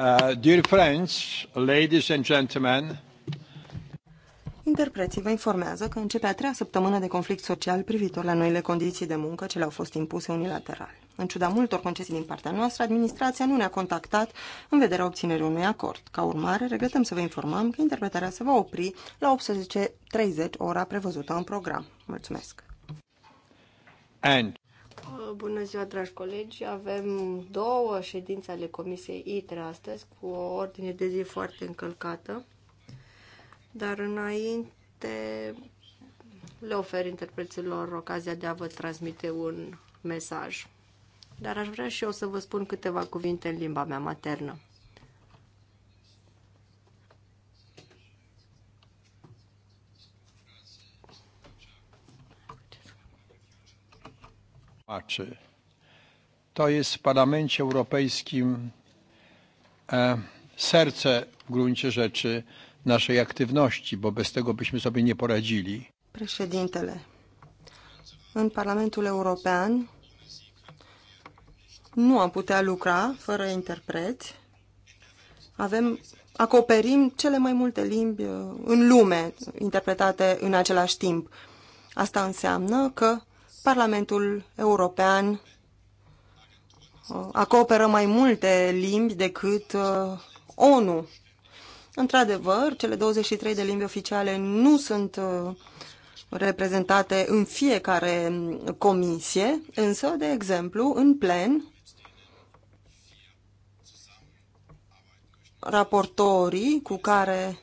Uh, dear friends, ladies and gentlemen, Interpreții vă informează că începe a treia săptămână de conflict social privitor la noile condiții de muncă ce le-au fost impuse unilateral. În ciuda multor concesii din partea noastră, administrația nu ne-a contactat în vederea obținerii unui acord. Ca urmare, regretăm să vă informăm că interpretarea se va opri la 18.30, ora prevăzută în program. Mulțumesc! And Bună ziua, dragi colegi! Avem două ședințe ale Comisiei ITRE astăzi, cu o ordine de zi foarte încălcată. Dar înainte le ofer interpreților ocazia de a vă transmite un mesaj. Dar aș vrea și eu să vă spun câteva cuvinte în limba mea maternă. tłumaczy. To jest w Parlamencie Europejskim e, serce w gruncie rzeczy naszej aktywności, bo bez tego byśmy sobie nie poradzili. Președintele, în Parlamentul European nu am putea lucra fără interpret. Avem, acoperim cele mai multe limbi în lume interpretate în același timp. Asta înseamnă că Parlamentul European uh, acoperă mai multe limbi decât uh, ONU. Într-adevăr, cele 23 de limbi oficiale nu sunt uh, reprezentate în fiecare um, comisie, însă, de exemplu, în plen, raportorii cu care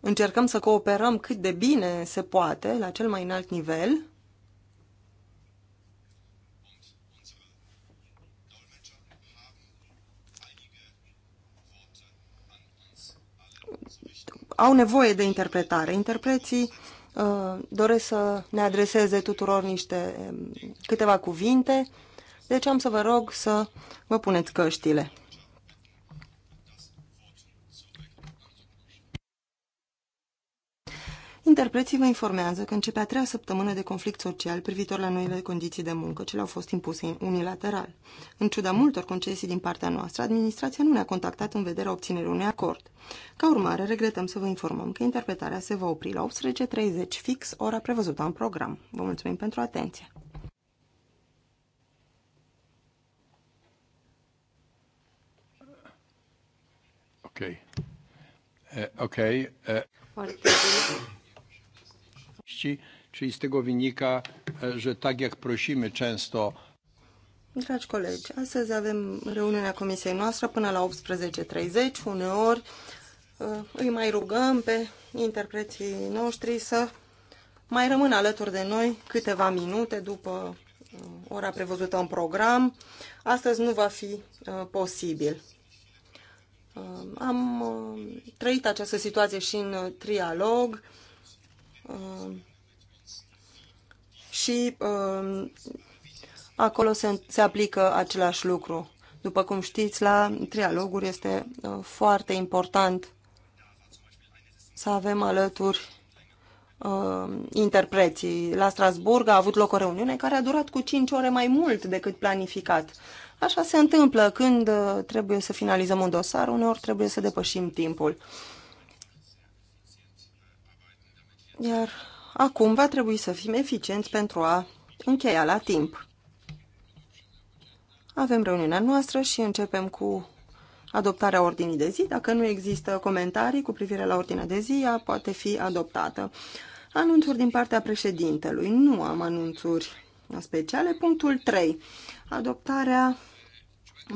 încercăm să cooperăm cât de bine se poate, la cel mai înalt nivel, au nevoie de interpretare. Interpreții uh, doresc să ne adreseze tuturor niște um, câteva cuvinte, deci am să vă rog să vă puneți căștile. Interpreții vă informează că începe a treia săptămână de conflict social privitor la noile condiții de muncă, ce le-au fost impuse unilateral. În ciuda multor concesii din partea noastră, administrația nu ne-a contactat în vederea obținerii unui acord. Ca urmare, regretăm să vă informăm că interpretarea se va opri la 18.30 fix, ora prevăzută în program. Vă mulțumim pentru atenție! Ok. Uh, ok. Uh treści, czyli z tego wynika, że tak jak prosimy często. Dragi colegi, astăzi avem reuniunea comisiei noastră până la 18.30, uneori îi mai rugăm pe interpreții noștri să mai rămână alături de noi câteva minute după ora prevăzută în program. Astăzi nu va fi posibil. Am trăit această situație și în trialog. Um, și um, acolo se, se aplică același lucru. După cum știți, la trialoguri este uh, foarte important să avem alături uh, interpreții. La Strasburg a avut loc o reuniune care a durat cu 5 ore mai mult decât planificat. Așa se întâmplă când uh, trebuie să finalizăm un dosar, uneori trebuie să depășim timpul. Iar acum va trebui să fim eficienți pentru a încheia la timp. Avem reuniunea noastră și începem cu adoptarea ordinii de zi. Dacă nu există comentarii cu privire la ordinea de zi, ea poate fi adoptată. Anunțuri din partea președintelui. Nu am anunțuri speciale. Punctul 3. Adoptarea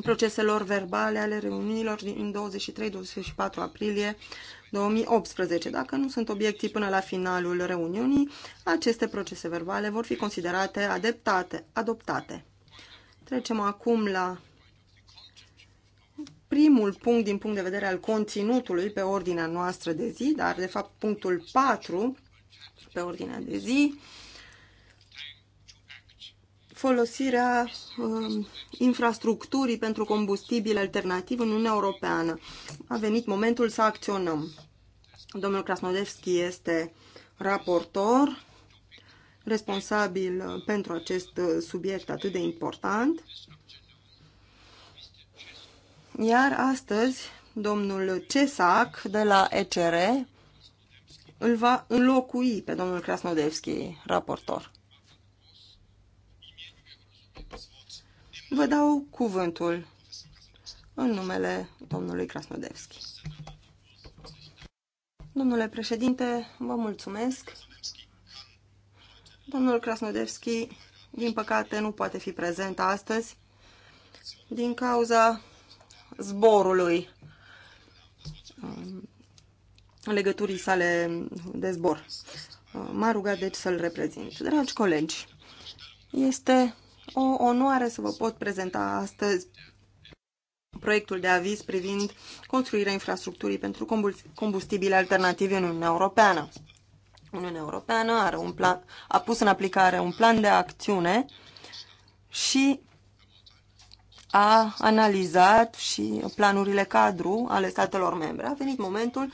proceselor verbale ale reuniunilor din 23-24 aprilie 2018. Dacă nu sunt obiecții până la finalul reuniunii, aceste procese verbale vor fi considerate adeptate, adoptate. Trecem acum la primul punct din punct de vedere al conținutului pe ordinea noastră de zi, dar de fapt punctul 4 pe ordinea de zi, folosirea uh, infrastructurii pentru combustibil alternativ în Uniunea Europeană. A venit momentul să acționăm. Domnul Krasnodevski este raportor responsabil pentru acest subiect atât de important. Iar astăzi, domnul Cesac de la ECR îl va înlocui pe domnul Krasnodevski, raportor. Vă dau cuvântul în numele domnului Krasnodevski. Domnule președinte, vă mulțumesc. Domnul Krasnodevski, din păcate, nu poate fi prezent astăzi din cauza zborului um, legăturii sale de zbor. M-a rugat deci să-l reprezint. Dragi colegi, este o onoare să vă pot prezenta astăzi proiectul de aviz privind construirea infrastructurii pentru combustibile alternative în Uniunea Europeană. Uniunea Europeană are un plan, a pus în aplicare un plan de acțiune și a analizat și planurile cadru ale statelor membre. A venit momentul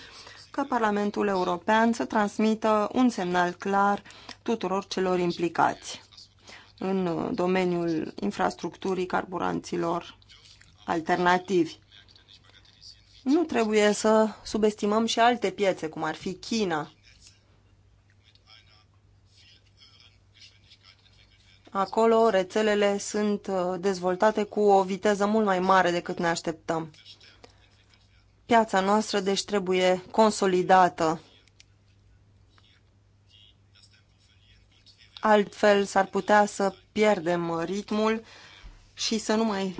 ca Parlamentul European să transmită un semnal clar tuturor celor implicați în domeniul infrastructurii carburanților alternativi. Nu trebuie să subestimăm și alte piețe, cum ar fi China. Acolo rețelele sunt uh, dezvoltate cu o viteză mult mai mare decât ne așteptăm. Piața noastră, deci, trebuie consolidată altfel s-ar putea să pierdem ritmul și să nu mai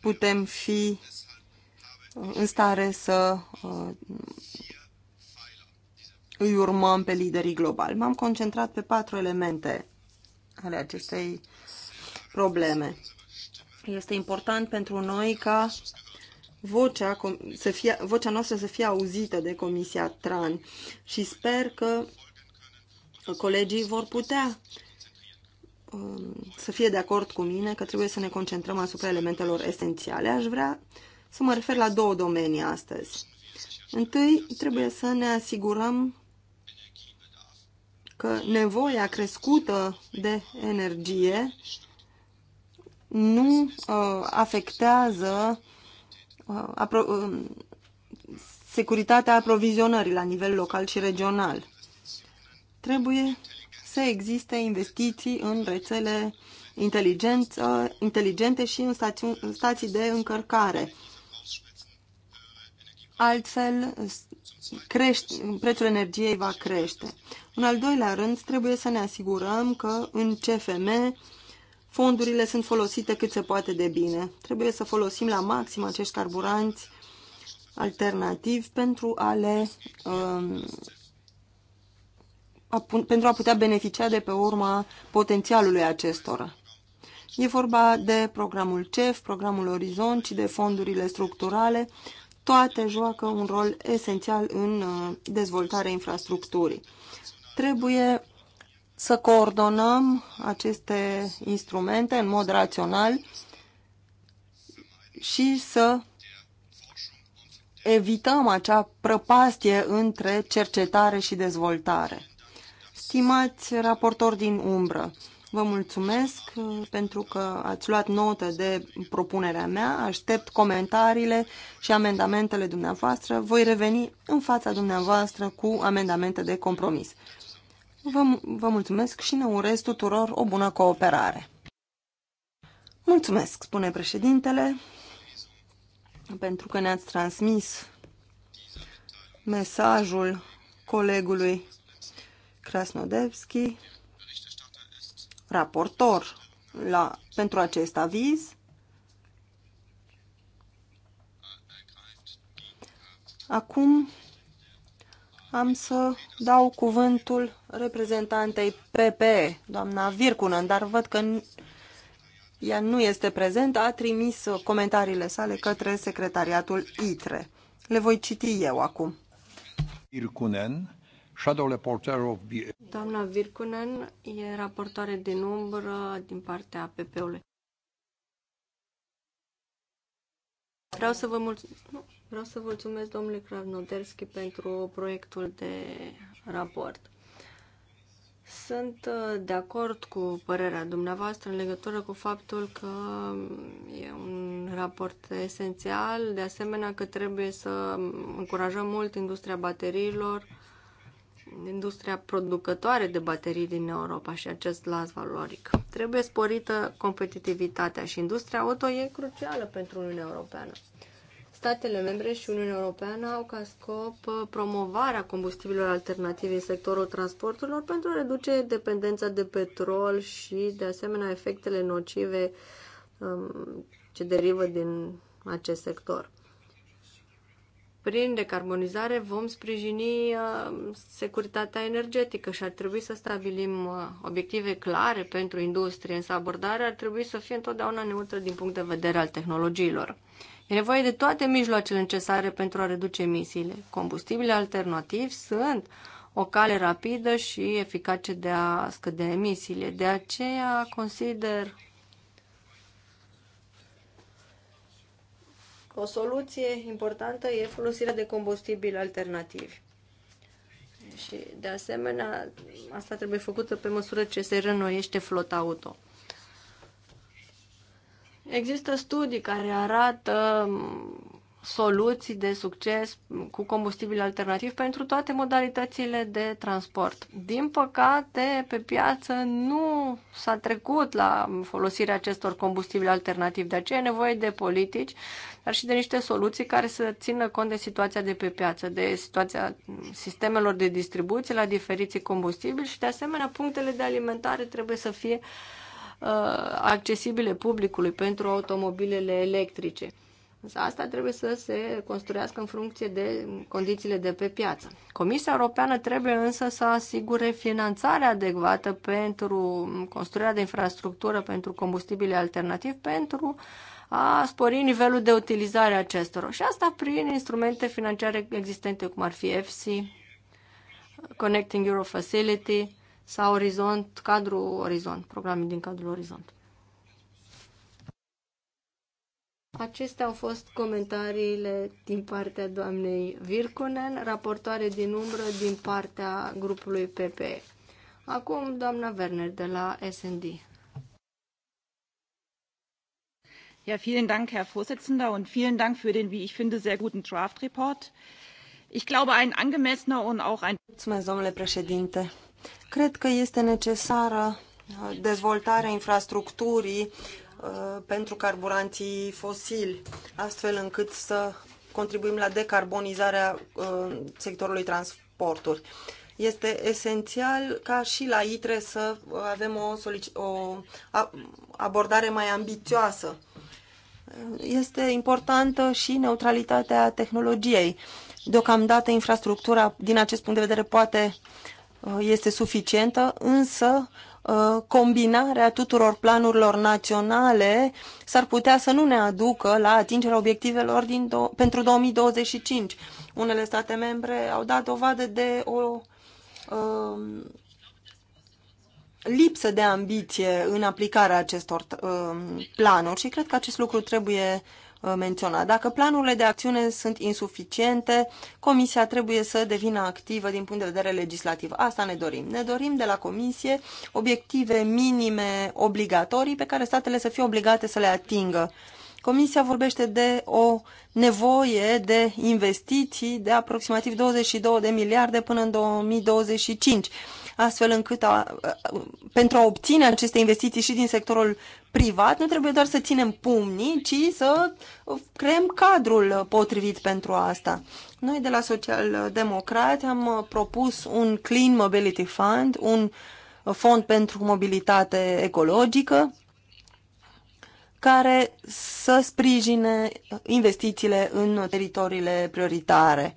putem fi în stare să uh, îi urmăm pe liderii globali. M-am concentrat pe patru elemente ale acestei probleme. Este important pentru noi ca vocea, să fie, vocea noastră să fie auzită de Comisia TRAN și sper că colegii vor putea um, să fie de acord cu mine că trebuie să ne concentrăm asupra elementelor esențiale. Aș vrea să mă refer la două domenii astăzi. Întâi, trebuie să ne asigurăm că nevoia crescută de energie nu uh, afectează uh, apro uh, securitatea aprovizionării la nivel local și regional trebuie să existe investiții în rețele inteligente și în stații, de încărcare. Altfel, crește, prețul energiei va crește. În al doilea rând, trebuie să ne asigurăm că în CFM fondurile sunt folosite cât se poate de bine. Trebuie să folosim la maxim acești carburanți alternativi pentru a le um, a, pentru a putea beneficia de pe urma potențialului acestora. E vorba de programul CEF, programul Orizont și de fondurile structurale. Toate joacă un rol esențial în uh, dezvoltarea infrastructurii. Trebuie să coordonăm aceste instrumente în mod rațional și să evităm acea prăpastie între cercetare și dezvoltare. Stimați raportori din umbră, vă mulțumesc uh, pentru că ați luat notă de propunerea mea, aștept comentariile și amendamentele dumneavoastră, voi reveni în fața dumneavoastră cu amendamente de compromis. Vă, vă mulțumesc și ne urez tuturor o bună cooperare. Mulțumesc, spune președintele, pentru că ne-ați transmis mesajul colegului Krasnodevski, raportor la, pentru acest aviz. Acum am să dau cuvântul reprezentantei PP, doamna Vircunen, dar văd că ea nu este prezentă, a trimis comentariile sale către secretariatul ITRE. Le voi citi eu acum. Vircunen, Doamna Virkunen e raportoare din umbră din partea pp ului Vreau să vă mulțumesc, vreau să vă mulțumesc domnule Kravnoderski pentru proiectul de raport. Sunt uh, de acord cu părerea dumneavoastră în legătură cu faptul că e un raport esențial, de asemenea că trebuie să încurajăm mult industria bateriilor, industria producătoare de baterii din Europa și acest las valoric. Trebuie sporită competitivitatea și industria auto e crucială pentru Uniunea Europeană. Statele membre și Uniunea Europeană au ca scop uh, promovarea combustibililor alternative în sectorul transporturilor pentru a reduce dependența de petrol și, de asemenea, efectele nocive um, ce derivă din acest sector prin decarbonizare vom sprijini uh, securitatea energetică și ar trebui să stabilim uh, obiective clare pentru industrie, însă abordarea ar trebui să fie întotdeauna neutră din punct de vedere al tehnologiilor. E nevoie de toate mijloacele necesare pentru a reduce emisiile. Combustibile alternativi sunt o cale rapidă și eficace de a scădea emisiile. De aceea consider O soluție importantă e folosirea de combustibili alternativi. Și, de asemenea, asta trebuie făcută pe măsură ce se rănoiește flota auto. Există studii care arată soluții de succes cu combustibil alternativ pentru toate modalitățile de transport. Din păcate, pe piață nu s-a trecut la folosirea acestor combustibili alternativi, de aceea e nevoie de politici, dar și de niște soluții care să țină cont de situația de pe piață, de situația sistemelor de distribuție la diferiții combustibili și, de asemenea, punctele de alimentare trebuie să fie uh, accesibile publicului pentru automobilele electrice. Însă asta trebuie să se construiască în funcție de condițiile de pe piață. Comisia Europeană trebuie însă să asigure finanțare adecvată pentru construirea de infrastructură pentru combustibile alternativ pentru a spori nivelul de utilizare a acestor. Și asta prin instrumente financiare existente, cum ar fi EFSI, Connecting Euro Facility sau Orizont, cadrul Orizont, programe din cadrul Orizont. Acestea au fost comentariile din partea doamnei Virkunen, raportoare din umbră din partea grupului PP. Acum doamna Werner de la SND. Ja, vielen Dank, Herr Vorsitzender, und vielen Dank für den, wie ich finde, sehr guten Draft Report. Ich glaube, ein angemessener und auch ein Mulțumesc, domnule președinte. Cred că este necesară uh, dezvoltarea infrastructurii Uh, pentru carburanții fosili, astfel încât să contribuim la decarbonizarea uh, sectorului transporturi. Este esențial ca și la ITRE să avem o, o abordare mai ambițioasă. Este importantă și neutralitatea tehnologiei. Deocamdată infrastructura din acest punct de vedere poate uh, este suficientă, însă Uh, combinarea tuturor planurilor naționale s-ar putea să nu ne aducă la atingerea obiectivelor din do- pentru 2025. Unele state membre au dat dovadă de o uh, lipsă de ambiție în aplicarea acestor uh, planuri și cred că acest lucru trebuie Uh, menționat. Dacă planurile de acțiune sunt insuficiente, Comisia trebuie să devină activă din punct de vedere legislativ. Asta ne dorim. Ne dorim de la Comisie obiective minime obligatorii pe care statele să fie obligate să le atingă. Comisia vorbește de o nevoie de investiții de aproximativ 22 de miliarde până în 2025, astfel încât a, uh, pentru a obține aceste investiții și din sectorul privat, nu trebuie doar să ținem pumnii, ci să creăm cadrul potrivit pentru asta. Noi de la Social Democrat am uh, propus un Clean Mobility Fund, un uh, fond pentru mobilitate ecologică, care să sprijine uh, investițiile în teritoriile prioritare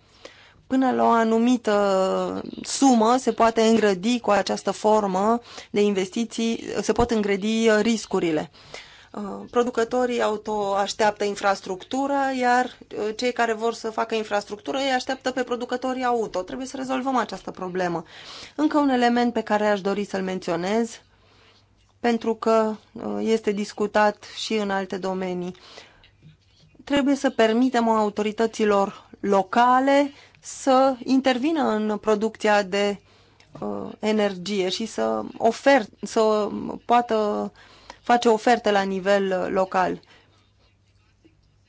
până la o anumită sumă se poate îngrădi cu această formă de investiții, se pot îngrădi uh, riscurile. Uh, producătorii auto așteaptă infrastructură, iar uh, cei care vor să facă infrastructură îi așteaptă pe producătorii auto. Trebuie să rezolvăm această problemă. Încă un element pe care aș dori să-l menționez, pentru că este discutat și în alte domenii. Trebuie să permitem autorităților locale să intervină în producția de uh, energie și să, ofer- să poată face oferte la nivel uh, local.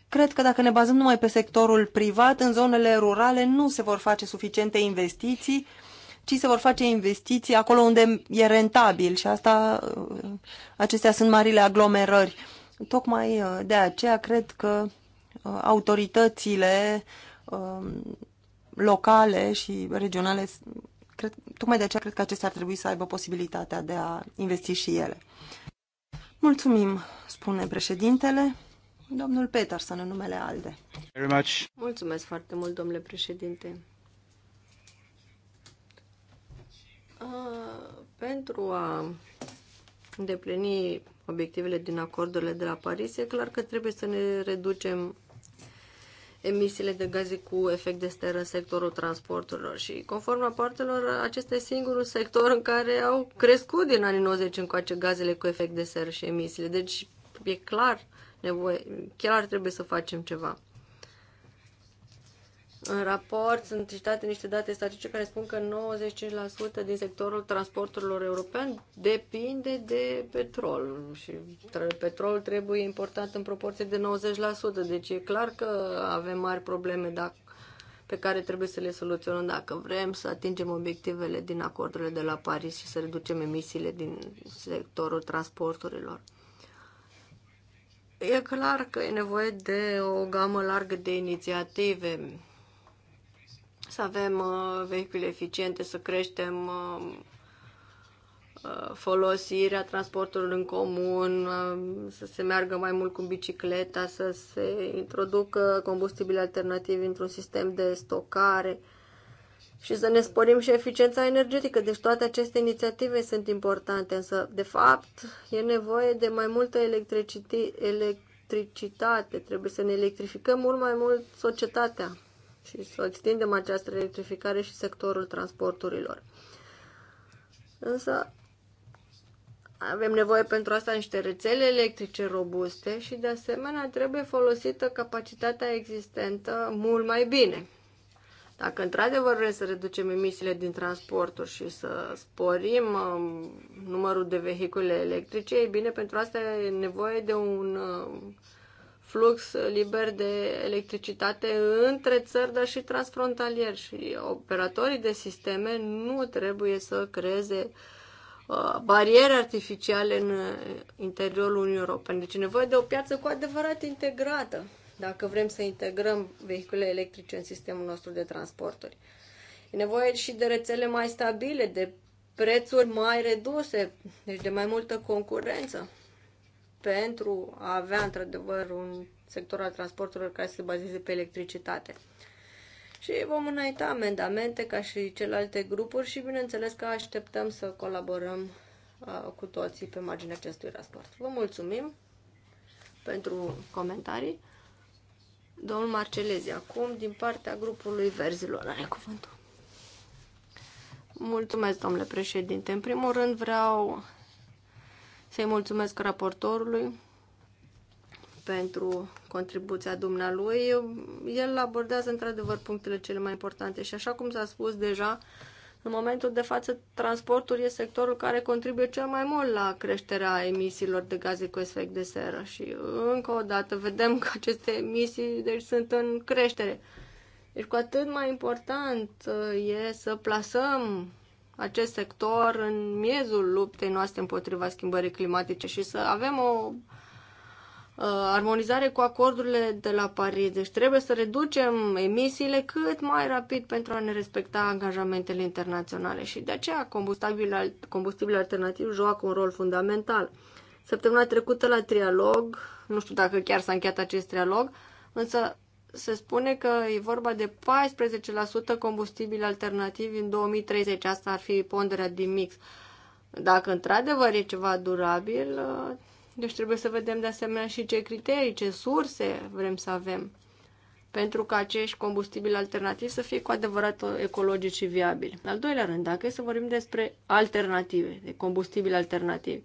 Cred că dacă ne bazăm numai pe sectorul privat, în zonele rurale nu se vor face suficiente investiții, ci se vor face investiții acolo unde e rentabil și asta, uh, acestea sunt marile aglomerări. Tocmai uh, de aceea cred că autoritățile locale și regionale, cred, tocmai de aceea cred că acestea ar trebui să aibă posibilitatea de a investi și ele. Mulțumim, spune președintele. Domnul Peterson, în numele ALDE. Very much. Mulțumesc foarte mult, domnule președinte. A, pentru a îndeplini obiectivele din acordurile de la Paris, e clar că trebuie să ne reducem emisiile de gaze cu efect de steră în sectorul transporturilor și conform rapoartelor, acesta e singurul sector în care au crescut din anii 90 încoace gazele cu efect de seră și emisiile. Deci e clar nevoie, chiar trebuie să facem ceva. În raport sunt citate niște date statistice care spun că 95% din sectorul transporturilor european depinde de petrol și petrolul trebuie importat în proporție de 90%, deci e clar că avem mari probleme dacă pe care trebuie să le soluționăm dacă vrem să atingem obiectivele din acordurile de la Paris și să reducem emisiile din sectorul transporturilor. E clar că e nevoie de o gamă largă de inițiative să avem uh, vehicule eficiente, să creștem uh, uh, folosirea transportului în comun, să se meargă mai mult cu bicicleta, să se introducă combustibile alternativi într-un sistem de stocare și să ne sporim și eficiența energetică. Deci toate aceste inițiative sunt importante, însă, de fapt, e nevoie de mai multă electricitate, trebuie să ne electrificăm mult mai mult societatea și să extindem această electrificare și sectorul transporturilor. Însă avem nevoie pentru asta niște rețele electrice robuste și de asemenea trebuie folosită capacitatea existentă mult mai bine. Dacă într-adevăr vrem să reducem emisiile din transporturi și să sporim um, numărul de vehicule electrice, e bine, pentru asta e nevoie de un uh, flux liber de electricitate între țări, dar și transfrontalier. Și operatorii de sisteme nu trebuie să creeze uh, bariere artificiale în interiorul Uniunii Europene. Deci e nevoie de o piață cu adevărat integrată dacă vrem să integrăm vehicule electrice în sistemul nostru de transporturi. E nevoie și de rețele mai stabile, de prețuri mai reduse, deci de mai multă concurență pentru a avea într-adevăr un sector al transporturilor care să se bazeze pe electricitate. Și vom înainta amendamente ca și celelalte grupuri și bineînțeles că așteptăm să colaborăm uh, cu toții pe marginea acestui raport. Vă mulțumim pentru comentarii. Domnul Marcelezi, acum din partea grupului Verzilor, are cuvântul. Mulțumesc, domnule președinte. În primul rând vreau să-i mulțumesc raportorului pentru contribuția dumnealui. El abordează într-adevăr punctele cele mai importante și așa cum s-a spus deja, în momentul de față, transportul e sectorul care contribuie cel mai mult la creșterea emisiilor de gaze cu efect de seră și încă o dată vedem că aceste emisii deci, sunt în creștere. Deci cu atât mai important uh, e să plasăm acest sector în miezul luptei noastre împotriva schimbării climatice și să avem o uh, armonizare cu acordurile de la Paris. Deci trebuie să reducem emisiile cât mai rapid pentru a ne respecta angajamentele internaționale și de aceea combustibilul, combustibil alternativ joacă un rol fundamental. Săptămâna trecută la trialog, nu știu dacă chiar s-a încheiat acest trialog, însă se spune că e vorba de 14% combustibili alternativi în 2030. Asta ar fi ponderea din mix. Dacă într-adevăr e ceva durabil, uh, deci trebuie să vedem de asemenea și ce criterii, ce surse vrem să avem pentru ca acești combustibili alternativi să fie cu adevărat ecologici și viabili. În al doilea rând, dacă e să vorbim despre alternative, de combustibili alternativi,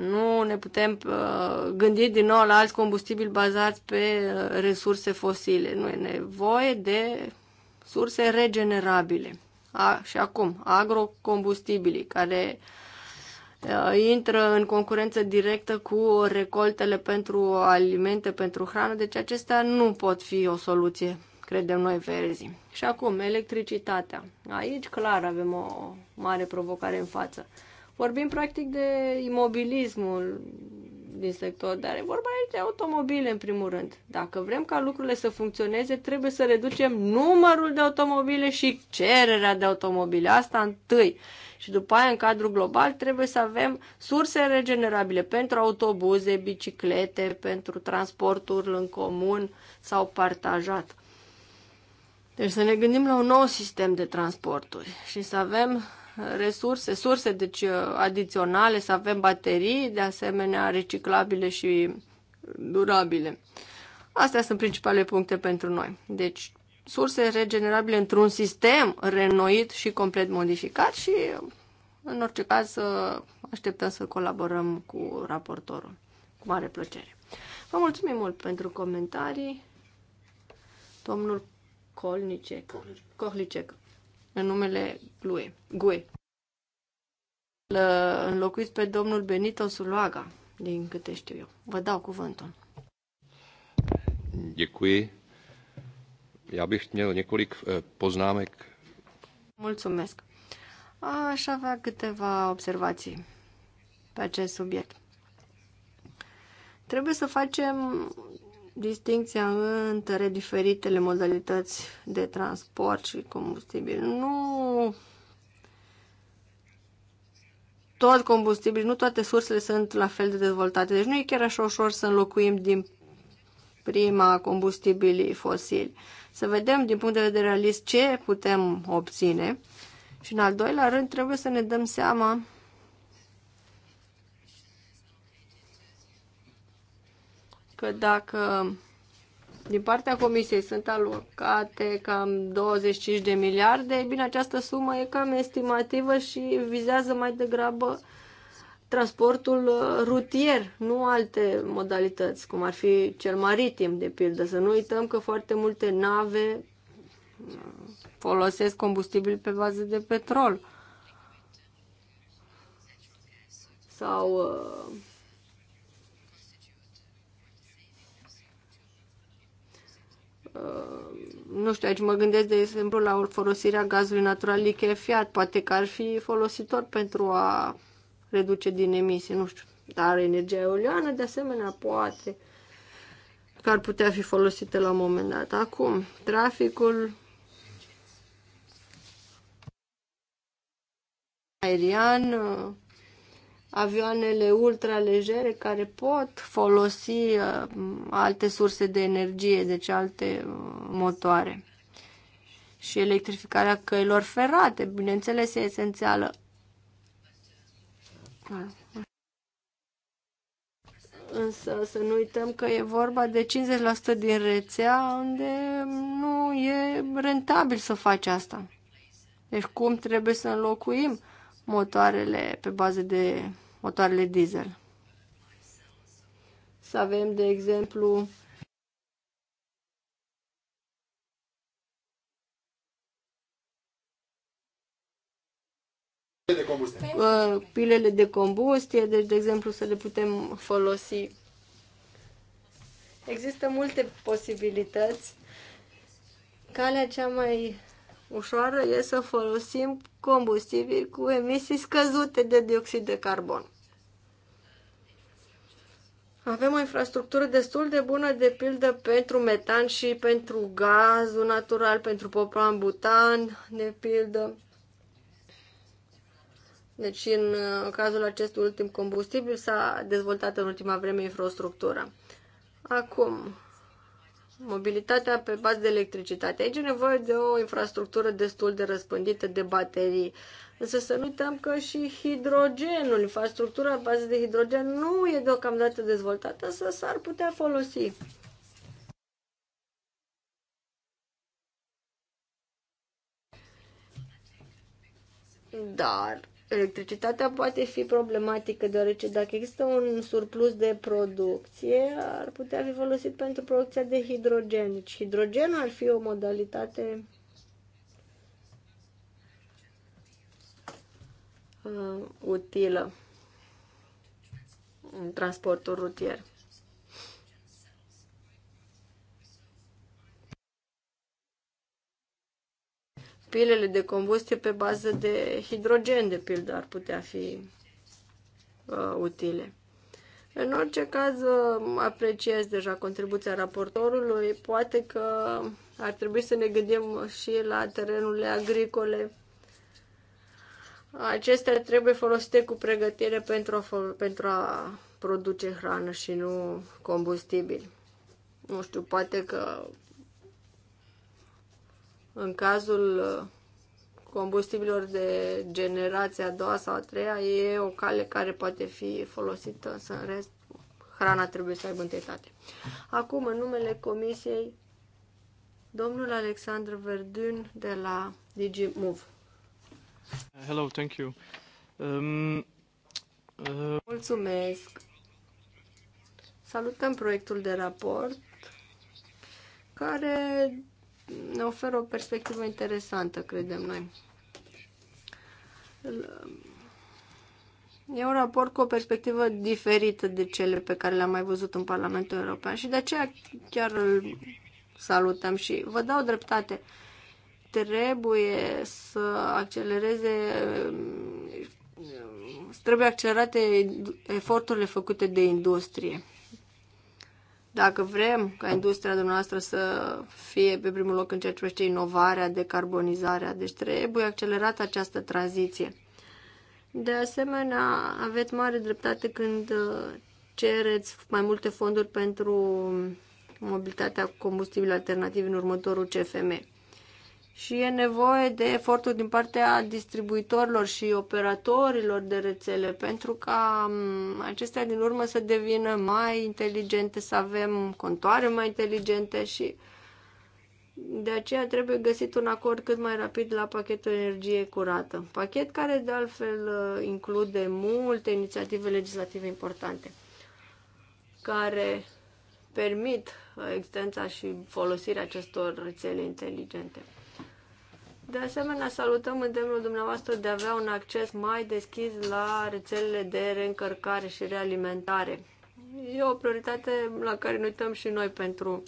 nu ne putem uh, gândi din nou la alți combustibili bazați pe uh, resurse fosile. Nu e nevoie de surse regenerabile. A, și acum, agrocombustibilii care uh, intră în concurență directă cu recoltele pentru alimente, pentru hrană, deci acestea nu pot fi o soluție, credem noi, verzi. Și acum, electricitatea. Aici, clar, avem o mare provocare în față. Vorbim practic de imobilismul din sector, dar e vorba aici de automobile în primul rând. Dacă vrem ca lucrurile să funcționeze, trebuie să reducem numărul de automobile și cererea de automobile. Asta întâi. Și după aia, în cadrul global, trebuie să avem surse regenerabile pentru autobuze, biciclete, pentru transportul în comun sau partajat. Deci să ne gândim la un nou sistem de transporturi și să avem resurse, surse deci uh, adiționale, să avem baterii, de asemenea reciclabile și durabile. Astea sunt principalele puncte pentru noi. Deci, surse regenerabile într-un sistem renoit și complet modificat și, în orice caz, așteptăm să colaborăm cu raportorul. Cu mare plăcere. Vă mulțumim mult pentru comentarii. Domnul Colnicec. Kohlicek în numele lui, GUE. L uh, înlocuiți pe domnul Benito Suluaga, din câte știu eu. Vă dau cuvântul. Děkuji. Já bych měl několik eh, poznámek. Mulțumesc. Aș avea câteva observații pe acest subiect. Trebuie să facem distinția între diferitele modalități de transport și combustibil. Nu tot combustibil, nu toate sursele sunt la fel de dezvoltate. Deci nu e chiar așa ușor să înlocuim din prima combustibilii fosili. Să vedem din punct de vedere realist ce putem obține. Și în al doilea rând trebuie să ne dăm seama că dacă din partea Comisiei sunt alocate cam 25 de miliarde, bine, această sumă e cam estimativă și vizează mai degrabă transportul uh, rutier, nu alte modalități, cum ar fi cel maritim, de pildă. Să nu uităm că foarte multe nave uh, folosesc combustibil pe bază de petrol sau uh, nu știu, aici mă gândesc, de exemplu, la folosirea gazului natural lichefiat. Poate că ar fi folositor pentru a reduce din emisii, nu știu. Dar energia eoliană, de asemenea, poate că ar putea fi folosită la un moment dat. Acum, traficul aerian, avioanele ultralegere care pot folosi uh, alte surse de energie, deci alte uh, motoare. Și electrificarea căilor ferate, bineînțeles, e esențială. Însă să nu uităm că e vorba de 50% din rețea unde nu e rentabil să faci asta. Deci cum trebuie să înlocuim motoarele pe bază de motoarele diesel. Să avem, de exemplu, de uh, pilele de combustie, deci, de exemplu, să le putem folosi. Există multe posibilități. Calea cea mai ușoară e să folosim combustibili cu emisii scăzute de dioxid de carbon. Avem o infrastructură destul de bună, de pildă, pentru metan și pentru gazul natural, pentru popan butan, de pildă. Deci, în cazul acestui ultim combustibil, s-a dezvoltat în ultima vreme infrastructura. Acum, mobilitatea pe bază de electricitate. Aici e nevoie de o infrastructură destul de răspândită de baterii. Însă să nu uităm că și hidrogenul, infrastructura bază de hidrogen nu e deocamdată dezvoltată, să s-ar putea folosi. Dar Electricitatea poate fi problematică deoarece dacă există un surplus de producție, ar putea fi folosit pentru producția de hidrogen. Deci hidrogenul ar fi o modalitate uh, utilă în transportul rutier. pilele de combustie pe bază de hidrogen, de pildă, ar putea fi uh, utile. În orice caz, uh, apreciez deja contribuția raportorului. Poate că ar trebui să ne gândim și la terenurile agricole. Acestea trebuie folosite cu pregătire pentru a, pentru a produce hrană și nu combustibil. Nu știu, poate că în cazul uh, combustibilor de generație a doua sau a treia, e o cale care poate fi folosită, însă în rest hrana trebuie să aibă întâietate. Acum, în numele Comisiei, domnul Alexandru Verdun de la DigiMove. Hello, thank you. Um, uh... Mulțumesc. Salutăm proiectul de raport care ne oferă o perspectivă interesantă, credem noi. E un raport cu o perspectivă diferită de cele pe care le-am mai văzut în Parlamentul European și de aceea chiar îl salutăm și vă dau dreptate. Trebuie să accelereze trebuie accelerate eforturile făcute de industrie. Dacă vrem ca industria dumneavoastră să fie pe primul loc în ceea ce privește inovarea, decarbonizarea, deci trebuie accelerată această tranziție. De asemenea, aveți mare dreptate când uh, cereți mai multe fonduri pentru mobilitatea combustibilului alternativ în următorul CFM și e nevoie de efortul din partea distribuitorilor și operatorilor de rețele pentru ca mm, acestea din urmă să devină mai inteligente, să avem contoare mai inteligente și de aceea trebuie găsit un acord cât mai rapid la pachetul energie curată. Pachet care de altfel uh, include multe inițiative legislative importante care permit uh, existența și folosirea acestor rețele inteligente. De asemenea, salutăm îndemnul dumneavoastră de a avea un acces mai deschis la rețelele de reîncărcare și realimentare. E o prioritate la care ne uităm și noi pentru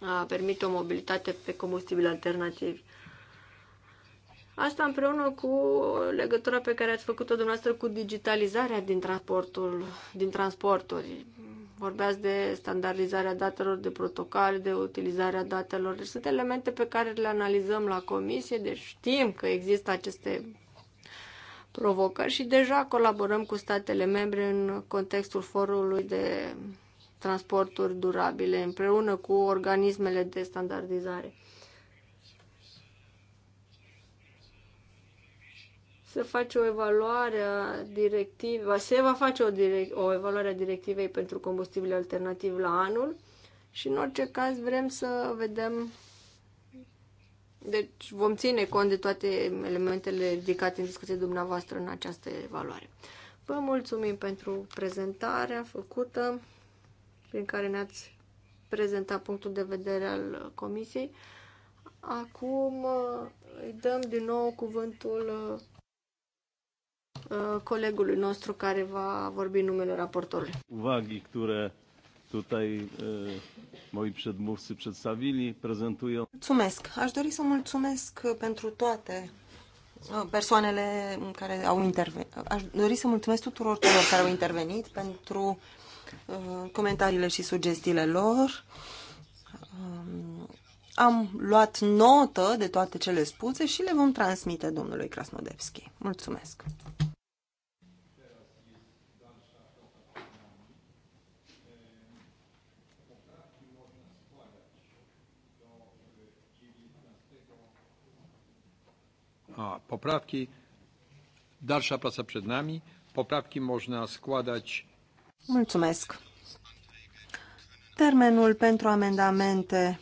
a permite o mobilitate pe combustibili alternativi. Asta împreună cu legătura pe care ați făcut-o dumneavoastră cu digitalizarea din transportul, din transporturi. Vorbeați de standardizarea datelor, de protocoale, de utilizarea datelor. Deci sunt elemente pe care le analizăm la comisie, deci știm că există aceste provocări și deja colaborăm cu statele membre în contextul forului de transporturi durabile, împreună cu organismele de standardizare. se face o evaluare a directivă, se va face o, direc- o evaluare a directivei pentru combustibile alternativ la anul și în orice caz vrem să vedem deci vom ține cont de toate elementele ridicate în discuție dumneavoastră în această evaluare. Vă mulțumim pentru prezentarea făcută, prin care ne-ați prezentat punctul de vedere al Comisiei. Acum uh, îi dăm din nou cuvântul uh, Uh, colegului nostru care va vorbi în numele raportorului. Uwagi, które tutaj uh, moi przedmówcy przedstawili, prezentują. Mulțumesc. Aș dori să mulțumesc pentru toate uh, persoanele care au intervenit. Aș dori să mulțumesc tuturor celor care au intervenit pentru comentariile și sugestiile lor. Um, am luat notă de toate cele spuse și le vom transmite domnului Krasnodevski. Mulțumesc! poprawki. Dalsza praca przed nami. Poprawki można składać. Mulțumesc. Termenul pentru amendamente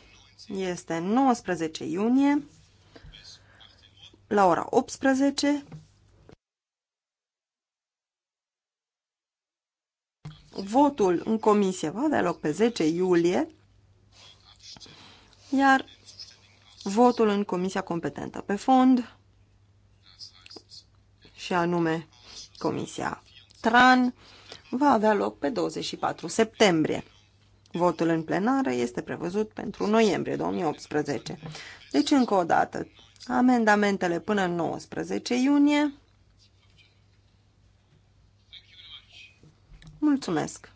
este 19 iunie la ora 18. Votul în comisie va avea loc pe 10 iulie, iar votul în comisia competentă pe fond și anume Comisia TRAN, va avea loc pe 24 septembrie. Votul în plenară este prevăzut pentru noiembrie 2018. Deci, încă o dată, amendamentele până în 19 iunie. Mulțumesc!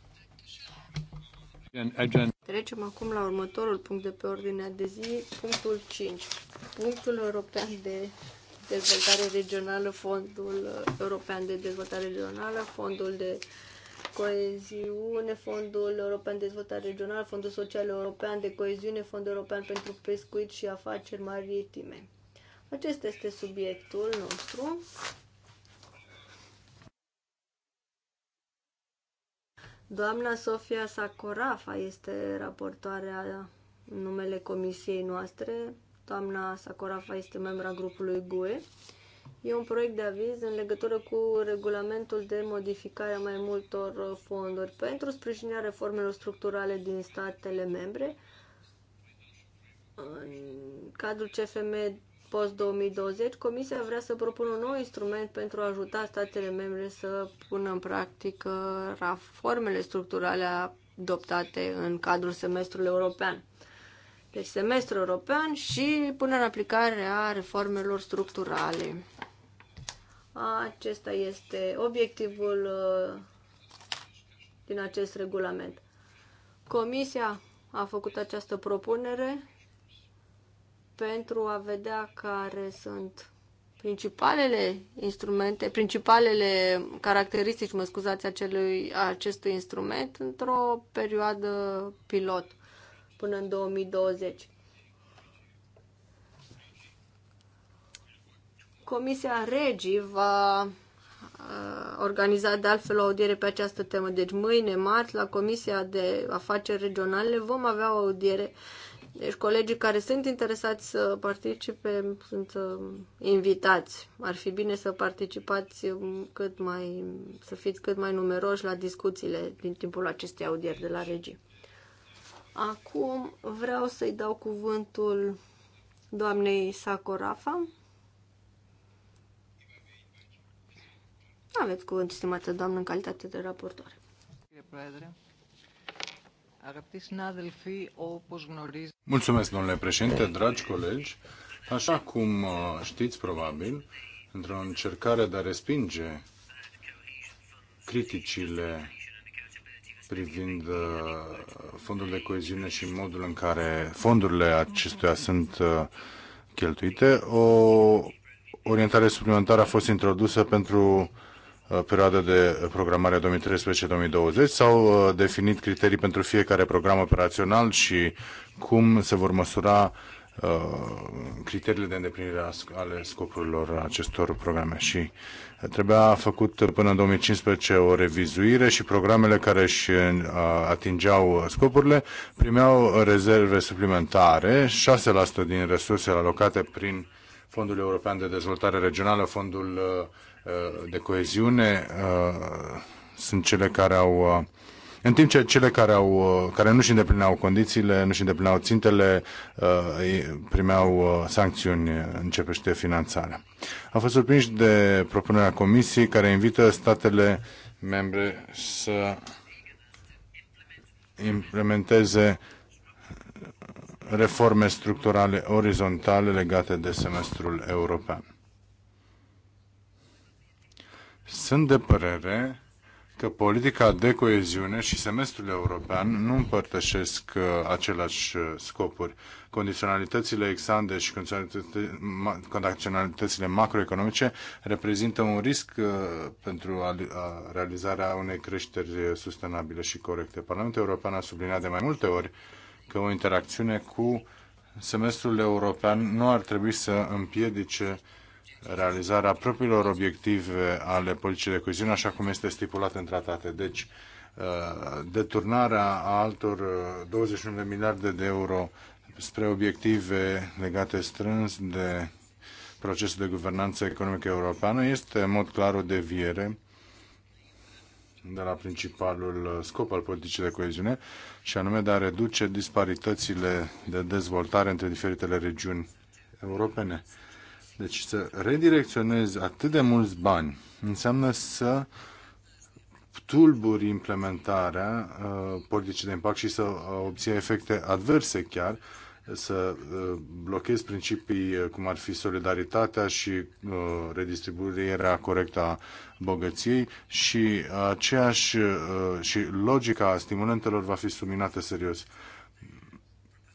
Trecem acum la următorul punct de pe ordinea de zi, punctul 5. Punctul european de dezvoltare regională, Fondul European de Dezvoltare Regională, Fondul de Coeziune, Fondul European de Dezvoltare Regională, Fondul Social European de Coeziune, Fondul European pentru Pescuit și Afaceri Maritime. Acesta este subiectul nostru. Doamna Sofia Sacorafa este raportoarea numele comisiei noastre Doamna Sakorafa este membra grupului GUE. E un proiect de aviz în legătură cu regulamentul de modificare a mai multor fonduri pentru sprijinirea reformelor structurale din statele membre în cadrul CFM post-2020, Comisia vrea să propună un nou instrument pentru a ajuta statele membre să pună în practică reformele structurale adoptate în cadrul semestrului european. Deci semestru european și până în aplicare a reformelor structurale. Acesta este obiectivul uh, din acest regulament. Comisia a făcut această propunere pentru a vedea care sunt principalele instrumente, principalele caracteristici, mă scuzați, acelui, acestui instrument într-o perioadă pilot până în 2020. Comisia Regii va uh, organiza de altfel o audiere pe această temă. Deci mâine, marți, la Comisia de Afaceri Regionale vom avea o audiere. Deci colegii care sunt interesați să participe sunt uh, invitați. Ar fi bine să participați cât mai, să fiți cât mai numeroși la discuțiile din timpul acestei audieri de la regii. Acum vreau să-i dau cuvântul doamnei Sacorafa. Aveți cuvânt, stimată doamnă, în calitate de raportor. Mulțumesc, domnule președinte, dragi colegi. Așa cum uh, știți probabil, într-o încercare de a respinge criticile privind uh, fondul de coeziune și modul în care fondurile acestuia sunt uh, cheltuite. O orientare suplimentară a fost introdusă pentru uh, perioada de programare 2013-2020. S-au definit criterii pentru fiecare program operațional și cum se vor măsura criteriile de îndeplinire ale scopurilor acestor programe și Trebuia făcut până în 2015 o revizuire și programele care își uh, atingeau scopurile primeau rezerve suplimentare, 6% din resursele alocate prin Fondul European de Dezvoltare Regională, Fondul uh, uh, de Coeziune, sunt cele care au în timp ce cele care, au, uh, care nu și îndeplineau condițiile, nu și îndeplineau țintele, uh, primeau uh, sancțiuni, începește finanțarea. Am fost surprinși de propunerea Comisiei care invită statele membre să implementeze reforme structurale orizontale legate de semestrul european. Sunt de părere că politica de coeziune și semestrul european nu împărtășesc uh, aceleași uh, scopuri. Condiționalitățile exande și condiționalitățile macroeconomice reprezintă un risc uh, pentru realizarea unei creșteri sustenabile și corecte. Parlamentul European a subliniat de mai multe ori că o interacțiune cu semestrul european nu ar trebui să împiedice realizarea propriilor obiective ale politicii de coeziune, așa cum este stipulat în tratate. Deci, uh, deturnarea a altor 21 uh, de miliarde de euro spre obiective legate strâns de procesul de guvernanță economică europeană este în mod clar o deviere de la principalul uh, scop al politicii de coeziune și anume de a reduce disparitățile de dezvoltare între diferitele regiuni europene. Deci să redirecționezi atât de mulți bani înseamnă să tulburi implementarea uh, politicii de impact și să uh, obții efecte adverse chiar, să uh, blochezi principii uh, cum ar fi solidaritatea și uh, redistribuirea corectă a bogăției și aceeași uh, și logica stimulentelor va fi subminată serios.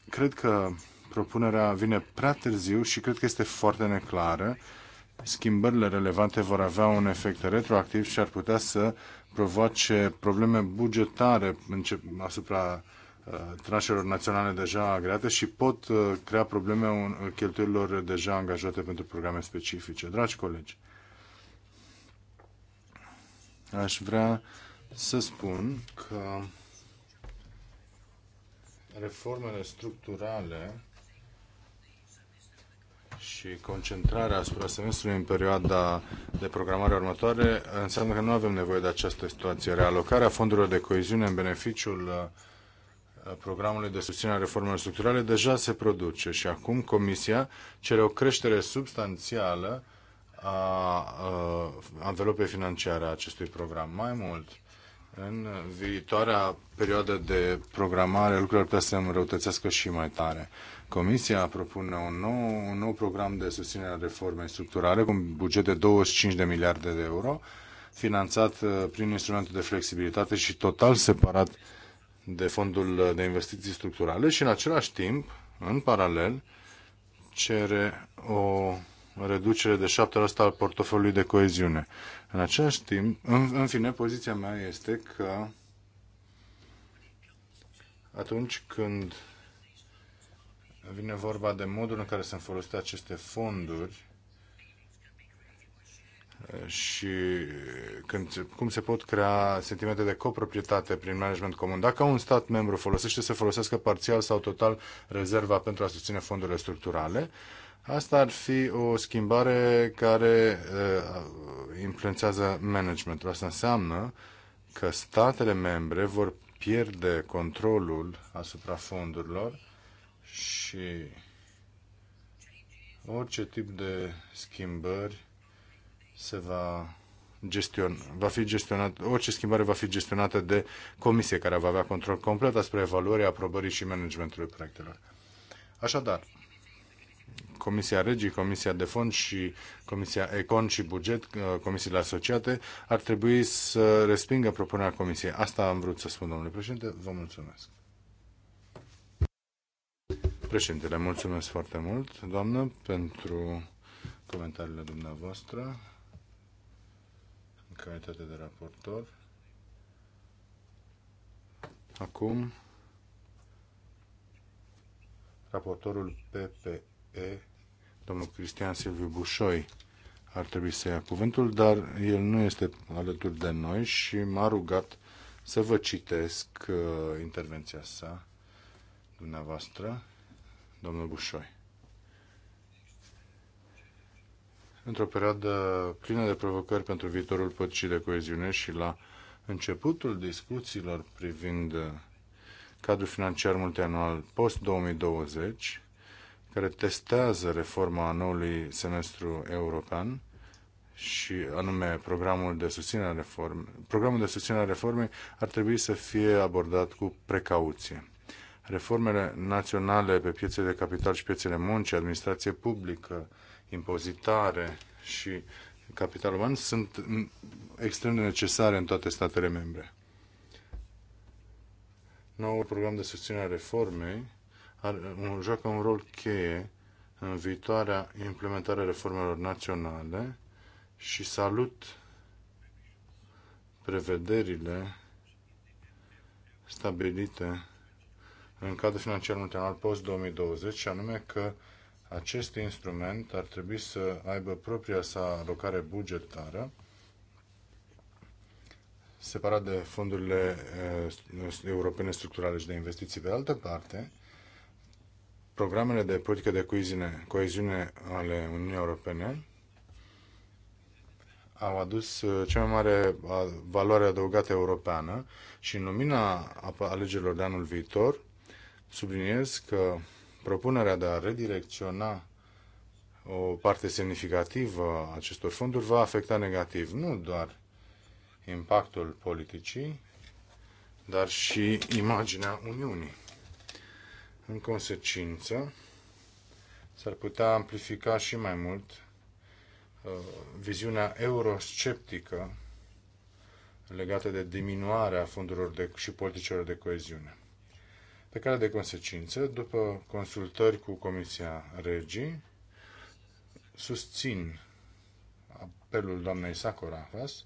Cred că propunerea vine prea târziu și cred că este foarte neclară. Schimbările relevante vor avea un efect retroactiv și ar putea să provoace probleme bugetare asupra uh, tranșelor naționale deja agreate și pot uh, crea probleme uh, cheltuielor deja angajate pentru programe specifice. Dragi colegi, aș vrea să spun că reformele structurale și concentrarea asupra semestrului în perioada de programare următoare înseamnă că nu avem nevoie de această situație. Realocarea fondurilor de coeziune în beneficiul uh, programului de susținere a reformelor structurale deja se produce și acum Comisia cere o creștere substanțială a, a uh, anvelopei financiare a acestui program. Mai mult, în viitoarea perioadă de programare, lucrurile ar putea să se înrăutățească și mai tare. Comisia propune un nou, un nou program de susținere a reformei structurale cu un buget de 25 de miliarde de euro, finanțat uh, prin instrumentul de flexibilitate și total separat de fondul de investiții structurale și în același timp, în paralel, cere o reducere de 7% al portofoliului de coeziune. În același timp, în, în fine, poziția mea este că atunci când vine vorba de modul în care sunt folosite aceste fonduri eh, și când, cum se pot crea sentimente de coproprietate prin management comun. Dacă un stat membru folosește să folosească parțial sau total rezerva pentru a susține fondurile structurale, asta ar fi o schimbare care uh, influențează managementul. Asta înseamnă că statele membre vor pierde controlul asupra fondurilor și orice tip de schimbări se va gestion, va fi gestionat, orice schimbare va fi gestionată de comisie care va avea control complet asupra evaluării, aprobării și managementului proiectelor. Așadar, Comisia Regii, Comisia de Fond și Comisia Econ și Buget, uh, comisiile asociate, ar trebui să respingă propunerea Comisiei. Asta am vrut să spun, domnule președinte. Vă mulțumesc. Președintele, mulțumesc foarte mult, doamnă, pentru comentariile dumneavoastră în calitate de raportor. Acum, raportorul PPE, domnul Cristian Silviu Bușoi, ar trebui să ia cuvântul, dar el nu este alături de noi și m-a rugat să vă citesc uh, intervenția sa dumneavoastră domnul Bușoi. Într-o perioadă plină de provocări pentru viitorul păcii de coeziune și la începutul discuțiilor privind cadrul financiar multianual post-2020, care testează reforma noului semestru european și anume programul de susținere a reformei, programul de susținere a reformei ar trebui să fie abordat cu precauție. Reformele naționale pe piețele de capital și piețele muncii, administrație publică, impozitare și capital uman sunt extrem de necesare în toate statele membre. Noul program de susținere a reformei are, un, joacă un rol cheie în viitoarea implementare a reformelor naționale și salut prevederile stabilite în cadrul financiar multianual post-2020 și anume că acest instrument ar trebui să aibă propria sa alocare bugetară separat de fondurile eh, europene structurale și de investiții. Pe altă parte, programele de politică de coeziune, coeziune ale Uniunii Europene au adus eh, cea mai mare eh, valoare adăugată europeană și în lumina alegerilor de anul viitor, subliniez că propunerea de a redirecționa o parte semnificativă a acestor fonduri va afecta negativ nu doar impactul politicii, dar și imaginea Uniunii. În consecință, s-ar putea amplifica și mai mult uh, viziunea eurosceptică legată de diminuarea fondurilor de, și politicilor de coeziune. Pe care de consecință, după consultări cu Comisia Regii, susțin apelul doamnei Sakorafas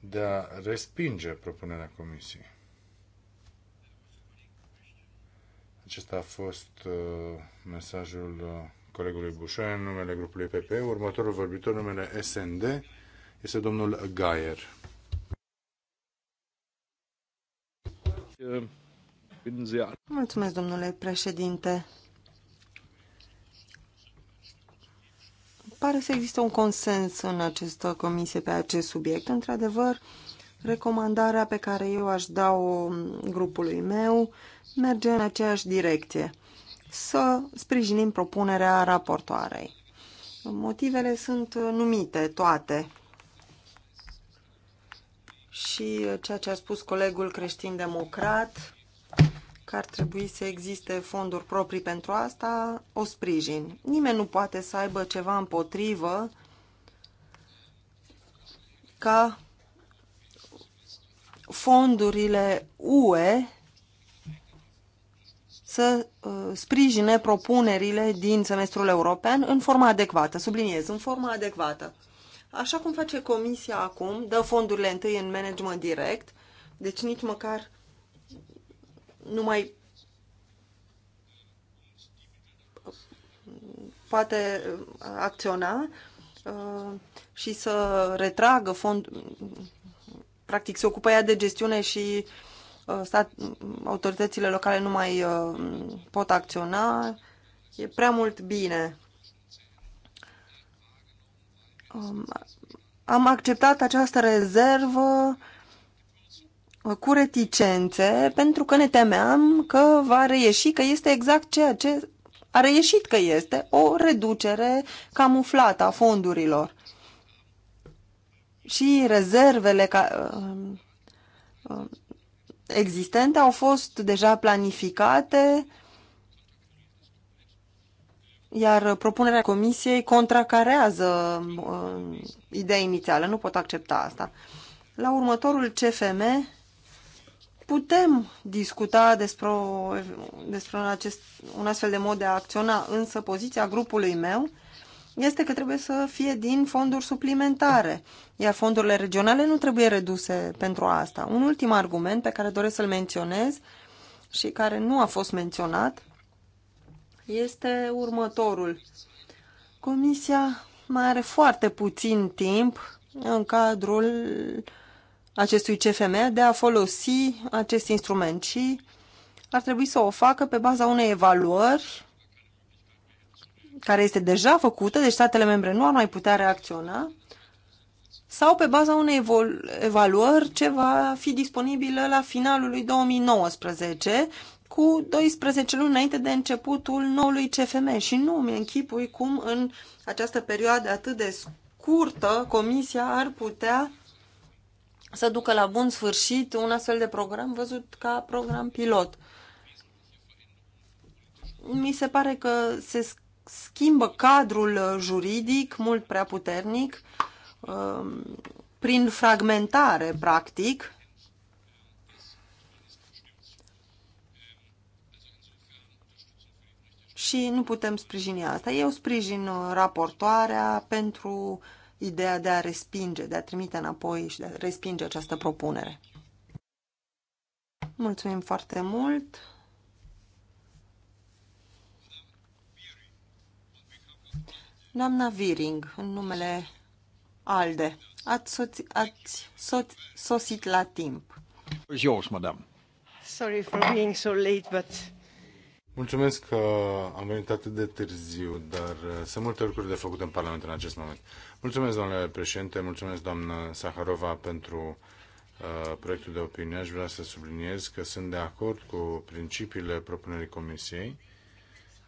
de a respinge propunerea Comisiei. Acesta a fost uh, mesajul uh, colegului Bușoaia în numele grupului PP. Următorul vorbitor, numele SND, este domnul Gaier. Uh. Mulțumesc, domnule președinte. Pare să există un consens în această comisie pe acest subiect. Într-adevăr, recomandarea pe care eu aș da-o grupului meu merge în aceeași direcție. Să sprijinim propunerea raportoarei. Motivele sunt numite toate. Și ceea ce a spus colegul creștin-democrat că ar trebui să existe fonduri proprii pentru asta, o sprijin. Nimeni nu poate să aibă ceva împotrivă ca fondurile UE să uh, sprijine propunerile din semestrul european în forma adecvată, subliniez, în forma adecvată. Așa cum face Comisia acum, dă fondurile întâi în management direct, deci nici măcar nu mai poate uh, acționa uh, și să retragă fond, practic se ocupă ea de gestiune și uh, stat, autoritățile locale nu mai pot acționa, e prea mult bine. Um, am acceptat această rezervă cu reticențe pentru că ne temeam că va reieși că este exact ceea ce a reieșit că este o reducere camuflată a fondurilor. Și rezervele ca, uh, uh, existente au fost deja planificate, iar propunerea comisiei contracarează uh, ideea inițială. Nu pot accepta asta. La următorul CFM Putem discuta despre, o, despre un, acest, un astfel de mod de a acționa, însă poziția grupului meu este că trebuie să fie din fonduri suplimentare, iar fondurile regionale nu trebuie reduse pentru asta. Un ultim argument pe care doresc să-l menționez și care nu a fost menționat este următorul. Comisia mai are foarte puțin timp în cadrul acestui CFM de a folosi acest instrument și ar trebui să o facă pe baza unei evaluări care este deja făcută, deci statele membre nu ar mai putea reacționa, sau pe baza unei evaluări ce va fi disponibilă la finalul lui 2019, cu 12 luni înainte de începutul noului CFM. Și nu mi închipui cum în această perioadă atât de scurtă Comisia ar putea să ducă la bun sfârșit un astfel de program văzut ca program pilot. Mi se pare că se schimbă cadrul juridic mult prea puternic um, prin fragmentare, practic, și nu putem sprijini asta. Eu sprijin uh, raportoarea pentru uh, ideea de a respinge, de a trimite înapoi și de a respinge această propunere. Mulțumim foarte mult! Doamna Viring, în numele ALDE, ați, soți, ați soți, sosit la timp. Yours, madam. Sorry for being so late, but... Mulțumesc că am venit atât de târziu, dar uh, sunt multe lucruri de făcut în Parlament în acest moment. Mulțumesc, domnule președinte, mulțumesc, doamnă Saharova, pentru uh, proiectul de opinie. Aș vrea să subliniez că sunt de acord cu principiile propunerii Comisiei.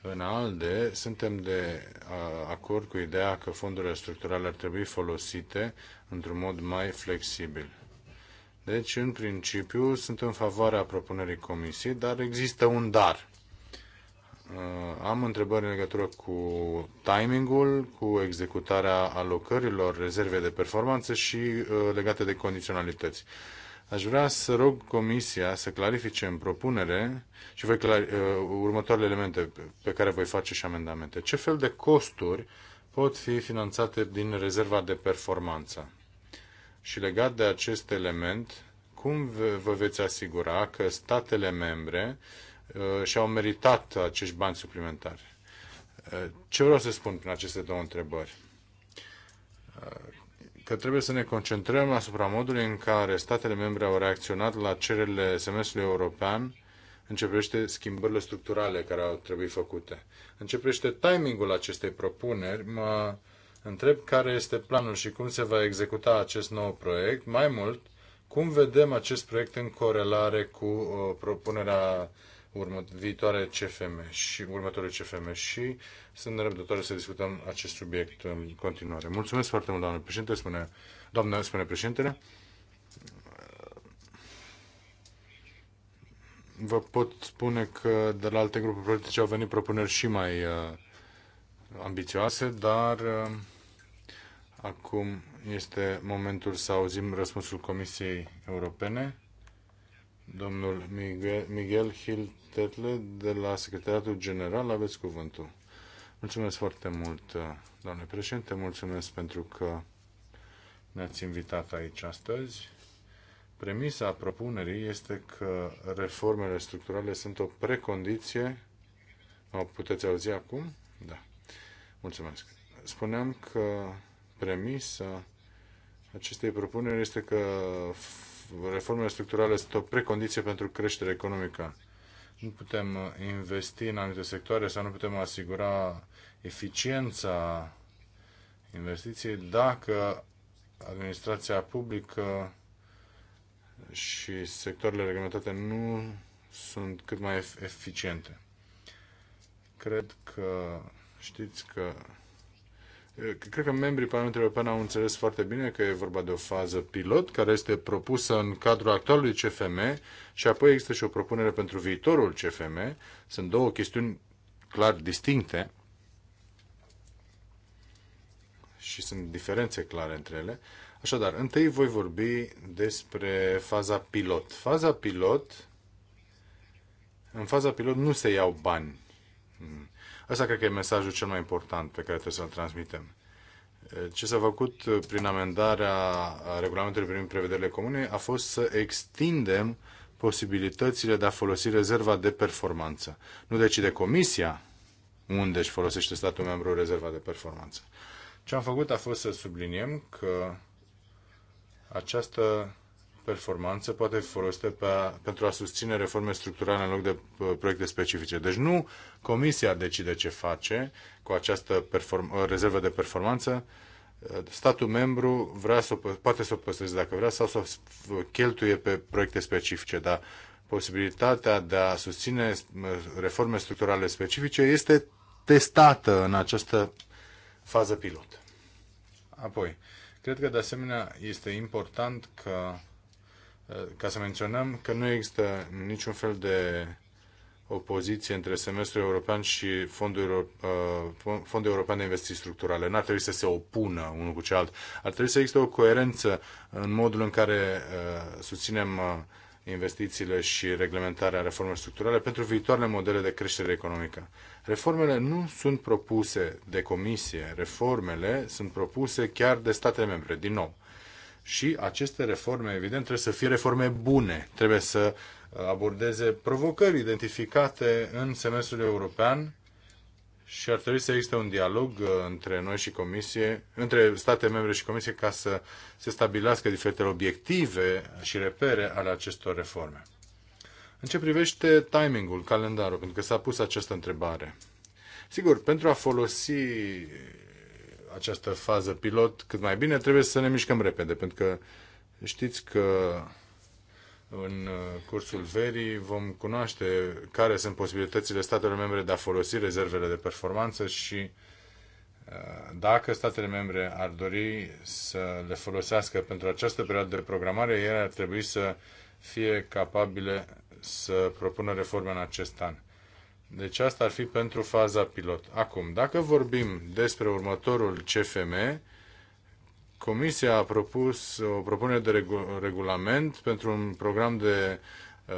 În ALDE suntem de uh, acord cu ideea că fondurile structurale ar trebui folosite într-un mod mai flexibil. Deci, în principiu, sunt în favoarea propunerii Comisiei, dar există un dar. Uh, am întrebări în legătură cu timingul, cu executarea alocărilor rezerve de performanță și uh, legate de condiționalități. Aș vrea să rog Comisia să clarifice în propunere și voi uh, următoarele elemente pe care voi face și amendamente. Ce fel de costuri pot fi finanțate din rezerva de performanță? Și legat de acest element, cum vă veți asigura că statele membre Uh, și-au meritat acești bani suplimentari. Uh, ce vreau să spun prin aceste două întrebări? Uh, că trebuie să ne concentrăm asupra modului în care statele membre au reacționat la cererile semestrului european începește schimbările structurale care au trebuit făcute. Începește timingul acestei propuneri. Mă întreb care este planul și cum se va executa acest nou proiect. Mai mult, cum vedem acest proiect în corelare cu uh, propunerea urmă, viitoare CFM și următoare CFM și sunt nerăbdătoare să discutăm acest subiect în continuare. Mulțumesc foarte mult, doamnă președinte, spune, doamnă, spune președintele. Vă pot spune că de la alte grupuri politice au venit propuneri și mai uh, ambițioase, dar uh, acum este momentul să auzim răspunsul Comisiei Europene. Domnul Miguel, Gil Tetle de la Secretariatul General, aveți cuvântul. Mulțumesc foarte mult, uh, doamne președinte, mulțumesc pentru că ne-ați invitat aici astăzi. Premisa propunerii este că reformele structurale sunt o precondiție. O puteți auzi acum? Da. Mulțumesc. Spuneam că premisa acestei propuneri este că reformele structurale sunt o precondiție pentru creștere economică. Nu putem investi în anumite sectoare sau nu putem asigura eficiența investiției dacă administrația publică și sectoarele reglementate nu sunt cât mai eficiente. Cred că știți că Eh, cred că membrii Parlamentului European au înțeles foarte bine că e vorba de o fază pilot care este propusă în cadrul actualului CFM și apoi există și o propunere pentru viitorul CFM. Sunt două chestiuni clar distincte și sunt diferențe clare între ele. Așadar, întâi voi vorbi despre faza pilot. Faza pilot, în faza pilot nu se iau bani. Asta cred că e mesajul cel mai important pe care trebuie să-l transmitem. Ce s-a făcut prin amendarea regulamentului privind prevederile comune a fost să extindem posibilitățile de a folosi rezerva de performanță. Nu decide comisia unde își folosește statul membru rezerva de performanță. Ce am făcut a fost să subliniem că această performanță poate fi folosită pe, pentru a susține reforme structurale în loc de uh, proiecte specifice. Deci nu Comisia decide ce face cu această uh, rezervă de performanță. Uh, statul membru vrea să, poate să o păstreze dacă vrea sau să o cheltuie pe proiecte specifice, dar posibilitatea de a susține reforme structurale specifice este testată în această fază pilot. Apoi, cred că de asemenea este important că ca să menționăm că nu există niciun fel de opoziție între semestrul european și fondul, uh, fondul european de investiții structurale. Nu ar trebui să se opună unul cu celălalt. Ar trebui să existe o coerență în modul în care uh, susținem uh, investițiile și reglementarea reformelor structurale pentru viitoarele modele de creștere economică. Reformele nu sunt propuse de comisie, reformele sunt propuse chiar de statele membre, din nou. Și aceste reforme, evident, trebuie să fie reforme bune. Trebuie să uh, abordeze provocări identificate în semestrul european și ar trebui să existe un dialog uh, între noi și Comisie, între state membre și Comisie, ca să se stabilească diferitele obiective și repere ale acestor reforme. În ce privește timingul, calendarul, pentru că s-a pus această întrebare. Sigur, pentru a folosi această fază pilot cât mai bine, trebuie să ne mișcăm repede, pentru că știți că în uh, cursul verii vom cunoaște care sunt posibilitățile statelor membre de a folosi rezervele de performanță și uh, dacă statele membre ar dori să le folosească pentru această perioadă de programare, ele ar trebui să fie capabile să propună reforme în acest an. Deci asta ar fi pentru faza pilot. Acum, dacă vorbim despre următorul CFM, Comisia a propus o propunere de regulament pentru un program de uh,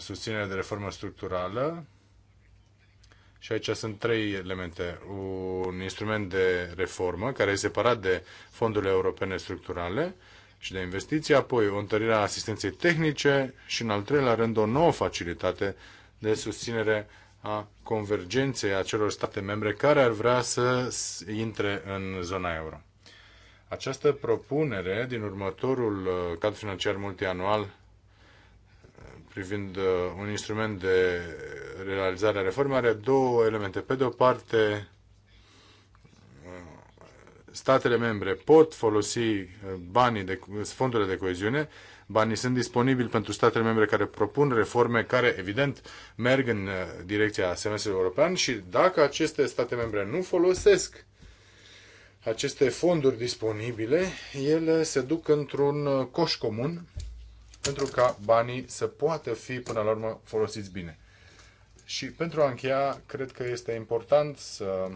susținere de reformă structurală și aici sunt trei elemente. Un instrument de reformă care e separat de fondurile europene structurale și de investiții, apoi o întărire a asistenței tehnice și, în al treilea rând, o nouă facilitate de susținere a convergenței acelor state membre care ar vrea să intre în zona euro. Această propunere din următorul uh, cadru financiar multianual uh, privind uh, un instrument de realizare a reformei are două elemente. Pe de o parte, statele membre pot folosi banii de fondurile de coeziune Banii sunt disponibili pentru statele membre care propun reforme care, evident, merg în uh, direcția semestrului european și dacă aceste state membre nu folosesc aceste fonduri disponibile, ele se duc într-un uh, coș comun pentru ca banii să poată fi până la urmă folosiți bine. Și pentru a încheia, cred că este important să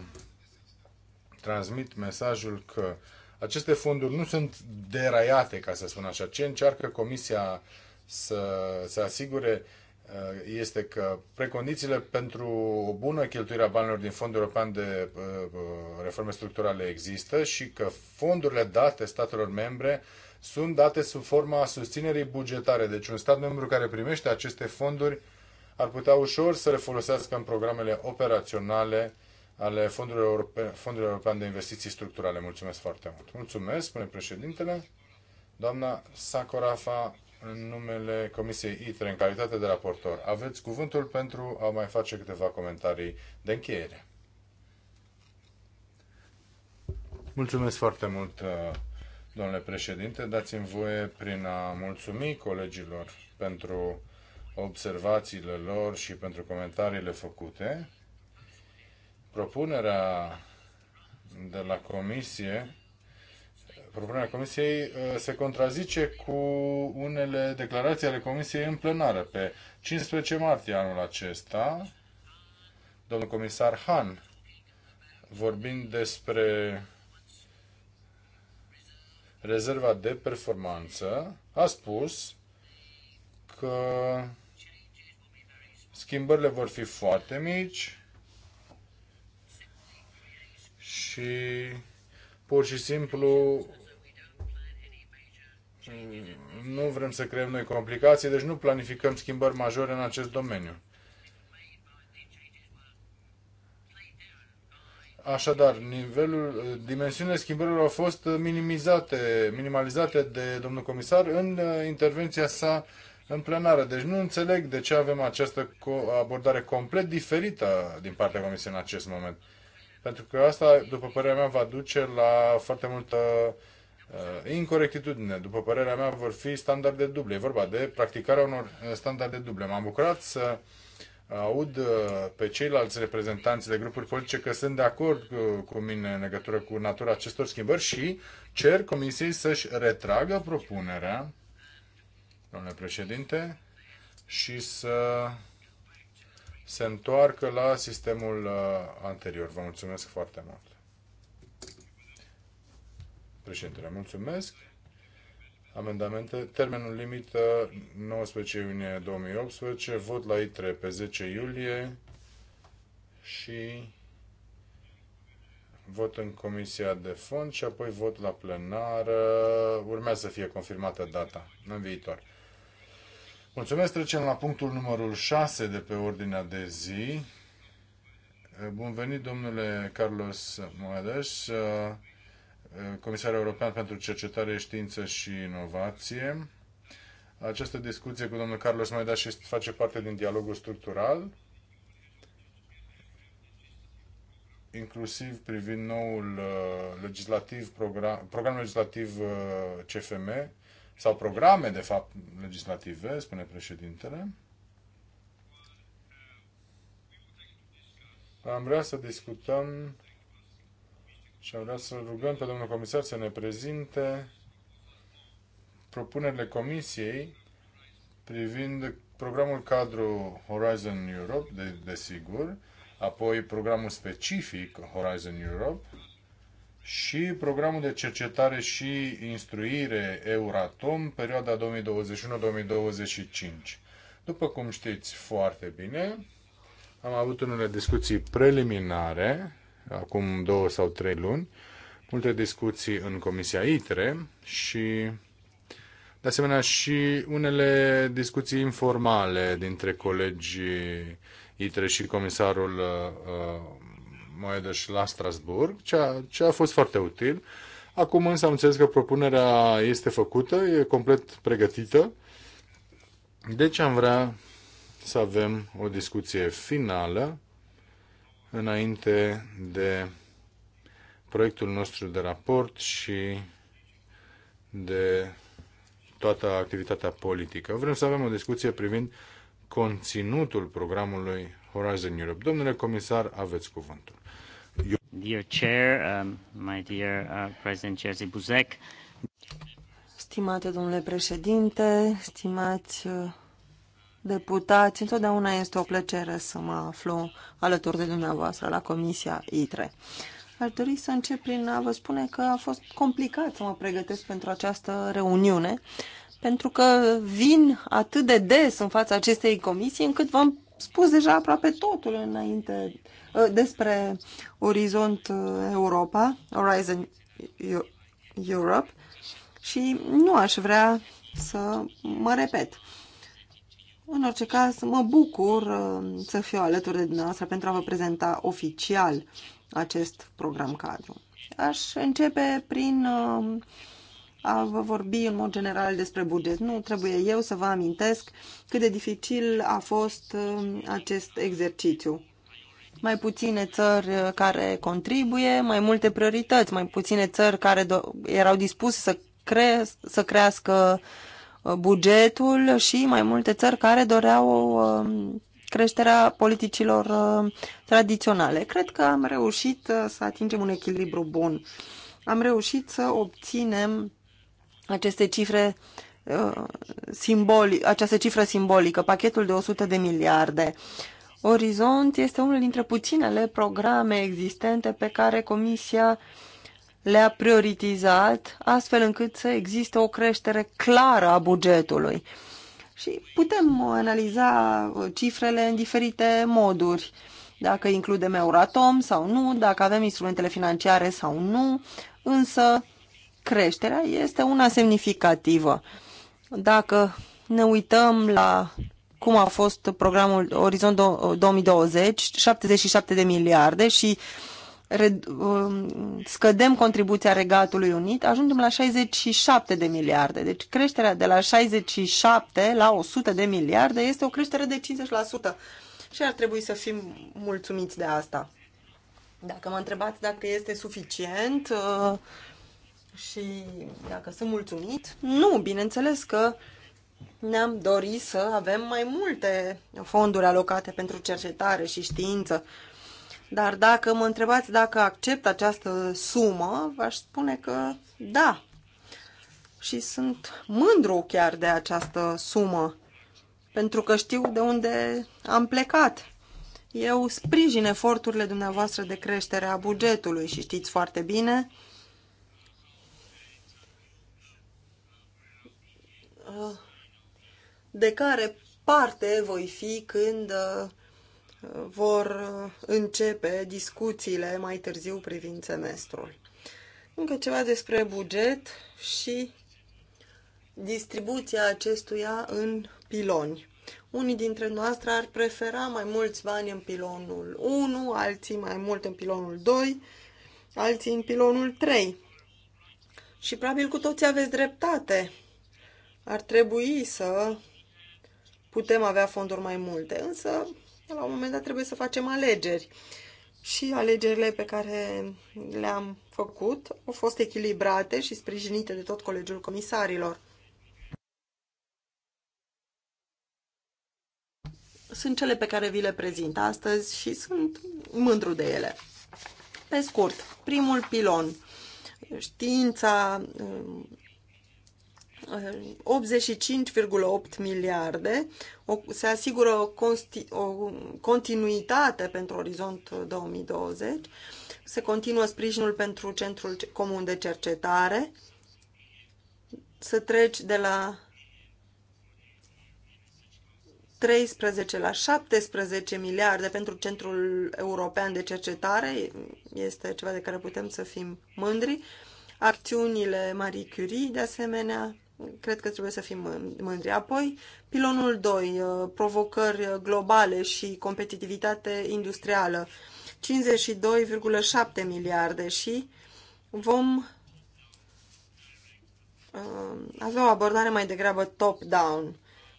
transmit mesajul că aceste fonduri nu sunt deraiate, ca să spun așa. Ce încearcă Comisia să se asigure uh, este că precondițiile pentru o bună cheltuire a banilor din Fondul European de uh, uh, Reforme Structurale există și că fondurile date statelor membre sunt date sub forma susținerii bugetare. Deci un stat membru care primește aceste fonduri ar putea ușor să le folosească în programele operaționale ale Fondului europene, Fondului European de Investiții Structurale. Mulțumesc foarte mult. Mulțumesc, spune președintele. Doamna Sacorafa, în numele Comisiei ITRE, în calitate de raportor, aveți cuvântul pentru a mai face câteva comentarii de încheiere. Mulțumesc foarte mult, uh, domnule președinte. Dați-mi voie prin a mulțumi colegilor pentru observațiile lor și pentru comentariile făcute. Propunerea de la Comisie propunerea Comisiei uh, se contrazice cu unele declarații ale Comisiei în plenară. Pe 15 martie anul acesta, domnul comisar Han, vorbind despre rezerva de performanță, a spus că schimbările vor fi foarte mici și pur și simplu mm, nu vrem să creăm noi complicații, deci nu planificăm schimbări majore în acest domeniu. Așadar, nivelul, dimensiunile schimbărilor au fost minimizate, minimalizate de domnul comisar în uh, intervenția sa în plenară. Deci nu înțeleg de ce avem această abordare complet diferită din partea Comisiei în acest moment. Pentru că asta, după părerea mea, va duce la foarte multă uh, incorectitudine. După părerea mea, vor fi standarde duble. E vorba de practicarea unor uh, standarde duble. M-am bucurat să aud uh, pe ceilalți reprezentanți de grupuri politice că sunt de acord cu, cu mine în legătură cu natura acestor schimbări și cer Comisiei să-și retragă propunerea, domnule președinte, și să se întoarcă la sistemul uh, anterior. Vă mulțumesc foarte mult. Președintele, mulțumesc. Amendamente. Termenul limită uh, 19 iunie 2018. Vot la ITRE pe 10 iulie și vot în comisia de fond și apoi vot la plenară. Urmează să fie confirmată data în viitor. Mulțumesc, trecem la punctul numărul 6 de pe ordinea de zi. Bun venit, domnule Carlos Moedas, uh, Comisar European pentru Cercetare, Știință și Inovație. Această discuție cu domnul Carlos Moedas face parte din dialogul structural, inclusiv privind noul uh, legislativ program, program legislativ uh, CFM, sau programe, de fapt, legislative, spune președintele. Am vrea să discutăm și am vrea să rugăm pe domnul comisar să ne prezinte propunerile comisiei privind programul cadru Horizon Europe, de, apoi programul specific Horizon Europe, și programul de cercetare și instruire Euratom, perioada 2021-2025. După cum știți foarte bine, am avut unele discuții preliminare, acum două sau trei luni, multe discuții în Comisia ITRE și, de asemenea, și unele discuții informale dintre colegii ITRE și comisarul uh, Moedeș la Strasburg, ceea ce a fost foarte util. Acum însă am înțeles că propunerea este făcută, e complet pregătită. Deci am vrea să avem o discuție finală înainte de proiectul nostru de raport și de toată activitatea politică. Vrem să avem o discuție privind conținutul programului Horizon Europe. Domnule comisar, aveți cuvântul. Dear Chair, um, my dear uh, President Jerzy Buzek. Stimate domnule președinte, stimați uh, deputați, întotdeauna este o plăcere să mă aflu alături de dumneavoastră la Comisia ITRE. Aș dori să încep prin a vă spune că a fost complicat să mă pregătesc pentru această reuniune, pentru că vin atât de des în fața acestei comisii încât v-am spus deja aproape totul înainte Uh, despre Orizont uh, Europa, Horizon Europe și nu aș vrea să mă repet. În orice caz, mă bucur uh, să fiu alături de dumneavoastră pentru a vă prezenta oficial acest program cadru. Aș începe prin a vă vorbi în mod general despre buget. Nu trebuie eu să vă amintesc cât de dificil a fost acest exercițiu mai puține țări care contribuie, mai multe priorități, mai puține țări care erau dispuse să, cre- să crească uh, bugetul și mai multe țări care doreau um, creșterea politicilor uh, tradiționale. Cred că am reușit uh, să atingem un echilibru bun. Am reușit să obținem aceste cifre simbolice această cifră simbolică, pachetul de 100 de miliarde. Uh, Orizont este unul dintre puținele programe existente pe care Comisia le-a prioritizat, astfel încât să existe o creștere clară a bugetului. Și putem analiza uh, cifrele în diferite moduri, dacă includem Euratom sau nu, dacă avem instrumentele financiare sau nu, însă creșterea este una semnificativă. Dacă ne uităm la cum a fost programul Orizont 2020, 77 de miliarde și um, scădem contribuția Regatului Unit, ajungem la 67 de miliarde. Deci creșterea de la 67 la 100 de miliarde este o creștere de 50% și ar trebui să fim mulțumiți de asta. Dacă mă întrebați dacă este suficient uh, și dacă sunt mulțumit, nu, bineînțeles că uh, ne-am dorit să avem mai multe fonduri alocate pentru cercetare și știință. Dar dacă mă întrebați dacă accept această sumă, v-aș spune că da. Și sunt mândru chiar de această sumă, pentru că știu de unde am plecat. Eu sprijin eforturile dumneavoastră de creștere a bugetului și știți foarte bine de care parte voi fi când uh, vor uh, începe discuțiile mai târziu privind semestrul. Încă ceva despre buget și distribuția acestuia în piloni. Unii dintre noastre ar prefera mai mulți bani în pilonul 1, alții mai mult în pilonul 2, alții în pilonul 3. Și probabil cu toți aveți dreptate. Ar trebui să putem avea fonduri mai multe, însă la un moment dat trebuie să facem alegeri. Și alegerile pe care le-am făcut au fost echilibrate și sprijinite de tot Colegiul Comisarilor. Sunt cele pe care vi le prezint astăzi și sunt mândru de ele. Pe scurt, primul pilon, știința, 85,8 miliarde, o, se asigură o, o continuitate pentru Orizont 2020, se continuă sprijinul pentru Centrul Comun de Cercetare, să treci de la 13 la 17 miliarde pentru Centrul European de Cercetare, este ceva de care putem să fim mândri, acțiunile Marie Curie, de asemenea, Cred că trebuie să fim mândri. Apoi, pilonul 2, uh, provocări globale și competitivitate industrială, 52,7 miliarde și vom uh, avea o abordare mai degrabă top-down.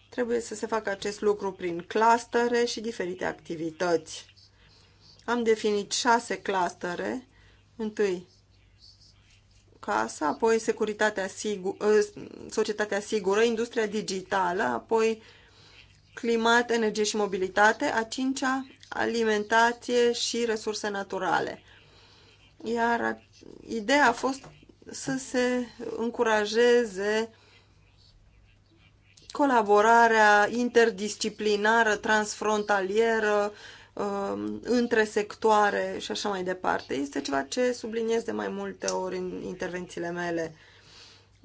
Trebuie să se facă acest lucru prin clustere și diferite activități. Am definit șase clustere. Întâi, casa, apoi securitatea sigur, ă, societatea sigură, industria digitală, apoi climat, energie și mobilitate, a cincea alimentație și resurse naturale. Iar ideea a fost să se încurajeze colaborarea interdisciplinară, transfrontalieră, Um, între sectoare și așa mai departe. Este ceva ce subliniez de mai multe ori în intervențiile mele.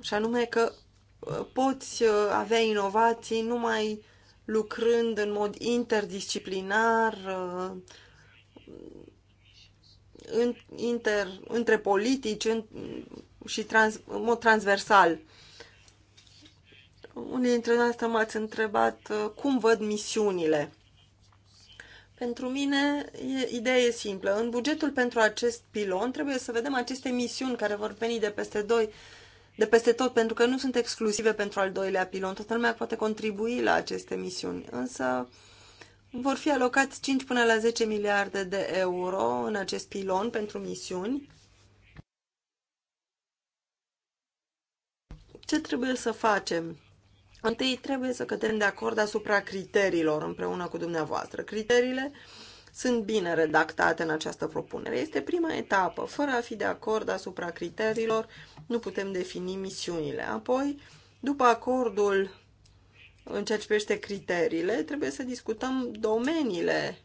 Și anume că uh, poți uh, avea inovații numai lucrând în mod interdisciplinar, uh, în, inter, între politici în, și trans, în mod transversal. Unii dintre noastre m-ați întrebat cum văd misiunile. Pentru mine, e, ideea e simplă. În bugetul pentru acest pilon trebuie să vedem aceste misiuni care vor veni de peste doi, de peste tot, pentru că nu sunt exclusive pentru al doilea pilon. Toată lumea poate contribui la aceste misiuni, însă vor fi alocați 5 până la 10 miliarde de euro în acest pilon pentru misiuni. Ce trebuie să facem? Întâi trebuie să cădem de acord asupra criteriilor împreună cu dumneavoastră. Criteriile sunt bine redactate în această propunere. Este prima etapă. Fără a fi de acord asupra criteriilor, nu putem defini misiunile. Apoi, după acordul în ceea ce privește criteriile, trebuie să discutăm domeniile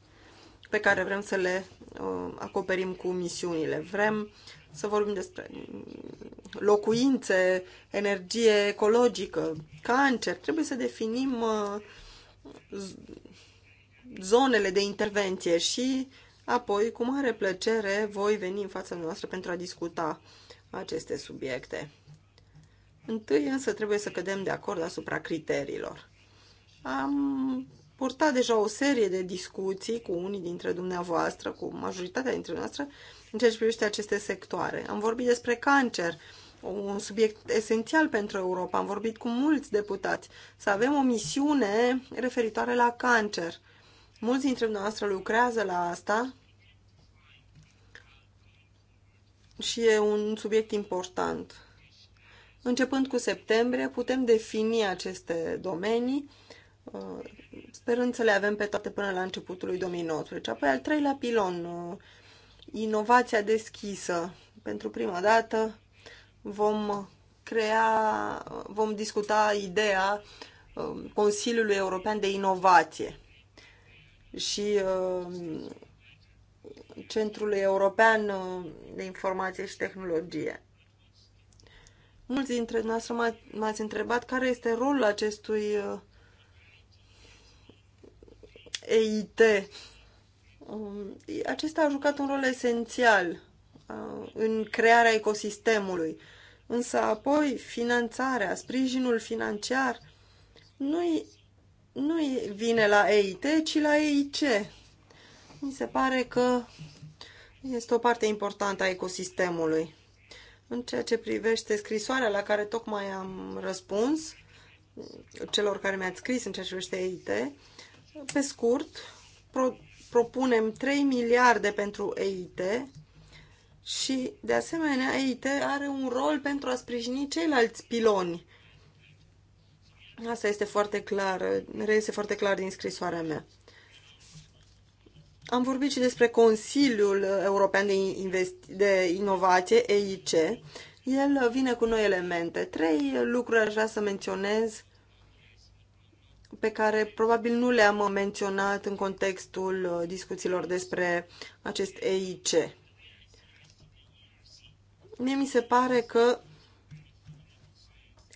pe care vrem să le uh, acoperim cu misiunile. Vrem să vorbim despre locuințe, energie ecologică, cancer, trebuie să definim uh, zonele de intervenție și apoi, cu mare plăcere, voi veni în fața noastră pentru a discuta aceste subiecte. Întâi însă trebuie să cădem de acord asupra criteriilor. Am purtat deja o serie de discuții cu unii dintre dumneavoastră, cu majoritatea dintre noastre, în ceea ce privește aceste sectoare. Am vorbit despre cancer, un subiect esențial pentru Europa. Am vorbit cu mulți deputați să avem o misiune referitoare la cancer. Mulți dintre noastre lucrează la asta și e un subiect important. Începând cu septembrie, putem defini aceste domenii, uh, sperând să le avem pe toate până la începutul lui 2019. Apoi, al treilea pilon, uh, inovația deschisă. Pentru prima dată vom crea, vom discuta ideea um, Consiliului European de Inovație și um, Centrului European uh, de Informație și Tehnologie. Mulți dintre noastre m-ați întrebat care este rolul acestui uh, EIT Um, acesta a jucat un rol esențial uh, în crearea ecosistemului. Însă apoi finanțarea, sprijinul financiar nu nu vine la EIT, ci la EIC. Mi se pare că este o parte importantă a ecosistemului. În ceea ce privește scrisoarea la care tocmai am răspuns, celor care mi-ați scris în ceea ce privește EIT, pe scurt, pro- propunem 3 miliarde pentru EIT și, de asemenea, EIT are un rol pentru a sprijini ceilalți piloni. Asta este foarte clar, reiese foarte clar din scrisoarea mea. Am vorbit și despre Consiliul European de, Investi- de Inovație, EIC. El vine cu noi elemente. Trei lucruri aș vrea să menționez pe care probabil nu le-am menționat în contextul uh, discuțiilor despre acest EIC. Mie mi se pare că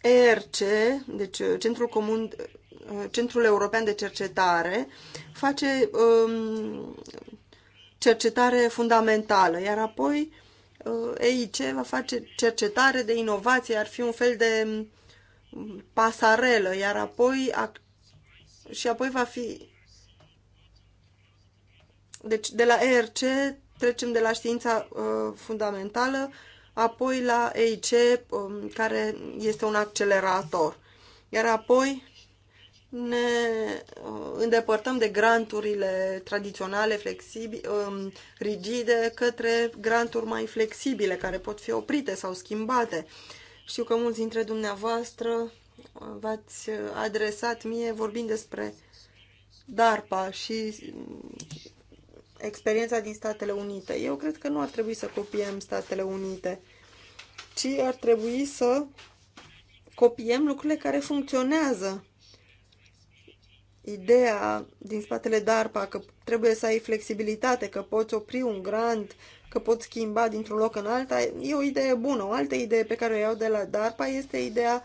ERC, deci uh, Centrul Comun, uh, Centrul European de Cercetare, face um, cercetare fundamentală, iar apoi EIC va face cercetare de inovație, ar fi un fel de mm, pasarelă, iar apoi ac și apoi va fi... Deci de la ERC trecem de la știința uh, fundamentală, apoi la EIC, um, care este un accelerator. Iar apoi ne uh, îndepărtăm de granturile tradiționale, flexibile, um, rigide, către granturi mai flexibile, care pot fi oprite sau schimbate. Știu că mulți dintre dumneavoastră v-ați adresat mie vorbind despre DARPA și experiența din Statele Unite. Eu cred că nu ar trebui să copiem Statele Unite, ci ar trebui să copiem lucrurile care funcționează. Ideea din spatele DARPA că trebuie să ai flexibilitate, că poți opri un grant, că poți schimba dintr-un loc în alta, e o idee bună. O altă idee pe care o iau de la DARPA este ideea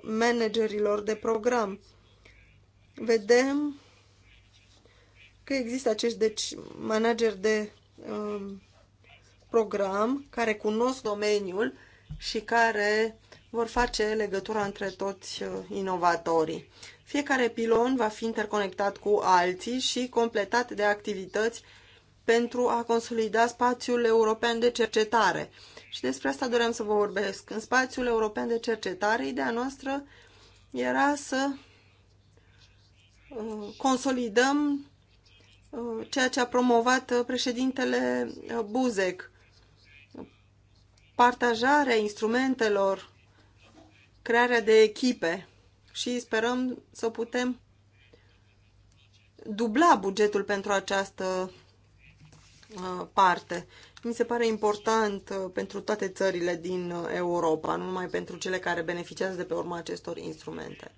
managerilor, de program. Vedem că există acești deci, manageri de um, program care cunosc domeniul și care vor face legătura între toți uh, inovatorii. Fiecare pilon va fi interconectat cu alții și completat de activități pentru a consolida spațiul european de cercetare. Și despre asta doream să vă vorbesc. În spațiul european de cercetare, ideea noastră era să uh, consolidăm uh, ceea ce a promovat uh, președintele Buzek. Partajarea instrumentelor, crearea de echipe și sperăm să putem dubla bugetul pentru această parte mi se pare important uh, pentru toate țările din uh, Europa, nu numai pentru cele care beneficiază de pe urma acestor instrumente.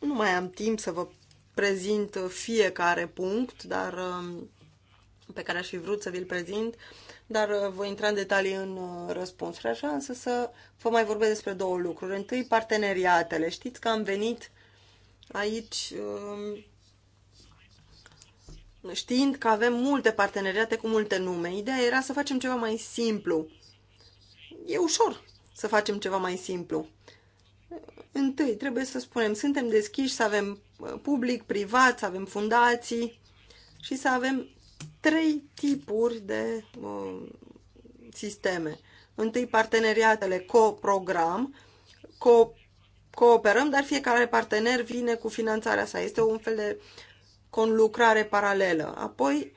Nu mai am timp să vă prezint uh, fiecare punct, dar um, pe care aș fi vrut să vi-l prezint, dar voi intra în detalii în răspunsuri. Așa însă să vă mai vorbesc despre două lucruri. Întâi, parteneriatele. Știți că am venit aici um, știind că avem multe parteneriate cu multe nume. Ideea era să facem ceva mai simplu. E ușor să facem ceva mai simplu. Întâi, trebuie să spunem, suntem deschiși să avem uh, public, privat, să avem fundații și să avem trei tipuri de uh, sisteme. Întâi, parteneriatele co-program, co, cooperăm, dar fiecare partener vine cu finanțarea sa. Este un fel de conlucrare paralelă. Apoi,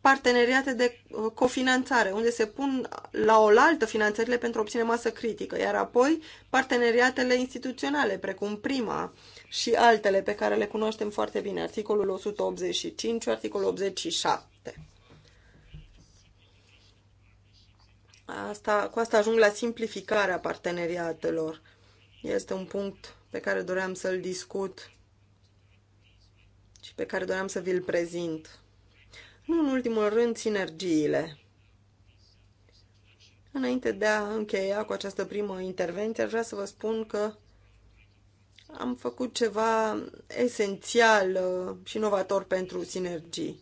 parteneriate de uh, cofinanțare, unde se pun la oaltă finanțările pentru a obține masă critică, iar apoi parteneriatele instituționale, precum prima și altele pe care le cunoaștem foarte bine, articolul 185 și articolul 87. Asta, cu asta ajung la simplificarea parteneriatelor. Este un punct pe care doream să-l discut și pe care doream să vi-l prezint. Nu în ultimul rând, sinergiile. Înainte de a încheia cu această primă intervenție, aș vrea să vă spun că am făcut ceva esențial uh, și inovator pentru sinergii.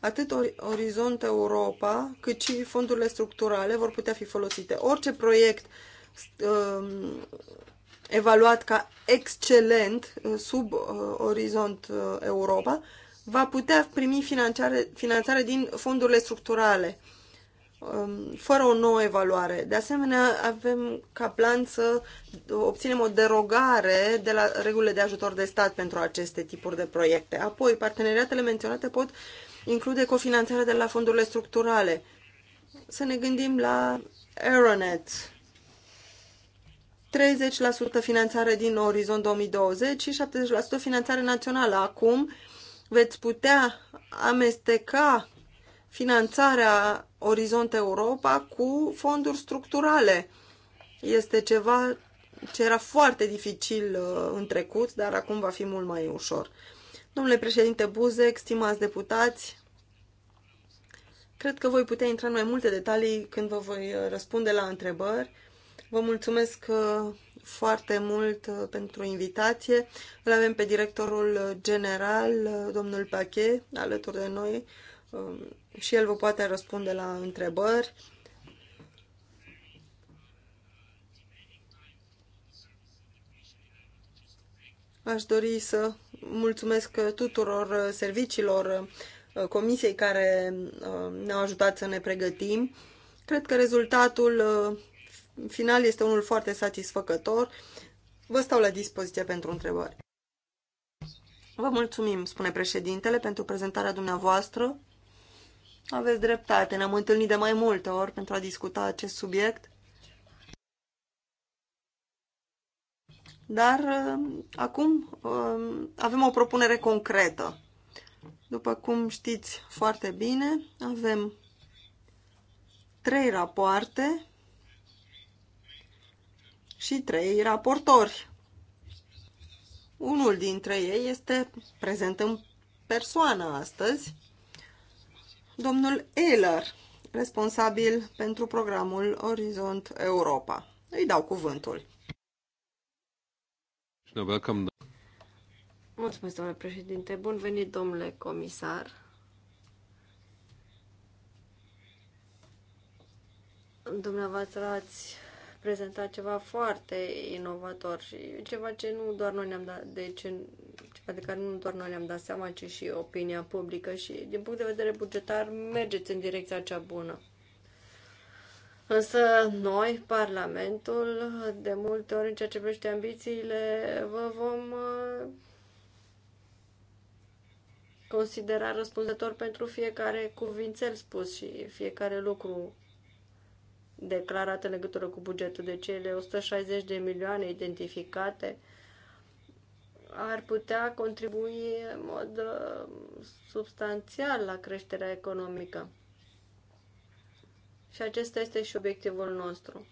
Atât Orizont Europa, cât și fondurile structurale vor putea fi folosite. Orice proiect uh, evaluat ca excelent uh, sub uh, orizont uh, Europa, va putea primi finanțare, finanțare din fondurile structurale, um, fără o nouă evaluare. De asemenea, avem ca plan să obținem o derogare de la regulile de ajutor de stat pentru aceste tipuri de proiecte. Apoi, parteneriatele menționate pot include cofinanțarea de la fondurile structurale. Să ne gândim la Aeronet, 30% finanțare din Orizont 2020 și 70% finanțare națională. Acum veți putea amesteca finanțarea Orizont Europa cu fonduri structurale. Este ceva ce era foarte dificil uh, în trecut, dar acum va fi mult mai ușor. Domnule președinte Buzek, stimați deputați, cred că voi putea intra în mai multe detalii când vă voi uh, răspunde la întrebări Vă mulțumesc uh, foarte mult uh, pentru invitație. Îl avem pe directorul general, uh, domnul Pache, alături de noi um, și el vă poate răspunde la întrebări. Aș dori să mulțumesc tuturor serviciilor comisiei care ne-au ajutat să ne pregătim. Cred că rezultatul final este unul foarte satisfăcător. Vă stau la dispoziție pentru întrebări. Vă mulțumim, spune președintele, pentru prezentarea dumneavoastră. Aveți dreptate, ne-am întâlnit de mai multe ori pentru a discuta acest subiect. Dar uh, acum uh, avem o propunere concretă. După cum știți foarte bine, avem trei rapoarte și trei raportori. Unul dintre ei este prezent în persoană astăzi, domnul Eiler, responsabil pentru programul Orizont Europa. Îi dau cuvântul. Mulțumesc, domnule președinte. Bun venit, domnule comisar. Dumneavoastră ați prezentat ceva foarte inovator și ceva ce nu doar noi ne-am dat, deci ceva de care nu doar noi ne-am dat seama, ci și opinia publică și din punct de vedere bugetar mergeți în direcția cea bună. Însă noi, Parlamentul, de multe ori în ceea ce privește ambițiile, vă vom uh, considera răspunzător pentru fiecare cuvințel spus și fiecare lucru declarate în legătură cu bugetul. de deci cele 160 de milioane identificate ar putea contribui în mod uh, substanțial la creșterea economică. Și acesta este și obiectivul nostru.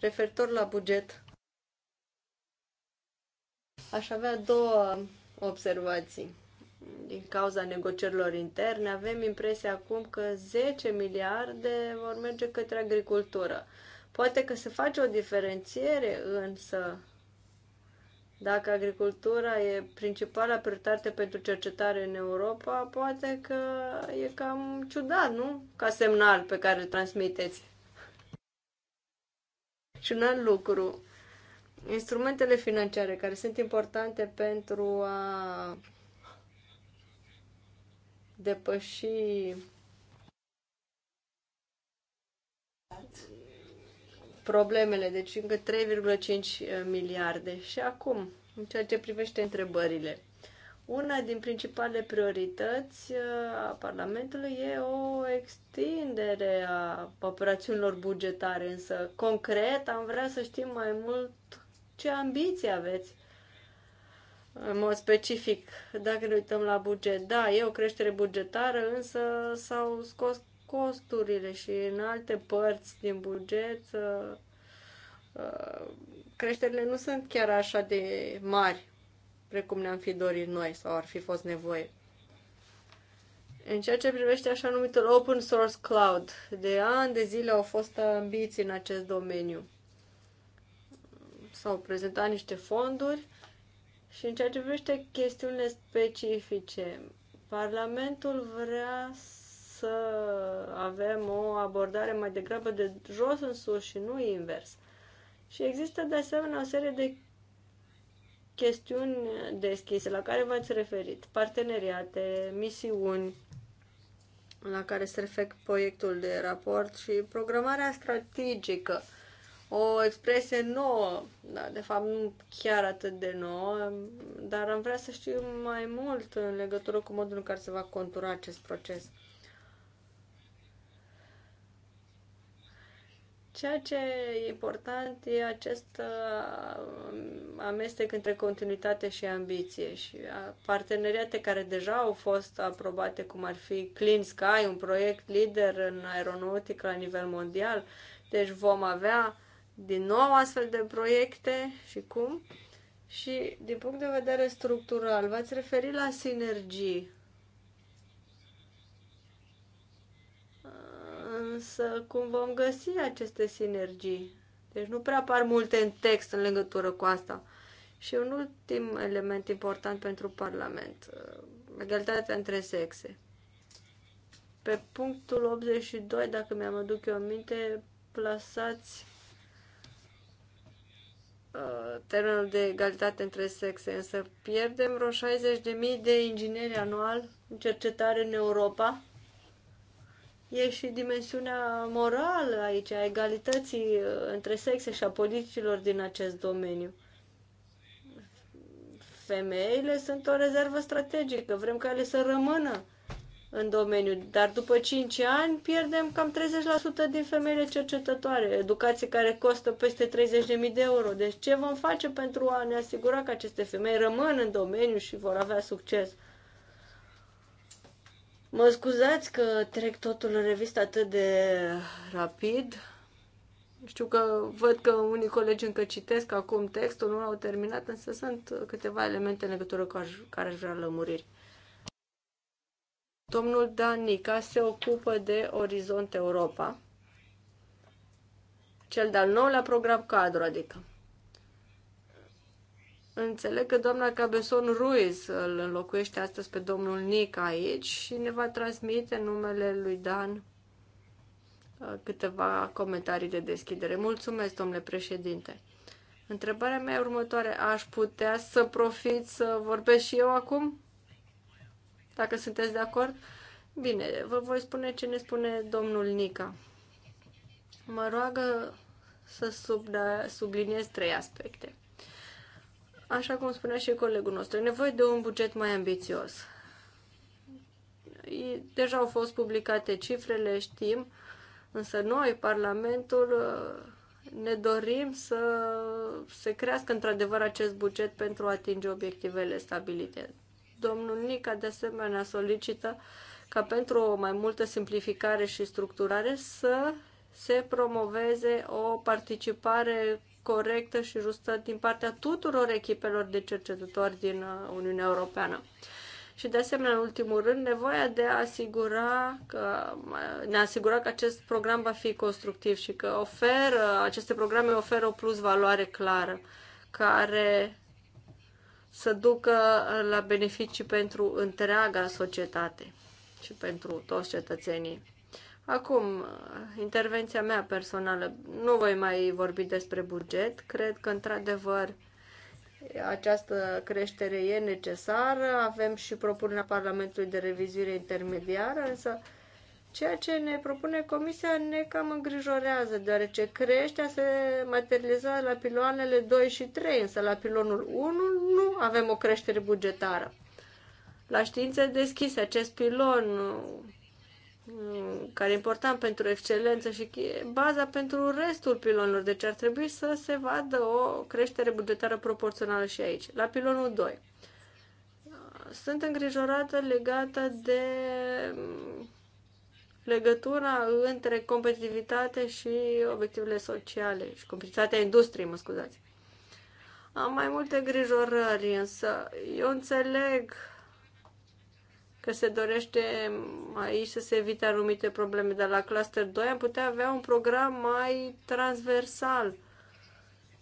Referitor la buget, aș avea două observații din cauza negocierilor interne, avem impresia acum că 10 miliarde vor merge către agricultură. Poate că se face o diferențiere, însă dacă agricultura e principala prioritate pentru cercetare în Europa, poate că e cam ciudat, nu? Ca semnal pe care îl transmiteți. Și un alt lucru, instrumentele financiare care sunt importante pentru a depăși problemele, deci încă 3,5 eh, miliarde. Și acum, în ceea ce privește întrebările, una din principalele priorități eh, a Parlamentului e o extindere a operațiunilor bugetare, însă concret am vrea să știm mai mult ce ambiții aveți în mod specific, dacă ne uităm la buget, da, e o creștere bugetară, însă s-au scos costurile și în alte părți din buget uh, uh, creșterile nu sunt chiar așa de mari precum ne-am fi dorit noi sau ar fi fost nevoie. În ceea ce privește așa numitul Open Source Cloud, de ani de zile au fost ambiții în acest domeniu. S-au prezentat niște fonduri și în ceea ce privește chestiunile specifice, Parlamentul vrea să avem o abordare mai degrabă de jos în sus și nu invers. Și există de asemenea o serie de chestiuni deschise la care v-ați referit, parteneriate, misiuni, la care se proiectul de raport și programarea strategică o expresie nouă, da, de fapt nu chiar atât de nouă, dar am vrea să știu mai mult în legătură cu modul în care se va contura acest proces. Ceea ce e important e acest uh, amestec între continuitate și ambiție și uh, parteneriate care deja au fost aprobate, cum ar fi Clean Sky, un proiect lider în aeronautică la nivel mondial. Deci vom avea din nou astfel de proiecte și cum? Și din punct de vedere structural, v-ați referit la sinergii. Însă cum vom găsi aceste sinergii? Deci nu prea apar multe în text în legătură cu asta. Și un ultim element important pentru Parlament, egalitatea între sexe. Pe punctul 82, dacă mi-am aduc eu aminte, plasați Uh, termenul de egalitate între sexe, însă pierdem vreo 60.000 de ingineri anual în cercetare în Europa. E și dimensiunea morală aici, a egalității uh, între sexe și a politicilor din acest domeniu. Femeile sunt o rezervă strategică, vrem ca ele să rămână în domeniu, dar după 5 ani pierdem cam 30% din femeile cercetătoare, educație care costă peste 30.000 de euro. Deci ce vom face pentru a ne asigura că aceste femei rămân în domeniu și vor avea succes? Mă scuzați că trec totul în revistă atât de rapid. Știu că văd că unii colegi încă citesc acum textul, nu l-au terminat, însă sunt câteva elemente în legătură cu care aș vrea lămuriri. Domnul Dan Nica se ocupă de Orizont Europa, cel de-al nouălea program cadru, adică. Înțeleg că doamna Cabeson Ruiz îl înlocuiește astăzi pe domnul Nic aici și ne va transmite numele lui Dan uh, câteva comentarii de deschidere. Mulțumesc, domnule președinte. Întrebarea mea următoare, aș putea să profit să vorbesc și eu acum? Dacă sunteți de acord? Bine, vă voi spune ce ne spune domnul Nica. Mă roagă să sub, da, subliniez trei aspecte. Așa cum spunea și colegul nostru, e nevoie de un buget mai ambițios. Deja au fost publicate cifrele, știm, însă noi, Parlamentul, ne dorim să se crească într-adevăr acest buget pentru a atinge obiectivele stabilite. Domnul Nica, de asemenea, solicită ca pentru o mai multă simplificare și structurare să se promoveze o participare corectă și justă din partea tuturor echipelor de cercetători din uh, Uniunea Europeană. Și de asemenea, în ultimul rând, nevoia de a asigura că, uh, ne asigura că acest program va fi constructiv și că oferă, aceste programe oferă o plus valoare clară care să ducă la beneficii pentru întreaga societate și pentru toți cetățenii. Acum, intervenția mea personală. Nu voi mai vorbi despre buget. Cred că, într-adevăr, această creștere e necesară. Avem și propunerea Parlamentului de revizuire intermediară, însă Ceea ce ne propune Comisia ne cam îngrijorează, deoarece creștea se materializează la piloanele 2 și 3, însă la pilonul 1 nu avem o creștere bugetară. La științe deschise, acest pilon mm, care e important pentru excelență și baza pentru restul pilonilor, deci ar trebui să se vadă o creștere bugetară proporțională și aici. La pilonul 2. Sunt îngrijorată legată de legătura între competitivitate și obiectivele sociale și competitivitatea industriei, mă scuzați. Am mai multe grijorări, însă eu înțeleg că se dorește aici să se evite anumite probleme, dar la cluster 2 am putea avea un program mai transversal.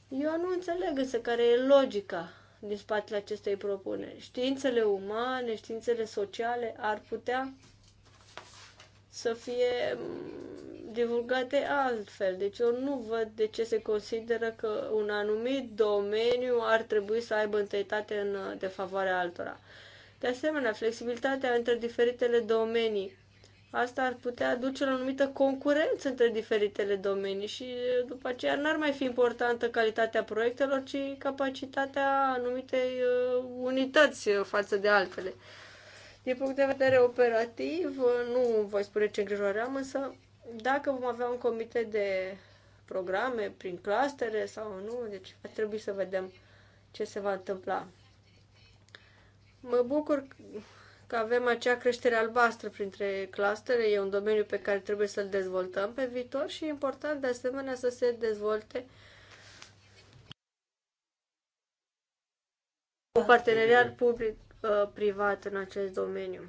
Eu nu înțeleg însă care e logica din spatele acestei propuneri. Științele umane, științele sociale ar putea să fie divulgate altfel. Deci eu nu văd de ce se consideră că un anumit domeniu ar trebui să aibă întâietate în uh, defavoarea altora. De asemenea, flexibilitatea între diferitele domenii. Asta ar putea duce la o anumită concurență între diferitele domenii și uh, după aceea n-ar mai fi importantă calitatea proiectelor, ci capacitatea anumitei uh, unități față de altele. Din punct de vedere operativ, nu voi spune ce îngrijorare am, însă dacă vom avea un comitet de programe prin clustere sau nu, deci va trebui să vedem ce se va întâmpla. Mă bucur că avem acea creștere albastră printre clustere, e un domeniu pe care trebuie să-l dezvoltăm pe viitor și e important de asemenea să se dezvolte un parteneriat public Uh, privat în acest domeniu.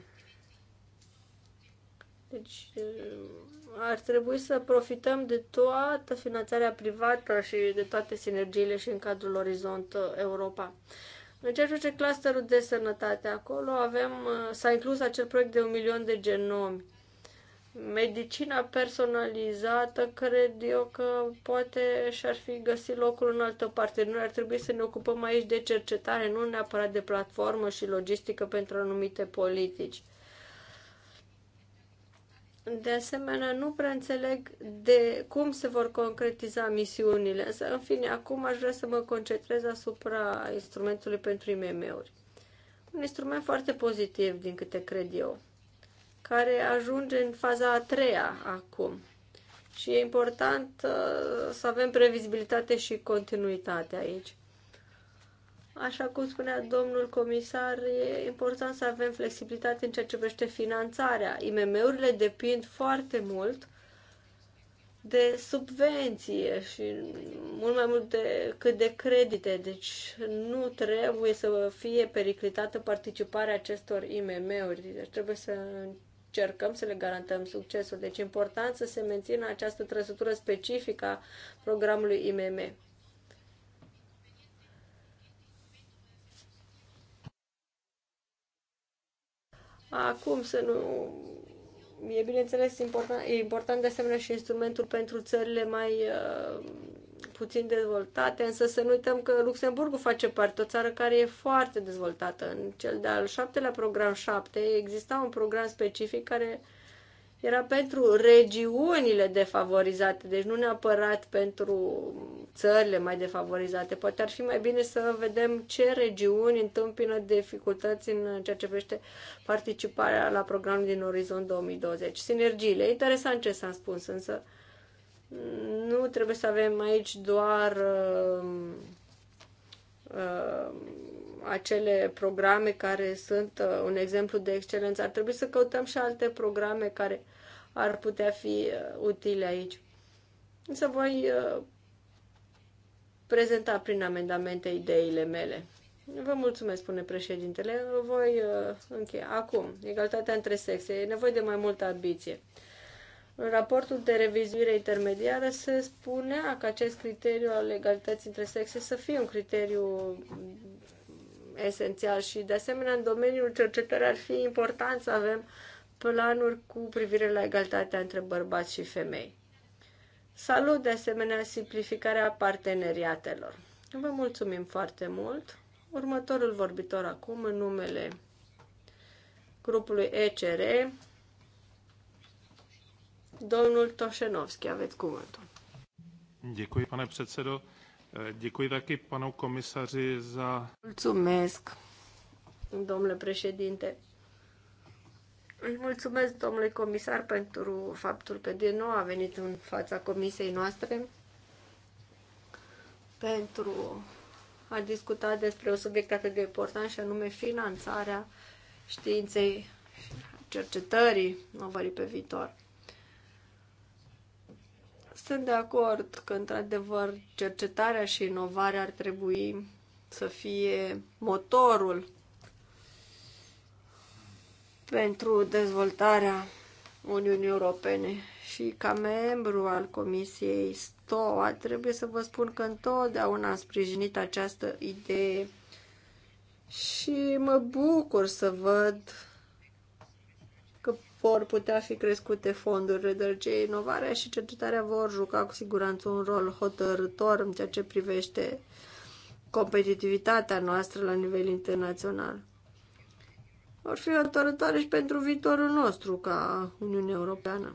Deci uh, ar trebui să profităm de toată finanțarea privată și de toate sinergiile și în cadrul Orizont uh, Europa. În ceea ce privește clusterul de sănătate, acolo avem, s-a inclus acel proiect de un milion de genomi Medicina personalizată cred eu că poate și-ar fi găsit locul în altă parte. Noi ar trebui să ne ocupăm aici de cercetare, nu neapărat de platformă și logistică pentru anumite politici. De asemenea, nu prea înțeleg de cum se vor concretiza misiunile, însă, în fine, acum aș vrea să mă concentrez asupra instrumentului pentru IMM-uri. Un instrument foarte pozitiv, din câte cred eu care ajunge în faza a treia acum. Și e important uh, să avem previzibilitate și continuitate aici. Așa cum spunea domnul comisar, e important să avem flexibilitate în ceea ce privește finanțarea. IMM-urile depind foarte mult de subvenție și mult mai mult decât de credite. Deci nu trebuie să fie periclitată participarea acestor IMM-uri. Deci trebuie să încercăm să le garantăm succesul. Deci important să se mențină această trăsătură specifică a programului IMM. Acum să nu... E bineînțeles important, e important de asemenea și instrumentul pentru țările mai uh, puțin dezvoltate, însă să nu uităm că Luxemburgul face parte, o țară care e foarte dezvoltată. În cel de-al șaptelea program 7 exista un program specific care era pentru regiunile defavorizate, deci nu neapărat pentru țările mai defavorizate. Poate ar fi mai bine să vedem ce regiuni întâmpină dificultăți în ceea ce privește participarea la programul din Orizont 2020. Sinergiile, interesant ce s-a spus, însă nu trebuie să avem aici doar uh, uh, acele programe care sunt uh, un exemplu de excelență. Ar trebui să căutăm și alte programe care ar putea fi uh, utile aici. Însă voi uh, prezenta prin amendamente ideile mele. Vă mulțumesc, spune președintele. Voi uh, încheia. Acum, egalitatea între sexe. E nevoie de mai multă ambiție. În raportul de revizuire intermediară se spunea că acest criteriu al egalității între sexe să fie un criteriu mm, esențial și, de asemenea, în domeniul cercetării ar fi important să avem planuri cu privire la egalitatea între bărbați și femei. Salut, de asemenea, simplificarea parteneriatelor. Vă mulțumim foarte mult. Următorul vorbitor acum, în numele grupului ECR, Domnul Toșenovski, aveți cuvântul. Děkuji, pane předsedo. Děkuji taky panu komisaři za... Mulțumesc, domnule președinte. Îi mulțumesc, domnule comisar, pentru faptul că din nou a venit în fața comisiei noastre pentru a discuta despre un subiect atât de important și anume finanțarea științei cercetării nu pe viitor. Sunt de acord că, într-adevăr, cercetarea și inovarea ar trebui să fie motorul pentru dezvoltarea Uniunii Europene și ca membru al Comisiei STOA trebuie să vă spun că întotdeauna am sprijinit această idee și mă bucur să văd vor putea fi crescute fondurile, deoarece inovarea și cercetarea vor juca cu siguranță un rol hotărător în ceea ce privește competitivitatea noastră la nivel internațional. Vor fi hotărătoare și pentru viitorul nostru ca Uniunea Europeană.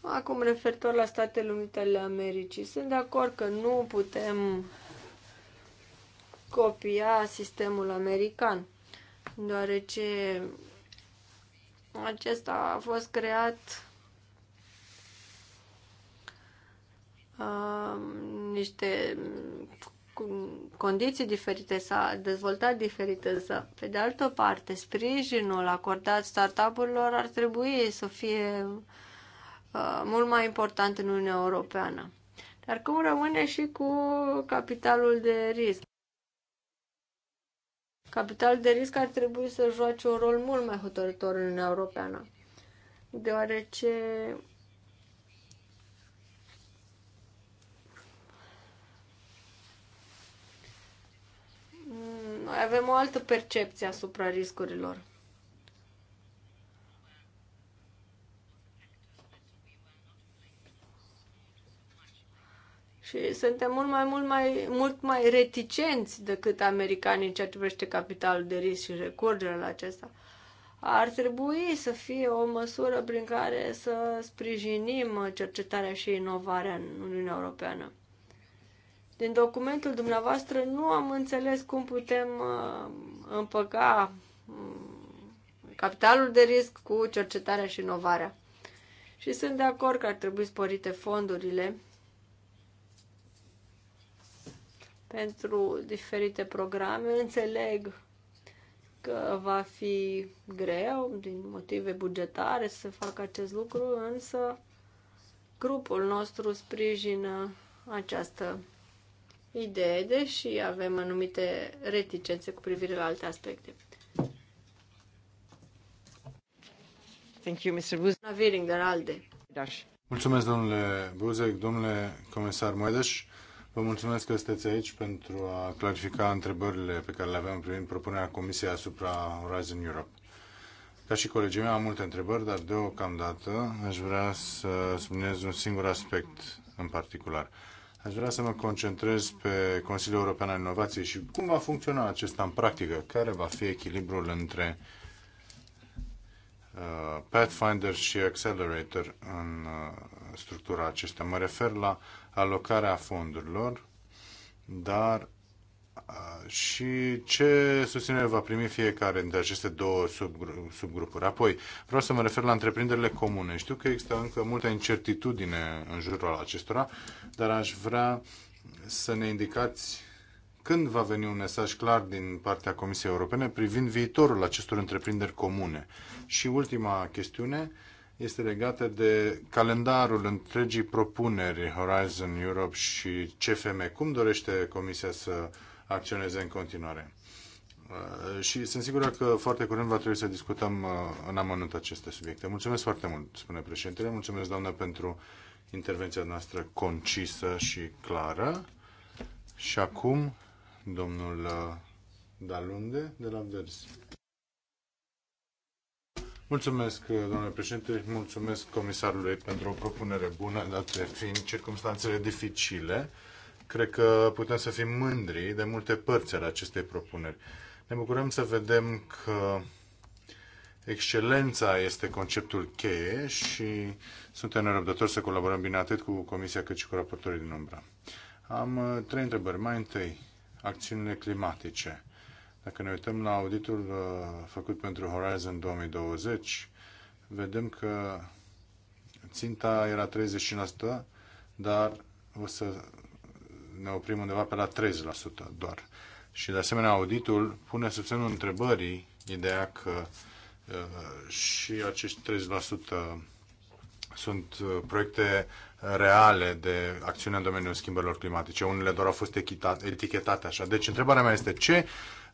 Acum, referitor la Statele Unite ale Americii, sunt de acord că nu putem copia sistemul american deoarece acesta a fost creat uh, niște condiții diferite, s-a dezvoltat diferite, însă, pe de altă parte, sprijinul acordat startup-urilor ar trebui să fie uh, mult mai important în Uniunea Europeană. Dar cum rămâne și cu capitalul de risc? Capitalul de risc ar trebui să joace un rol mult mai hotărător în Uniunea Europeană, deoarece mm, noi avem o altă percepție asupra riscurilor. suntem mult mai, mult mai, mult mai reticenți decât americanii în ceea ce privește capitalul de risc și recurgerea la acesta. Ar trebui să fie o măsură prin care să sprijinim cercetarea și inovarea în Uniunea Europeană. Din documentul dumneavoastră nu am înțeles cum putem uh, împăca mm, capitalul de risc cu cercetarea și inovarea. Și sunt de acord că ar trebui sporite fondurile pentru diferite programe. Înțeleg că va fi greu din motive bugetare să facă acest lucru, însă grupul nostru sprijină această idee, deși avem anumite reticențe cu privire la alte aspecte. Thank you, Mr. Buzek. Mulțumesc, domnule Buzek, domnule comisar Moedeș. Vă mulțumesc că sunteți aici pentru a clarifica întrebările pe care le aveam privind propunerea Comisiei asupra Horizon Europe. Ca și colegii mei am multe întrebări, dar deocamdată aș vrea să subliniez un singur aspect în particular. Aș vrea să mă concentrez pe Consiliul European al Inovației și cum va funcționa acesta în practică, care va fi echilibrul între uh, Pathfinder și Accelerator în uh, structura acestea. Mă refer la alocarea fondurilor, dar și ce susținere va primi fiecare dintre aceste două subgrupuri. Apoi, vreau să mă refer la întreprinderile comune. Știu că există încă multă incertitudine în jurul acestora, dar aș vrea să ne indicați când va veni un mesaj clar din partea Comisiei Europene privind viitorul acestor întreprinderi comune. Și ultima chestiune, este legată de calendarul întregii propuneri Horizon Europe și CFM. Cum dorește Comisia să acționeze în continuare? Uh, și sunt sigur că foarte curând va trebui să discutăm uh, în amănunt aceste subiecte. Mulțumesc foarte mult, spune președintele. Mulțumesc, doamnă, pentru intervenția noastră concisă și clară. Și acum, domnul uh, Dalunde de la Versi. Mulțumesc, domnule președinte, mulțumesc comisarului pentru o propunere bună, date fiind circumstanțele dificile. Cred că putem să fim mândri de multe părți ale acestei propuneri. Ne bucurăm să vedem că excelența este conceptul cheie și suntem nerăbdători să colaborăm bine atât cu Comisia cât și cu raportorii din umbra. Am uh, trei întrebări. Mai întâi, acțiunile climatice dacă ne uităm la auditul uh, făcut pentru Horizon 2020, vedem că ținta era 30%, dar o să ne oprim undeva pe la 30% doar. Și de asemenea auditul pune sub semnul întrebării ideea că uh, și acești 30% sunt uh, proiecte reale de acțiune în domeniul schimbărilor climatice. Unele doar au fost etichetate așa. Deci întrebarea mea este ce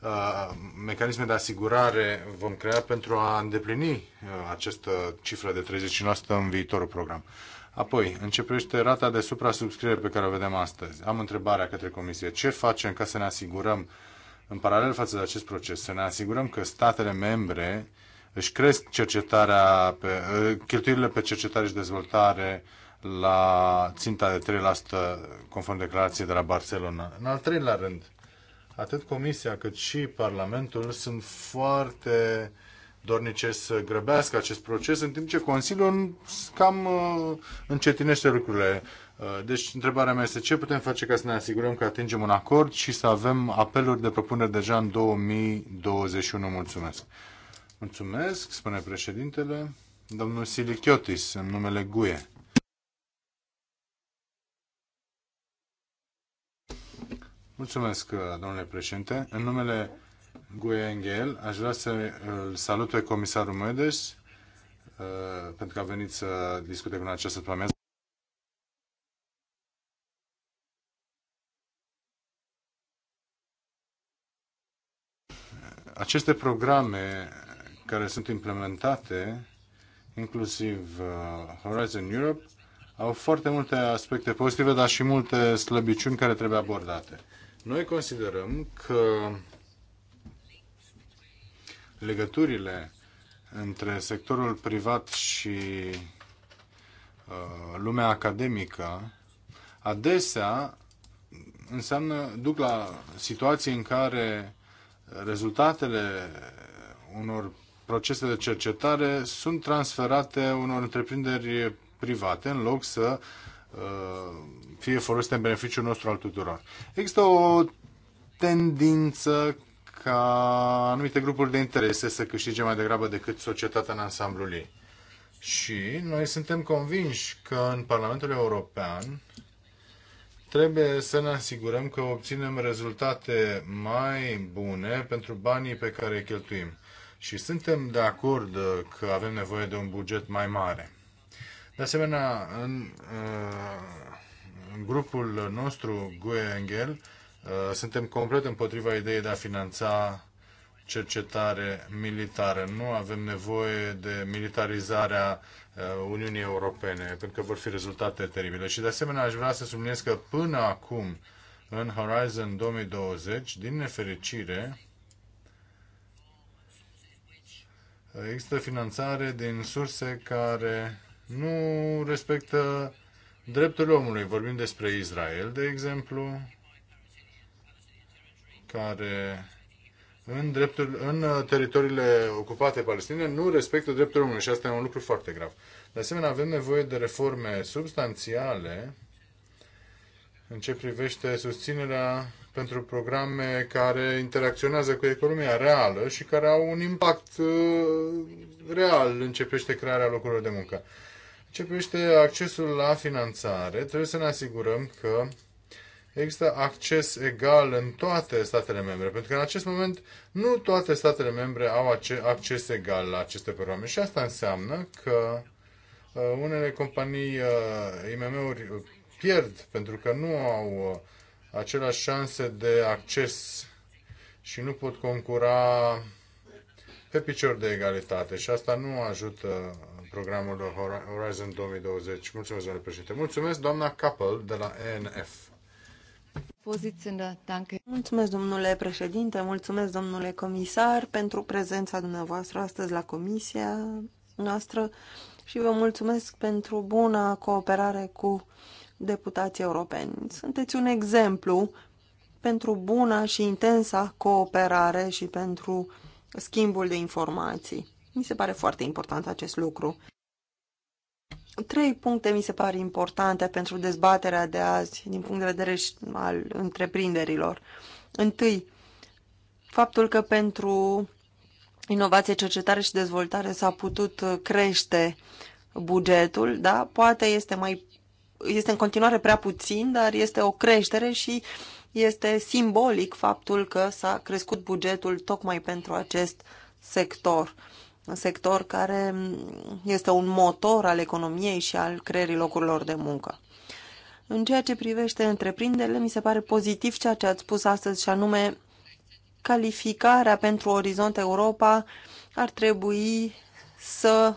Uh, mecanisme de asigurare vom crea pentru a îndeplini uh, această cifră de 39% în viitorul program. Apoi, începește rata de suprasubscriere pe care o vedem astăzi. Am întrebarea către Comisie. Ce facem ca să ne asigurăm, în paralel față de acest proces, să ne asigurăm că statele membre își cresc cercetarea pe, uh, cheltuielile pe cercetare și dezvoltare la ținta de 3% conform declarației de la Barcelona. În al treilea rând, atât Comisia cât și Parlamentul sunt foarte dornice să grăbească acest proces, în timp ce Consiliul cam uh, încetinește lucrurile. Uh, deci, întrebarea mea este ce putem face ca să ne asigurăm că atingem un acord și să avem apeluri de propuneri deja în 2021. Mulțumesc! Mulțumesc, spune președintele, domnul Silichiotis, în numele GUE. Mulțumesc, uh, domnule președinte. În numele Gue Engel, aș vrea să uh, îl salut pe comisarul Medes, uh, pentru că a venit să discute cu noi această plamează. Aceste programe care sunt implementate, inclusiv Horizon Europe, au foarte multe aspecte pozitive, dar și multe slăbiciuni care trebuie abordate. Noi considerăm că legăturile între sectorul privat și uh, lumea academică adesea înseamnă, duc la situații în care rezultatele unor procese de cercetare sunt transferate unor întreprinderi private în loc să uh, Uh, fie folosite în beneficiul nostru al tuturor. Există o tendință ca anumite grupuri de interese să câștige mai degrabă decât societatea în ansamblul ei. Și noi suntem convinși că în Parlamentul European trebuie să ne asigurăm că obținem rezultate mai bune pentru banii pe care îi cheltuim. Și suntem de acord că avem nevoie de un buget mai mare. De asemenea, în, uh, în grupul nostru, GUE Engel, uh, suntem complet împotriva ideii de a finanța cercetare militară. Nu avem nevoie de militarizarea uh, Uniunii Europene, pentru că vor fi rezultate teribile. Și de asemenea aș vrea să subliniez că până acum, în Horizon 2020, din nefericire, există finanțare din surse care nu respectă drepturile omului. Vorbim despre Israel, de exemplu, care în, dreptul, în uh, teritoriile ocupate palestine nu respectă drepturile omului și asta e un lucru foarte grav. De asemenea, avem nevoie de reforme substanțiale în ce privește susținerea pentru programe care interacționează cu economia reală și care au un impact uh, real în ce privește crearea locurilor de muncă ce privește accesul la finanțare, trebuie să ne asigurăm că există acces egal în toate statele membre, pentru că în acest moment nu toate statele membre au acces egal la aceste programe și asta înseamnă că uh, unele companii, uh, IMM-uri, pierd pentru că nu au uh, aceleași șanse de acces și nu pot concura pe picior de egalitate și asta nu ajută programul Horizon 2020. Mulțumesc, domnule președinte. Mulțumesc, doamna Capel de la ENF. Mulțumesc, domnule președinte, mulțumesc, domnule comisar, pentru prezența dumneavoastră astăzi la comisia noastră și vă mulțumesc pentru buna cooperare cu deputații europeni. Sunteți un exemplu pentru buna și intensa cooperare și pentru schimbul de informații. Mi se pare foarte important acest lucru. Trei puncte mi se par importante pentru dezbaterea de azi din punct de vedere al întreprinderilor. Întâi, faptul că pentru inovație, cercetare și dezvoltare s-a putut crește bugetul, da? Poate este mai este în continuare prea puțin, dar este o creștere și este simbolic faptul că s-a crescut bugetul tocmai pentru acest sector sector care este un motor al economiei și al creierii locurilor de muncă. În ceea ce privește întreprinderile, mi se pare pozitiv ceea ce ați spus astăzi, și anume calificarea pentru Orizont Europa ar trebui să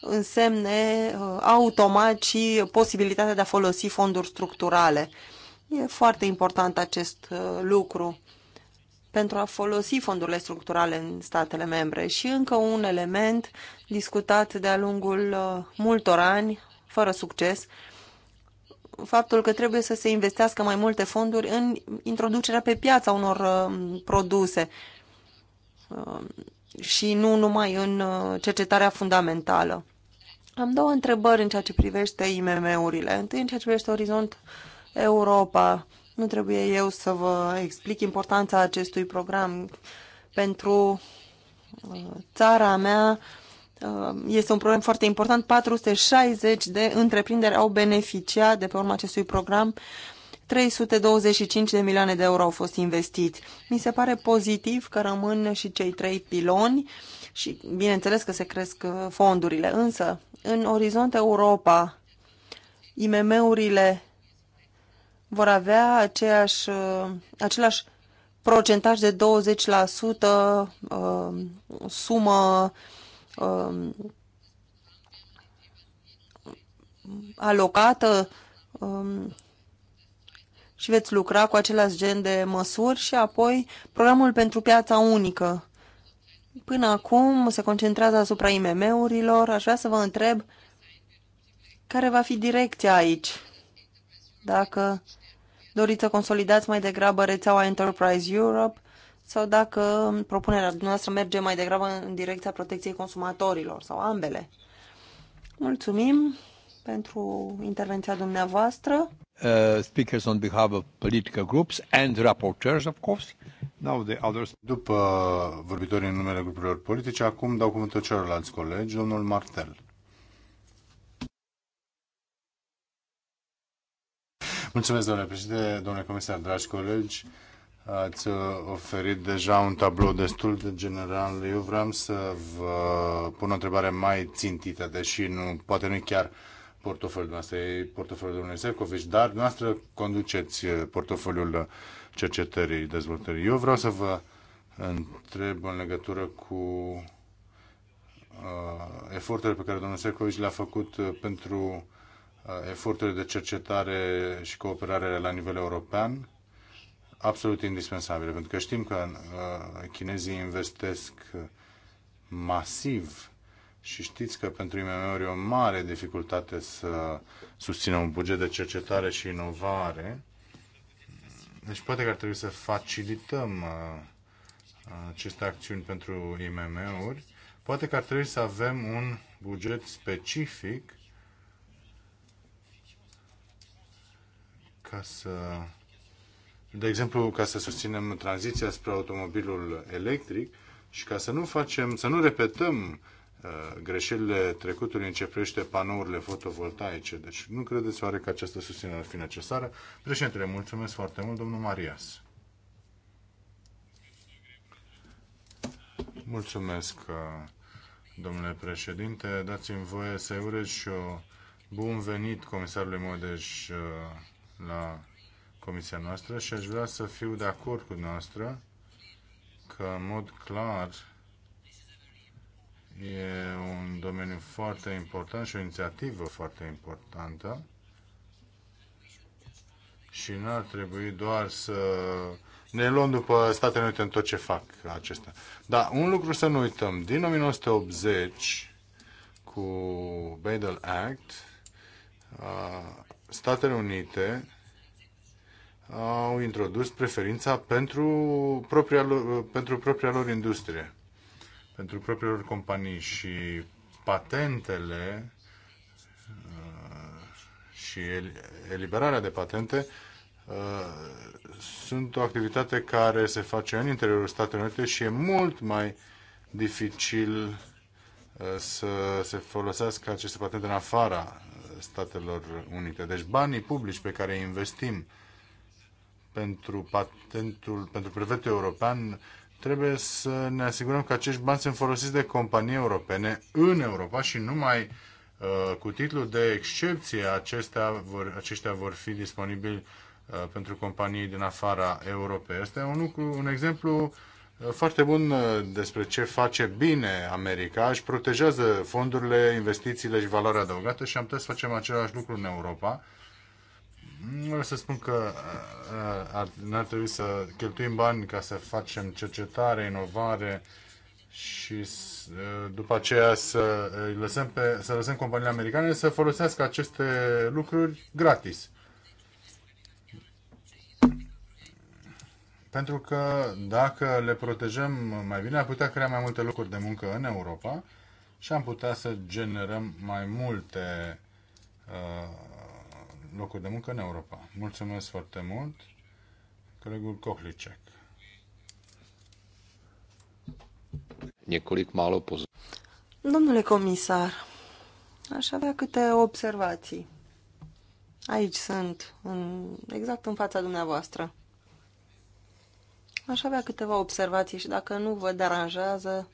însemne uh, automat și posibilitatea de a folosi fonduri structurale. E foarte important acest uh, lucru pentru a folosi fondurile structurale în statele membre. Și încă un element discutat de-a lungul uh, multor ani, fără succes, faptul că trebuie să se investească mai multe fonduri în introducerea pe piața unor uh, produse uh, și nu numai în cercetarea fundamentală. Am două întrebări în ceea ce privește IMM-urile. Întâi în ceea ce privește Orizont Europa. Nu trebuie eu să vă explic importanța acestui program. Pentru uh, țara mea uh, este un program foarte important. 460 de întreprinderi au beneficiat de pe urma acestui program. 325 de milioane de euro au fost investiți. Mi se pare pozitiv că rămân și cei trei piloni și bineînțeles că se cresc uh, fondurile, însă în Orizont Europa IMM-urile vor avea aceeași, uh, același procentaj de 20% uh, sumă uh, alocată um, și veți lucra cu același gen de măsuri și apoi programul pentru piața unică. Până acum se concentrează asupra IMM-urilor. Aș vrea să vă întreb care va fi direcția aici. Dacă doriți să consolidați mai degrabă rețeaua Enterprise Europe sau dacă propunerea dumneavoastră merge mai degrabă în direcția protecției consumatorilor sau ambele. Mulțumim pentru intervenția dumneavoastră. Uh, speakers on behalf of political groups and rapporteurs, of course. Now the others. După vorbitorii în numele grupurilor politice, acum dau cuvântul celorlalți colegi, domnul Martel. Mulțumesc, domnule președinte, domnule comisar, dragi colegi. Ați oferit deja un tablou destul de general. Eu vreau să vă pun o întrebare mai țintită, deși nu, poate nu chiar portofoliul noastră, e portofoliul domnului Sefcovic, dar noastră conduceți portofoliul cercetării, dezvoltării. Eu vreau să vă întreb în legătură cu uh, eforturile pe care domnul Sefcovic le-a făcut uh, pentru Uh, eforturi de cercetare și cooperare la nivel european absolut indispensabile, pentru că știm că uh, chinezii investesc uh, masiv și știți că pentru IMM-uri e o mare dificultate să susțină un buget de cercetare și inovare. Deci poate că ar trebui să facilităm aceste acțiuni pentru IMM-uri. Poate că ar trebui să avem un buget specific ca să de exemplu, ca să susținem tranziția spre automobilul electric și ca să nu facem, să nu repetăm uh, greșelile trecutului în ce privește panourile fotovoltaice. Deci nu credeți oare că această susținere ar fi necesară? Președintele, mulțumesc foarte mult, domnul Marias. Mulțumesc, uh, domnule președinte. Dați-mi voie să urez și o bun venit comisarului Modeș uh, la comisia noastră și aș vrea să fiu de acord cu noastră că, în mod clar, e un domeniu foarte important și o inițiativă foarte importantă și nu ar trebui doar să ne luăm după Statele Unite în tot ce fac acestea. Dar un lucru să nu uităm, din 1980 cu Badal Act, Statele Unite au introdus preferința pentru propria lor, pentru propria lor industrie, pentru propriile lor companii și patentele uh, și eliberarea de patente uh, sunt o activitate care se face în interiorul Statelor Unite și e mult mai dificil uh, să se folosească aceste patente în afara Statelor Unite. Deci banii publici pe care îi investim pentru patentul, pentru brevetul european, trebuie să ne asigurăm că acești bani sunt folosiți de companii europene în Europa și numai uh, cu titlul de excepție acestea vor, aceștia vor fi disponibili uh, pentru companii din afara Europei. Este un, lucru, un exemplu uh, foarte bun uh, despre ce face bine America. Își protejează fondurile, investițiile și valoarea adăugată și am putea să facem același lucru în Europa Vreau să spun că uh, ar, ar trebui să cheltuim bani ca să facem cercetare, inovare și uh, după aceea să uh, lăsăm, pe, să lăsăm companiile americane să folosească aceste lucruri gratis. Pentru că dacă le protejăm mai bine, am putea crea mai multe locuri de muncă în Europa și am putea să generăm mai multe uh, locuri de muncă în Europa. Mulțumesc foarte mult, colegul Kohlicek. Domnule comisar, aș avea câte observații. Aici sunt, în, exact în fața dumneavoastră. Aș avea câteva observații și dacă nu vă deranjează,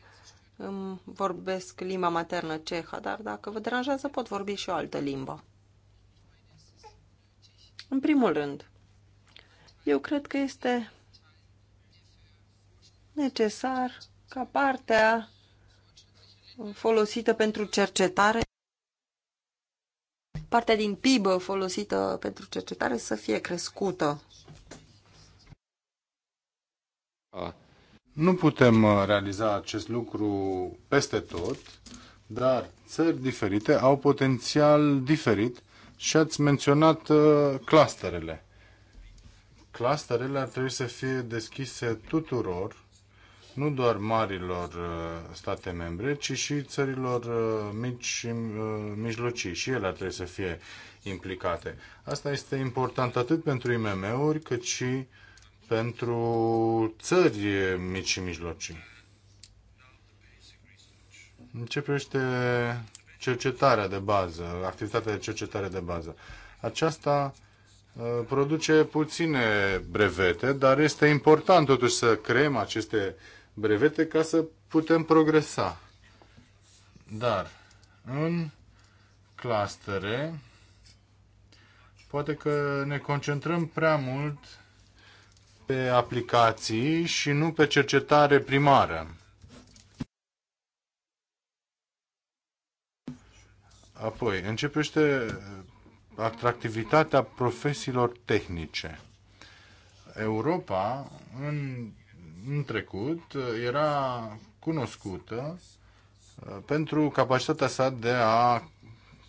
îmi vorbesc limba maternă cehă, dar dacă vă deranjează pot vorbi și o altă limbă. În primul rând, eu cred că este necesar ca partea folosită pentru cercetare, partea din PIB folosită pentru cercetare să fie crescută. Nu putem uh, realiza acest lucru peste tot, dar țări diferite au potențial diferit și ați menționat uh, clusterele. Clusterele ar trebui să fie deschise tuturor, nu doar marilor uh, state membre, ci și țărilor uh, mici și mijlocii. Și ele ar trebui să fie implicate. Asta este important atât pentru IMM-uri, cât și pentru țări mici și mijlocii. În ce privește cercetarea de bază, activitatea de cercetare de bază. Aceasta uh, produce puține brevete, dar este important totuși să creăm aceste brevete ca să putem progresa. Dar în clustere poate că ne concentrăm prea mult pe aplicații și nu pe cercetare primară. Apoi, începește uh, atractivitatea profesiilor tehnice. Europa, în, în trecut, uh, era cunoscută uh, pentru capacitatea sa de a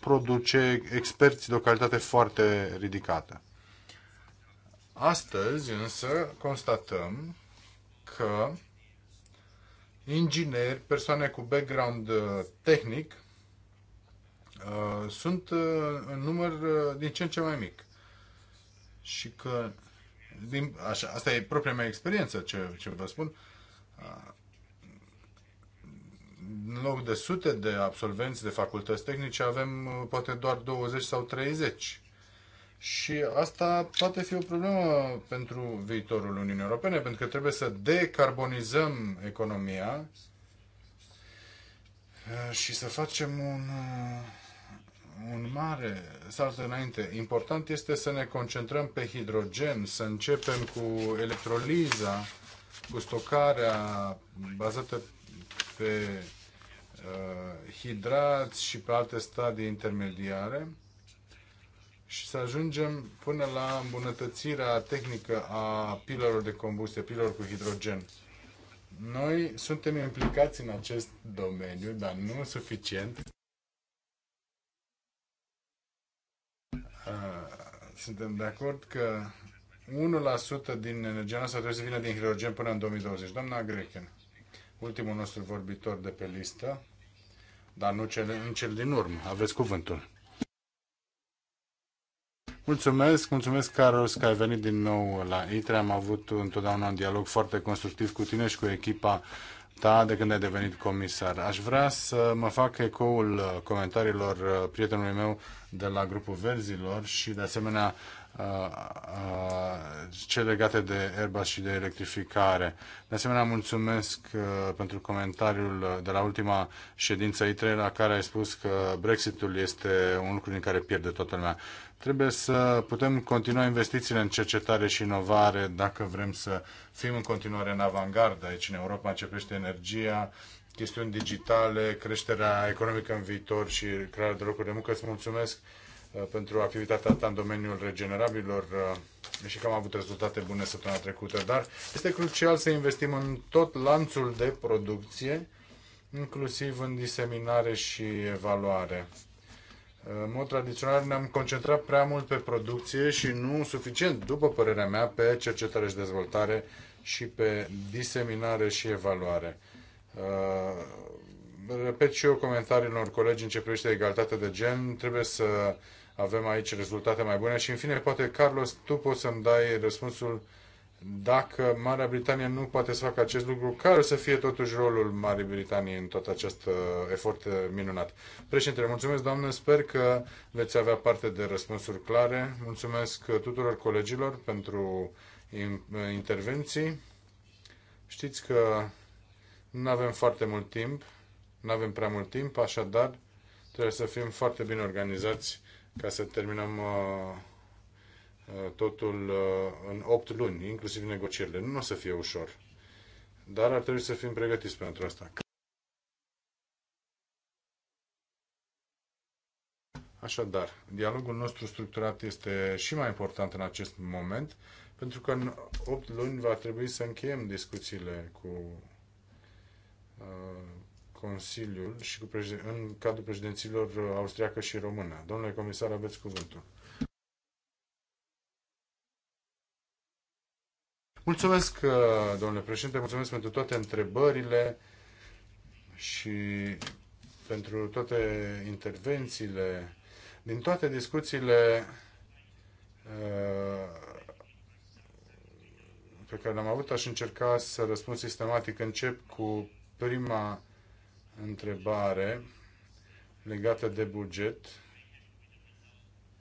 produce experți de o calitate foarte ridicată. Astăzi, însă, constatăm că ingineri, persoane cu background tehnic, Uh, sunt uh, în număr uh, din ce în ce mai mic. Și că, din, așa, asta e propria mea experiență, ce, ce vă spun, în loc de sute de absolvenți de facultăți tehnice, avem poate doar 20 sau 30. Și asta poate fi o problemă pentru viitorul Uniunii Europene, pentru că trebuie să decarbonizăm economia și să facem un un mare salt înainte. Important este să ne concentrăm pe hidrogen, să începem cu electroliza, cu stocarea bazată pe uh, hidrați și pe alte stadii intermediare și să ajungem până la îmbunătățirea tehnică a pilelor de combustie, pilelor cu hidrogen. Noi suntem implicați în acest domeniu, dar nu suficient. Uh, suntem de acord că 1% din energia noastră trebuie să vină din hidrogen până în 2020. Doamna Grechen, ultimul nostru vorbitor de pe listă, dar nu cel, în cel din urmă. Aveți cuvântul. Mulțumesc, mulțumesc, Carlos, că ai venit din nou la ITRE. Am avut întotdeauna un dialog foarte constructiv cu tine și cu echipa ta de când ai devenit comisar. Aș vrea să mă fac ecoul uh, comentariilor uh, prietenului meu de la grupul Verzilor și de asemenea cele legate de Airbus și de electrificare. De asemenea, mulțumesc pentru comentariul de la ultima ședință I3 la care ai spus că Brexitul este un lucru din care pierde toată lumea. Trebuie să putem continua investițiile în cercetare și inovare dacă vrem să fim în continuare în avangardă aici în Europa, începește energia, chestiuni digitale, creșterea economică în viitor și crearea de locuri de muncă. Îți mulțumesc Uh, pentru activitatea ta în domeniul regenerabilor uh, și că am avut rezultate bune săptămâna trecută, dar este crucial să investim în tot lanțul de producție, inclusiv în diseminare și evaluare. Uh, în mod tradițional ne-am concentrat prea mult pe producție și nu suficient, după părerea mea, pe cercetare și dezvoltare și pe diseminare și evaluare. Repet și eu comentariile unor colegi în ce privește egalitatea de gen. Trebuie să avem aici rezultate mai bune. Și în fine, poate, Carlos, tu poți să-mi dai răspunsul dacă Marea Britanie nu poate să facă acest lucru, care să fie totuși rolul Marii Britanie în tot acest uh, efort uh, minunat? Președintele, mulțumesc, doamnă, sper că veți avea parte de răspunsuri clare. Mulțumesc uh, tuturor colegilor pentru uh, intervenții. Știți că nu avem foarte mult timp, nu avem prea mult timp, așadar trebuie să fim foarte bine organizați ca să terminăm uh, uh, totul uh, în 8 luni, inclusiv negocierile. Nu o să fie ușor, dar ar trebui să fim pregătiți pentru asta. Așadar, dialogul nostru structurat este și mai important în acest moment, pentru că în 8 luni va trebui să încheiem discuțiile cu Consiliul și cu președ... în cadrul președinților austriacă și română. Domnule comisar, aveți cuvântul. Mulțumesc, uh, domnule președinte, mulțumesc pentru toate întrebările și pentru toate intervențiile. Din toate discuțiile uh, pe care le-am avut, aș încerca să răspund sistematic. Încep cu prima întrebare legată de buget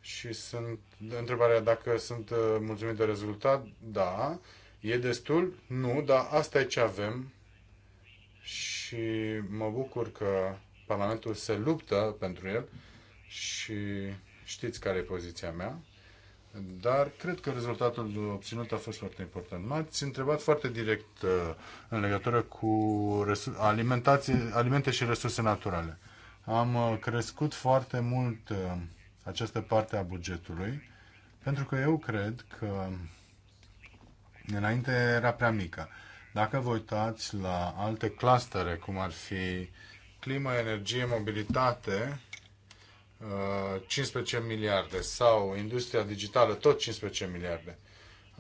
și sunt întrebarea dacă sunt uh, mulțumit de rezultat, da. E destul? Nu, dar asta e ce avem și mă bucur că Parlamentul se luptă pentru el și știți care e poziția mea dar cred că rezultatul obținut a fost foarte important. M-ați întrebat foarte direct uh, în legătură cu alimentație, alimente și resurse naturale. Am uh, crescut foarte mult uh, această parte a bugetului, pentru că eu cred că înainte era prea mică. Dacă vă uitați la alte clustere, cum ar fi climă, energie, mobilitate, 15 uh, miliarde sau industria digitală tot 15 miliarde.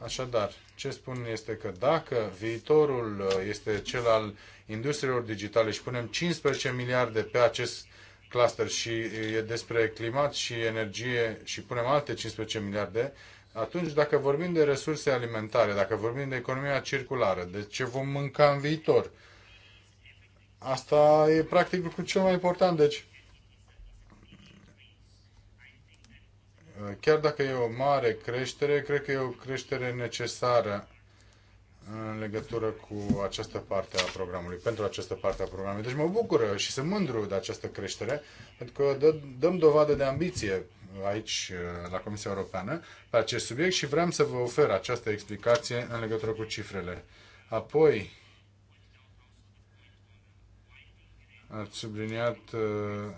Așadar, ce spun este că dacă viitorul uh, este cel al industriilor digitale și punem 15 miliarde pe acest cluster și uh, e despre climat și energie și punem alte 15 miliarde, atunci dacă vorbim de resurse alimentare, dacă vorbim de economia circulară, de ce vom mânca în viitor, asta e practic lucrul cel mai important. Deci, Chiar dacă e o mare creștere, cred că e o creștere necesară în legătură cu această parte a programului, pentru această parte a programului. Deci mă bucură și sunt mândru de această creștere, pentru că dă, dăm dovadă de ambiție aici, la Comisia Europeană, pe acest subiect și vreau să vă ofer această explicație în legătură cu cifrele. Apoi, ați subliniat uh,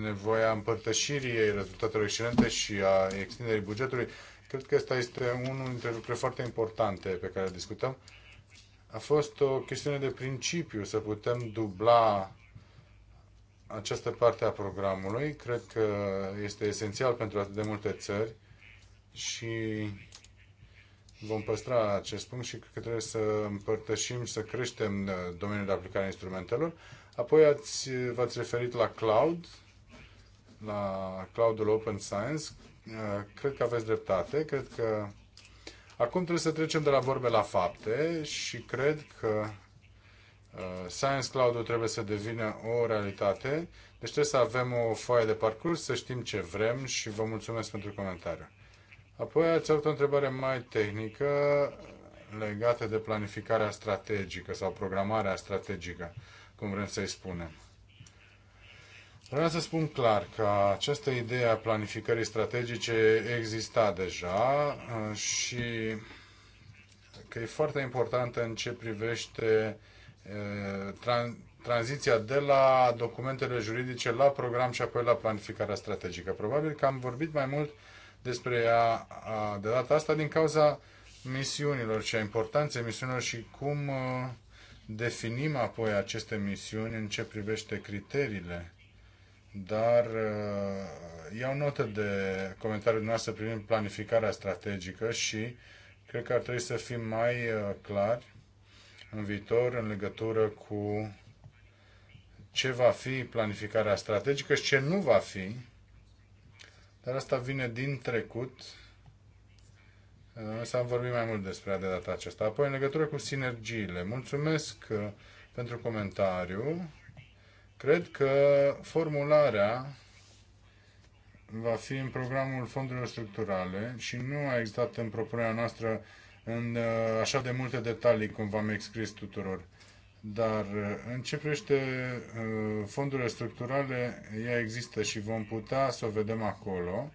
nevoia împărtășirii rezultatelor excelente și a extinderii bugetului. Cred că asta este unul dintre lucrurile foarte importante pe care le discutăm. A fost o chestiune de principiu să putem dubla această parte a programului. Cred că este esențial pentru atât de multe țări și vom păstra acest punct și cred că trebuie să împărtășim, să creștem domeniul de aplicare a instrumentelor. Apoi ați, v-ați referit la cloud la cloudul Open Science, uh, cred că aveți dreptate, cred că acum trebuie să trecem de la vorbe la fapte și cred că uh, Science Cloud-ul trebuie să devină o realitate, deci trebuie să avem o foaie de parcurs, să știm ce vrem și vă mulțumesc pentru comentariu. Apoi ați avut o întrebare mai tehnică legată de planificarea strategică sau programarea strategică, cum vrem să-i spunem. Vreau să spun clar că această idee a planificării strategice exista deja uh, și că e foarte importantă în ce privește uh, tranziția de la documentele juridice la program și apoi la planificarea strategică. Probabil că am vorbit mai mult despre ea de data asta din cauza misiunilor și a importanței misiunilor și cum uh, definim apoi aceste misiuni în ce privește criteriile dar uh, iau notă de comentariul noastră privind planificarea strategică și cred că ar trebui să fim mai uh, clari în viitor în legătură cu ce va fi planificarea strategică și ce nu va fi, dar asta vine din trecut. Însă am vorbit mai mult despre de data aceasta. Apoi, în legătură cu sinergiile, mulțumesc uh, pentru comentariu Cred că formularea va fi în programul fondurilor structurale și nu a existat în propunerea noastră în uh, așa de multe detalii cum v-am scris tuturor. Dar uh, în ce privește uh, fondurile structurale, ea există și vom putea să o vedem acolo.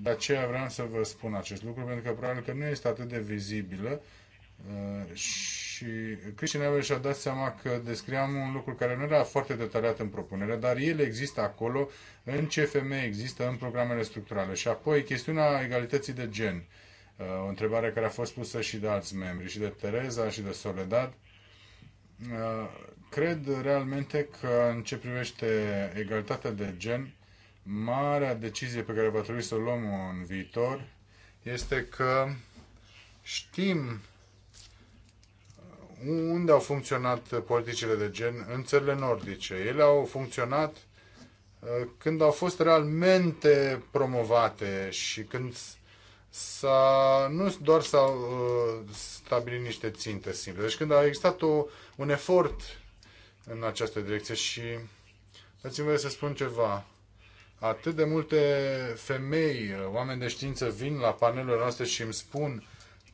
De aceea vreau să vă spun acest lucru, pentru că probabil că nu este atât de vizibilă Uh, și Cristian și-a dat seama că descriam un lucru care nu era foarte detaliat în propunere, dar el există acolo, în CFM există, în programele structurale. Și apoi chestiunea egalității de gen, uh, o întrebare care a fost pusă și de alți membri, și de Tereza, și de Soledad. Uh, cred realmente că în ce privește egalitatea de gen, marea decizie pe care va trebui să o luăm în viitor este că știm unde au funcționat politicile de gen în țările nordice? Ele au funcționat uh, când au fost realmente promovate și când s-a, nu doar s-au uh, stabilit niște ținte simple. Deci când a existat o, un efort în această direcție și dați-mi voie să spun ceva. Atât de multe femei, uh, oameni de știință vin la panelurile noastre și îmi spun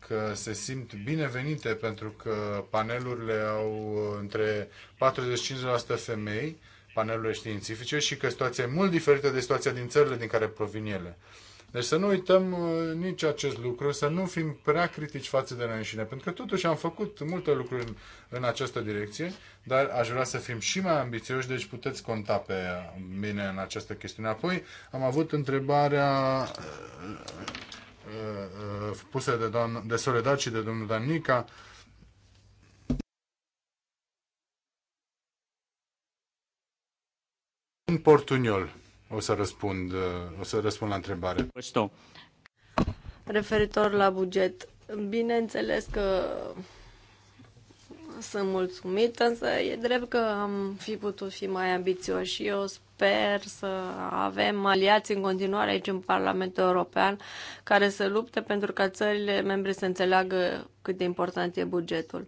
că se simt binevenite pentru că panelurile au între 40-50% femei, panelurile științifice, și că situația e mult diferită de situația din țările din care provin ele. Deci să nu uităm uh, nici acest lucru, să nu fim prea critici față de noi înșine, pentru că totuși am făcut multe lucruri în, în această direcție, dar aș vrea să fim și mai ambițioși, deci puteți conta pe mine în această chestiune. Apoi am avut întrebarea Uh, uh, puse de, doamna, de Soledad și de domnul Danica, În portuniol o să răspund, uh, o să răspund la întrebare. Referitor la buget, bineînțeles că sunt mulțumită, însă e drept că am fi putut fi mai ambițioși și eu sper să avem aliați în continuare aici în Parlamentul European care să lupte pentru ca țările membre să înțeleagă cât de important e bugetul.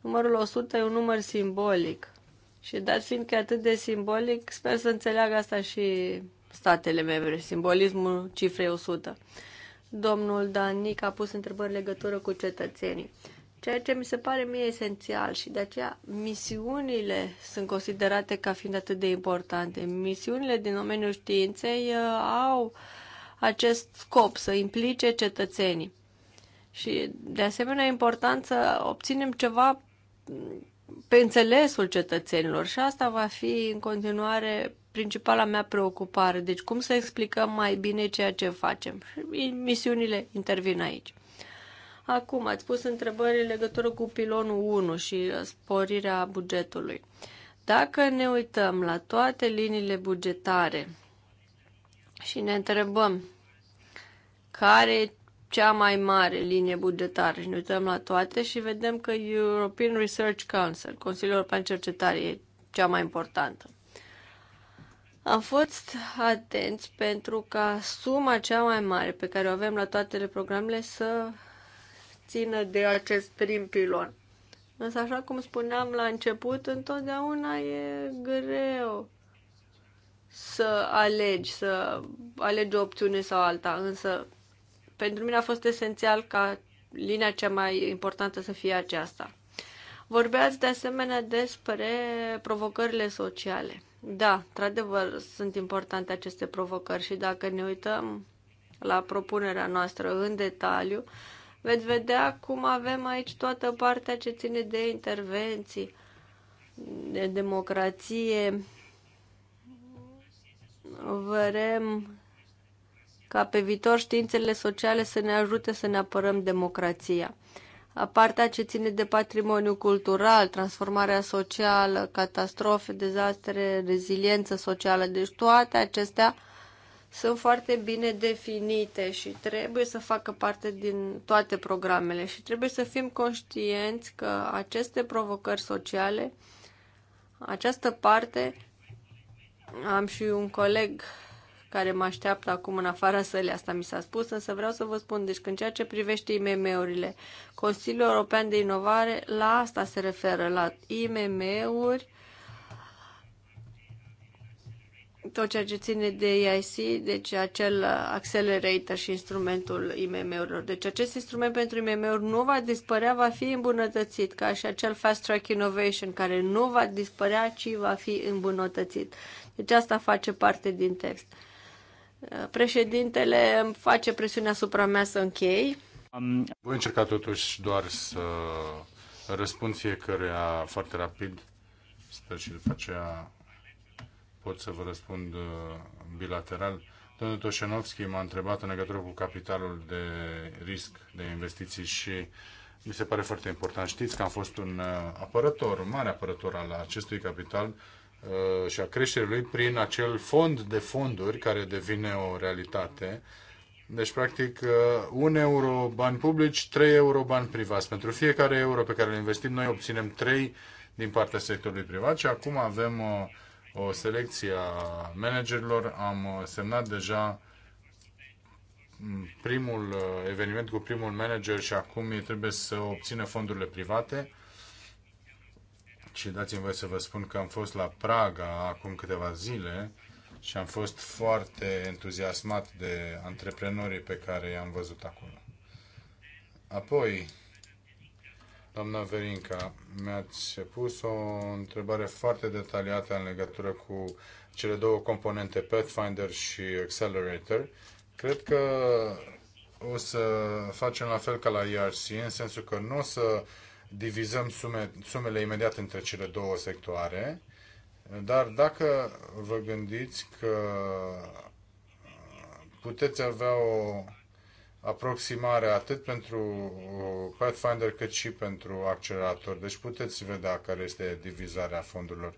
Numărul 100 e un număr simbolic și dat fiind că e atât de simbolic, sper să înțeleagă asta și statele membre, simbolismul cifrei 100. Domnul Danic a pus întrebări legătură cu cetățenii ceea ce mi se pare mie esențial și de aceea misiunile sunt considerate ca fiind atât de importante. Misiunile din domeniul științei uh, au acest scop să implice cetățenii. Și de asemenea e important să obținem ceva mm, pe înțelesul cetățenilor și asta va fi în continuare principala mea preocupare. Deci cum să explicăm mai bine ceea ce facem? Misiunile intervin aici. Acum, ați pus întrebări în legătură cu pilonul 1 și uh, sporirea bugetului. Dacă ne uităm la toate liniile bugetare și ne întrebăm care e cea mai mare linie bugetară și ne uităm la toate și vedem că European Research Council, Consiliul European Cercetare, e cea mai importantă. Am fost atenți pentru ca suma cea mai mare pe care o avem la toate programele să țină de acest prim pilon. Însă, așa cum spuneam la început, întotdeauna e greu să alegi, să alegi o opțiune sau alta. Însă, pentru mine a fost esențial ca linia cea mai importantă să fie aceasta. Vorbeați de asemenea despre provocările sociale. Da, într-adevăr, sunt importante aceste provocări și dacă ne uităm la propunerea noastră în detaliu, uh, veți vedea cum avem aici toată partea ce ține de intervenții, de democrație. Vrem ca pe viitor științele sociale să ne ajute să ne apărăm democrația. A partea ce ține de patrimoniu cultural, transformarea socială, catastrofe, dezastre, reziliență socială, deci toate acestea sunt foarte bine definite și trebuie să facă parte din toate programele și trebuie să fim conștienți că aceste provocări sociale, această parte, am și un coleg care mă așteaptă acum în afara sălii, asta mi s-a spus, însă vreau să vă spun, deci în ceea ce privește IMM-urile, Consiliul European de Inovare la asta se referă, la IMM-uri tot ceea ce ține de EIC, deci acel accelerator și instrumentul IMM-urilor. Deci acest instrument pentru IMM-uri nu va dispărea, va fi îmbunătățit, ca și acel Fast Track Innovation, care nu va dispărea, ci va fi îmbunătățit. Deci asta face parte din text. Președintele îmi face presiunea asupra mea să închei. Voi încerca totuși doar să răspund fiecare foarte rapid. Sper și după aceea pot să vă răspund uh, bilateral. Domnul Toșenovski m-a întrebat în legătură cu capitalul de risc de investiții și mi se pare foarte important. Știți că am fost un uh, apărător, mare apărător al acestui capital uh, și a creșterii lui prin acel fond de fonduri care devine o realitate. Deci, practic, un euro bani publici, 3 euro bani privați. Pentru fiecare euro pe care îl investim, noi obținem 3 din partea sectorului privat și acum avem o selecție a managerilor. Am uh, semnat deja mm, primul uh, eveniment cu primul manager și acum ei trebuie să obțină fondurile private. Și dați-mi voi să vă spun că am fost la Praga acum câteva zile și am fost foarte entuziasmat de antreprenorii pe care i-am văzut acolo. Apoi, Doamna Verinca, mi-ați pus o întrebare foarte detaliată în legătură cu cele două componente, Pathfinder și Accelerator. Cred că o să facem la fel ca la ERC, în sensul că nu o să divizăm sume, sumele imediat între cele două sectoare, dar dacă vă gândiți că puteți avea o aproximare atât pentru uh, Pathfinder cât și pentru accelerator. Deci puteți vedea care este divizarea fondurilor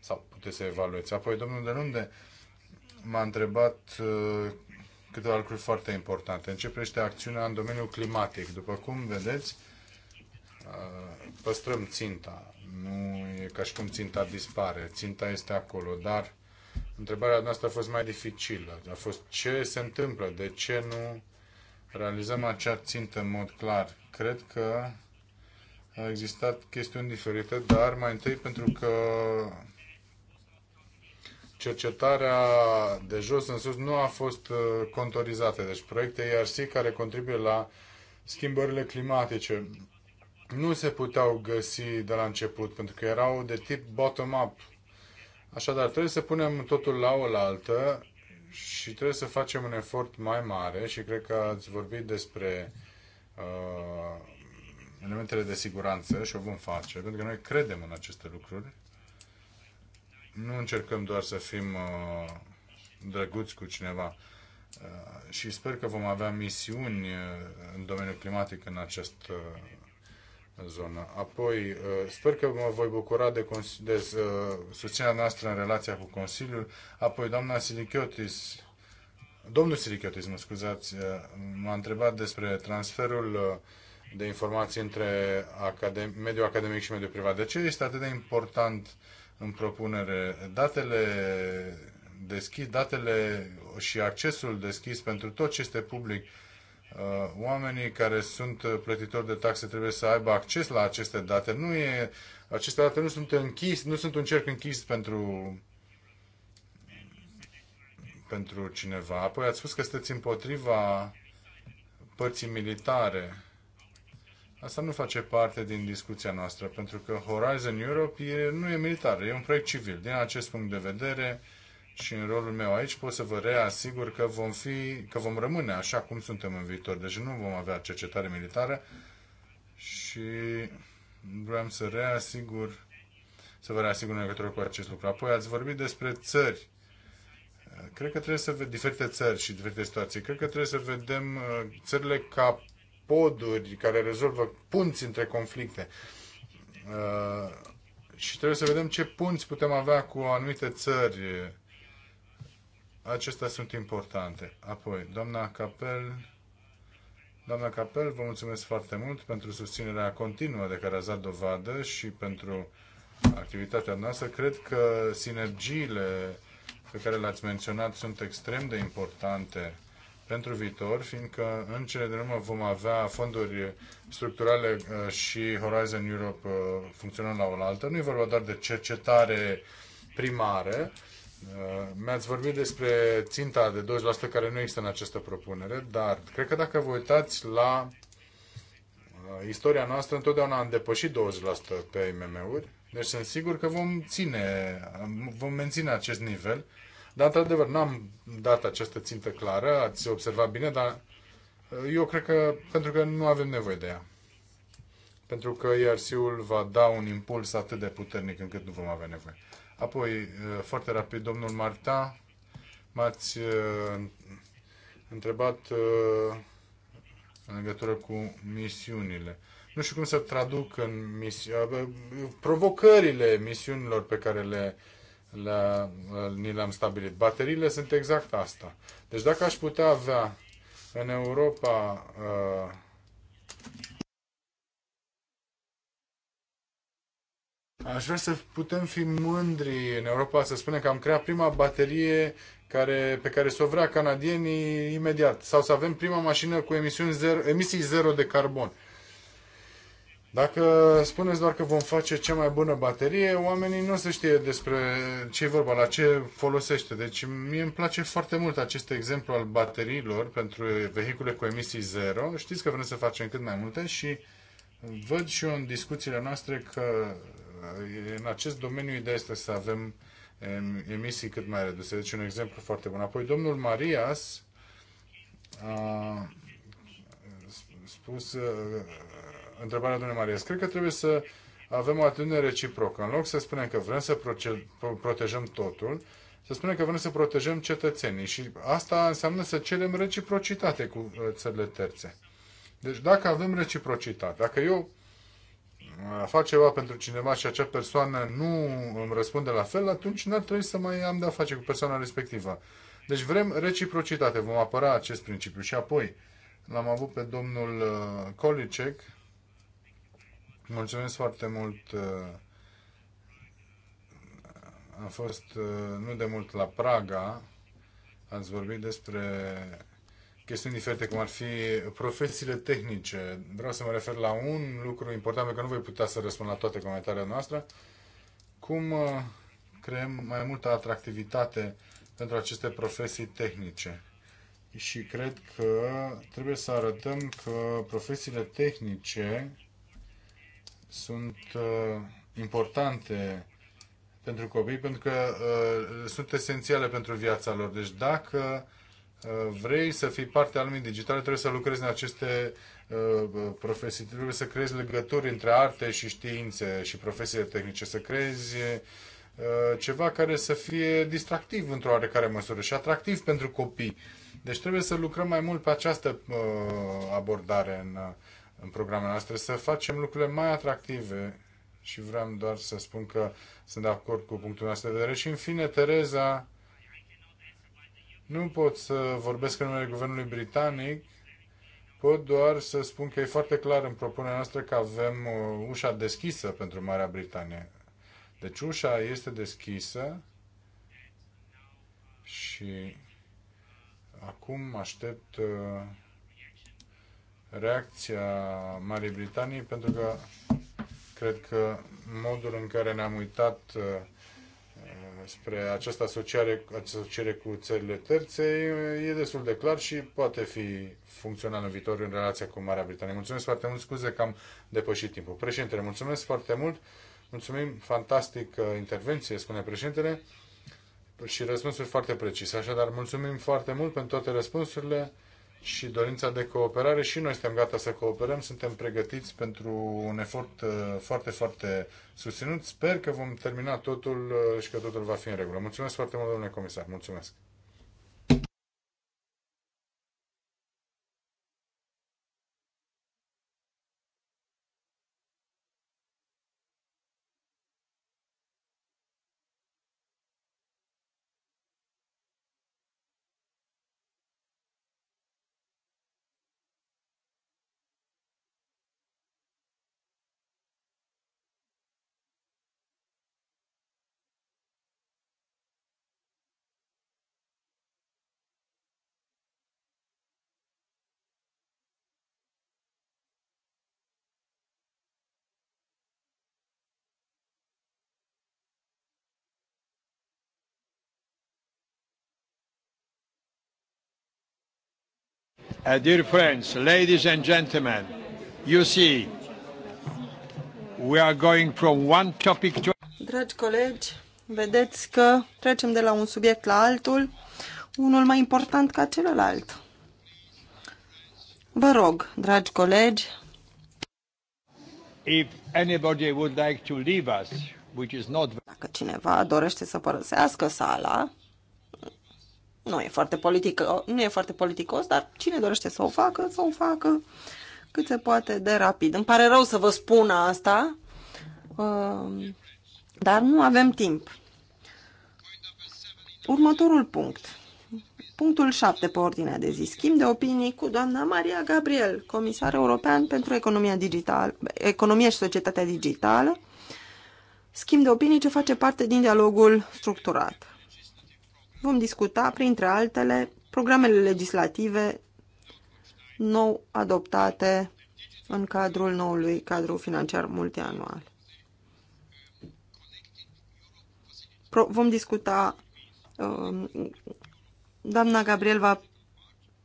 sau puteți să evaluați. Apoi domnul de unde m-a întrebat uh, câteva lucruri foarte importante. Începește acțiunea în domeniul climatic. După cum vedeți, uh, păstrăm ținta. Nu e ca și cum ținta dispare. Ținta este acolo, dar întrebarea noastră a fost mai dificilă. A fost ce se întâmplă, de ce nu realizăm acea țintă în mod clar. Cred că a existat chestiuni diferite, dar mai întâi pentru că cercetarea de jos în sus nu a fost uh, contorizată. Deci proiecte IRC care contribuie la schimbările climatice nu se puteau găsi de la început, pentru că erau de tip bottom-up. Așadar, trebuie să punem totul la oaltă și trebuie să facem un efort mai mare și cred că ați vorbit despre uh, elementele de siguranță și o vom face, pentru că noi credem în aceste lucruri. Nu încercăm doar să fim uh, drăguți cu cineva uh, și sper că vom avea misiuni uh, în domeniul climatic în acest uh, în zonă. Apoi, uh, sper că mă voi bucura de, de uh, susținerea noastră în relația cu Consiliul. Apoi, doamna Silichiotis, domnul Silichiotis, mă scuzați, uh, m-a întrebat despre transferul de informații între academ mediul academic și mediul privat. De ce este atât de important în propunere datele deschis, datele și accesul deschis pentru tot ce este public Uh, oamenii care sunt uh, plătitori de taxe trebuie să aibă acces la aceste date. Nu e, aceste date nu sunt închis, nu sunt un cerc închis pentru pentru cineva. Apoi ați spus că sunteți împotriva părții militare. Asta nu face parte din discuția noastră, pentru că Horizon Europe e, nu e militar, e un proiect civil. Din acest punct de vedere, uh, și în rolul meu aici pot să vă reasigur că vom, fi, că vom rămâne așa cum suntem în viitor. Deci nu vom avea cercetare militară și vreau să reasigur să vă reasigur în legătură cu acest lucru. Apoi ați vorbit despre țări. Cred că trebuie să vedem diferite țări și diferite situații. Cred că trebuie să vedem uh, țările ca poduri care rezolvă punți între conflicte. Uh, și trebuie să vedem ce punți putem avea cu anumite țări Acestea sunt importante. Apoi, doamna Capel, doamna Capel, vă mulțumesc foarte mult pentru susținerea continuă de care ați dat dovadă și pentru activitatea noastră. Cred că sinergiile pe care le-ați menționat sunt extrem de importante pentru viitor, fiindcă în cele din urmă vom avea fonduri structurale uh, și Horizon Europe uh, funcționând la oaltă. Nu e vorba doar de cercetare primară, Uh, mi-ați vorbit despre ținta de 20% care nu există în această propunere, dar cred că dacă vă uitați la uh, istoria noastră, întotdeauna am depășit 20% pe IMM-uri, deci sunt sigur că vom ține, vom menține acest nivel. Dar, într-adevăr, n-am dat această țintă clară, ați observat bine, dar uh, eu cred că pentru că nu avem nevoie de ea. Pentru că IRC-ul va da un impuls atât de puternic încât nu vom avea nevoie. Apoi, uh, foarte rapid, domnul Marta, m-ați uh, întrebat uh, în legătură cu misiunile. Nu știu cum să traduc în misi... provocările misiunilor pe care le, le, ni le-am stabilit. Bateriile sunt exact asta. Deci dacă aș putea avea în Europa Aș vrea să putem fi mândri în Europa, să spunem că am creat prima baterie care, pe care să o vrea canadienii imediat. Sau să avem prima mașină cu emisiuni zero, emisii zero de carbon. Dacă spuneți doar că vom face cea mai bună baterie, oamenii nu o să știe despre ce e vorba, la ce folosește. Deci mie îmi place foarte mult acest exemplu al bateriilor pentru vehicule cu emisii zero. Știți că vrem să facem cât mai multe și văd și eu în discuțiile noastre că în acest domeniu ideea este să avem emisii cât mai reduse. Deci un exemplu foarte bun. Apoi domnul Marias a spus uh, întrebarea domnului Marias. Cred că trebuie să avem o atitudine reciprocă. În loc să spunem că vrem să protejăm totul, să spunem că vrem să protejăm cetățenii și asta înseamnă să cerem reciprocitate cu uh, țările terțe. Deci dacă avem reciprocitate, dacă eu fac ceva pentru cineva și acea persoană nu îmi răspunde la fel, atunci n-ar trebui să mai am de-a face cu persoana respectivă. Deci vrem reciprocitate, vom apăra acest principiu. Și apoi l-am avut pe domnul uh, Kolicek. Mulțumesc foarte mult. Uh, am fost uh, nu de mult la Praga. Ați vorbit despre chestiuni diferite, cum ar fi profesiile tehnice. Vreau să mă refer la un lucru important, pentru că nu voi putea să răspund la toate comentariile noastre. Cum uh, creăm mai multă atractivitate pentru aceste profesii tehnice? Și cred că trebuie să arătăm că profesiile tehnice sunt uh, importante pentru copii, pentru că uh, sunt esențiale pentru viața lor. Deci dacă uh, Uh, vrei să fii parte al lumii digitale, trebuie să lucrezi în aceste uh, profesii, trebuie să creezi legături între arte și științe și profesiile tehnice, să creezi uh, ceva care să fie distractiv într-o oarecare măsură și atractiv pentru copii. Deci trebuie să lucrăm mai mult pe această abordare în, în programele noastre, să facem lucrurile mai atractive și vreau doar să spun că sunt de acord cu punctul nostru de vedere. Și în fine, Tereza, nu pot să vorbesc în numele guvernului britanic, pot doar să spun că e foarte clar în propunerea noastră că avem uh, ușa deschisă pentru Marea Britanie. Deci ușa este deschisă și acum aștept uh, reacția Marii Britanii pentru că cred că modul în care ne-am uitat uh, spre această asociere, asociere cu țările terțe e destul de clar și poate fi funcțional în viitor în relația cu Marea Britanie. Mulțumesc foarte mult, scuze că am depășit timpul. Președintele, mulțumesc foarte mult, mulțumim, fantastic uh, intervenție, spune președintele, și răspunsuri foarte precise. Așadar, mulțumim foarte mult pentru toate răspunsurile și dorința de cooperare și noi suntem gata să cooperăm, suntem pregătiți pentru un efort uh, foarte, foarte susținut. Sper că vom termina totul uh, și că totul va fi în regulă. Mulțumesc foarte mult, domnule comisar. Mulțumesc. Uh, dear friends, ladies and gentlemen, you see, we are going from one topic to... Dragi colegi, vedeți că trecem de la un subiect la altul, unul mai important ca celălalt. Vă rog, dragi colegi, If anybody would like to leave us, which is not... dacă cineva dorește să părăsească sala, nu e foarte, politică, nu e foarte politicos, dar cine dorește să o facă, să o facă cât se poate de rapid. Îmi pare rău să vă spun asta, um, dar nu avem timp. Următorul punct. Punctul 7 pe ordinea de zi. Schimb de opinii cu doamna Maria Gabriel, comisar european pentru economia, digital, economia și societatea digitală. Schimb de opinii ce face parte din dialogul structurat vom discuta, printre altele, programele legislative nou adoptate în cadrul noului cadru financiar multianual. Pro vom discuta, um, doamna Gabriel va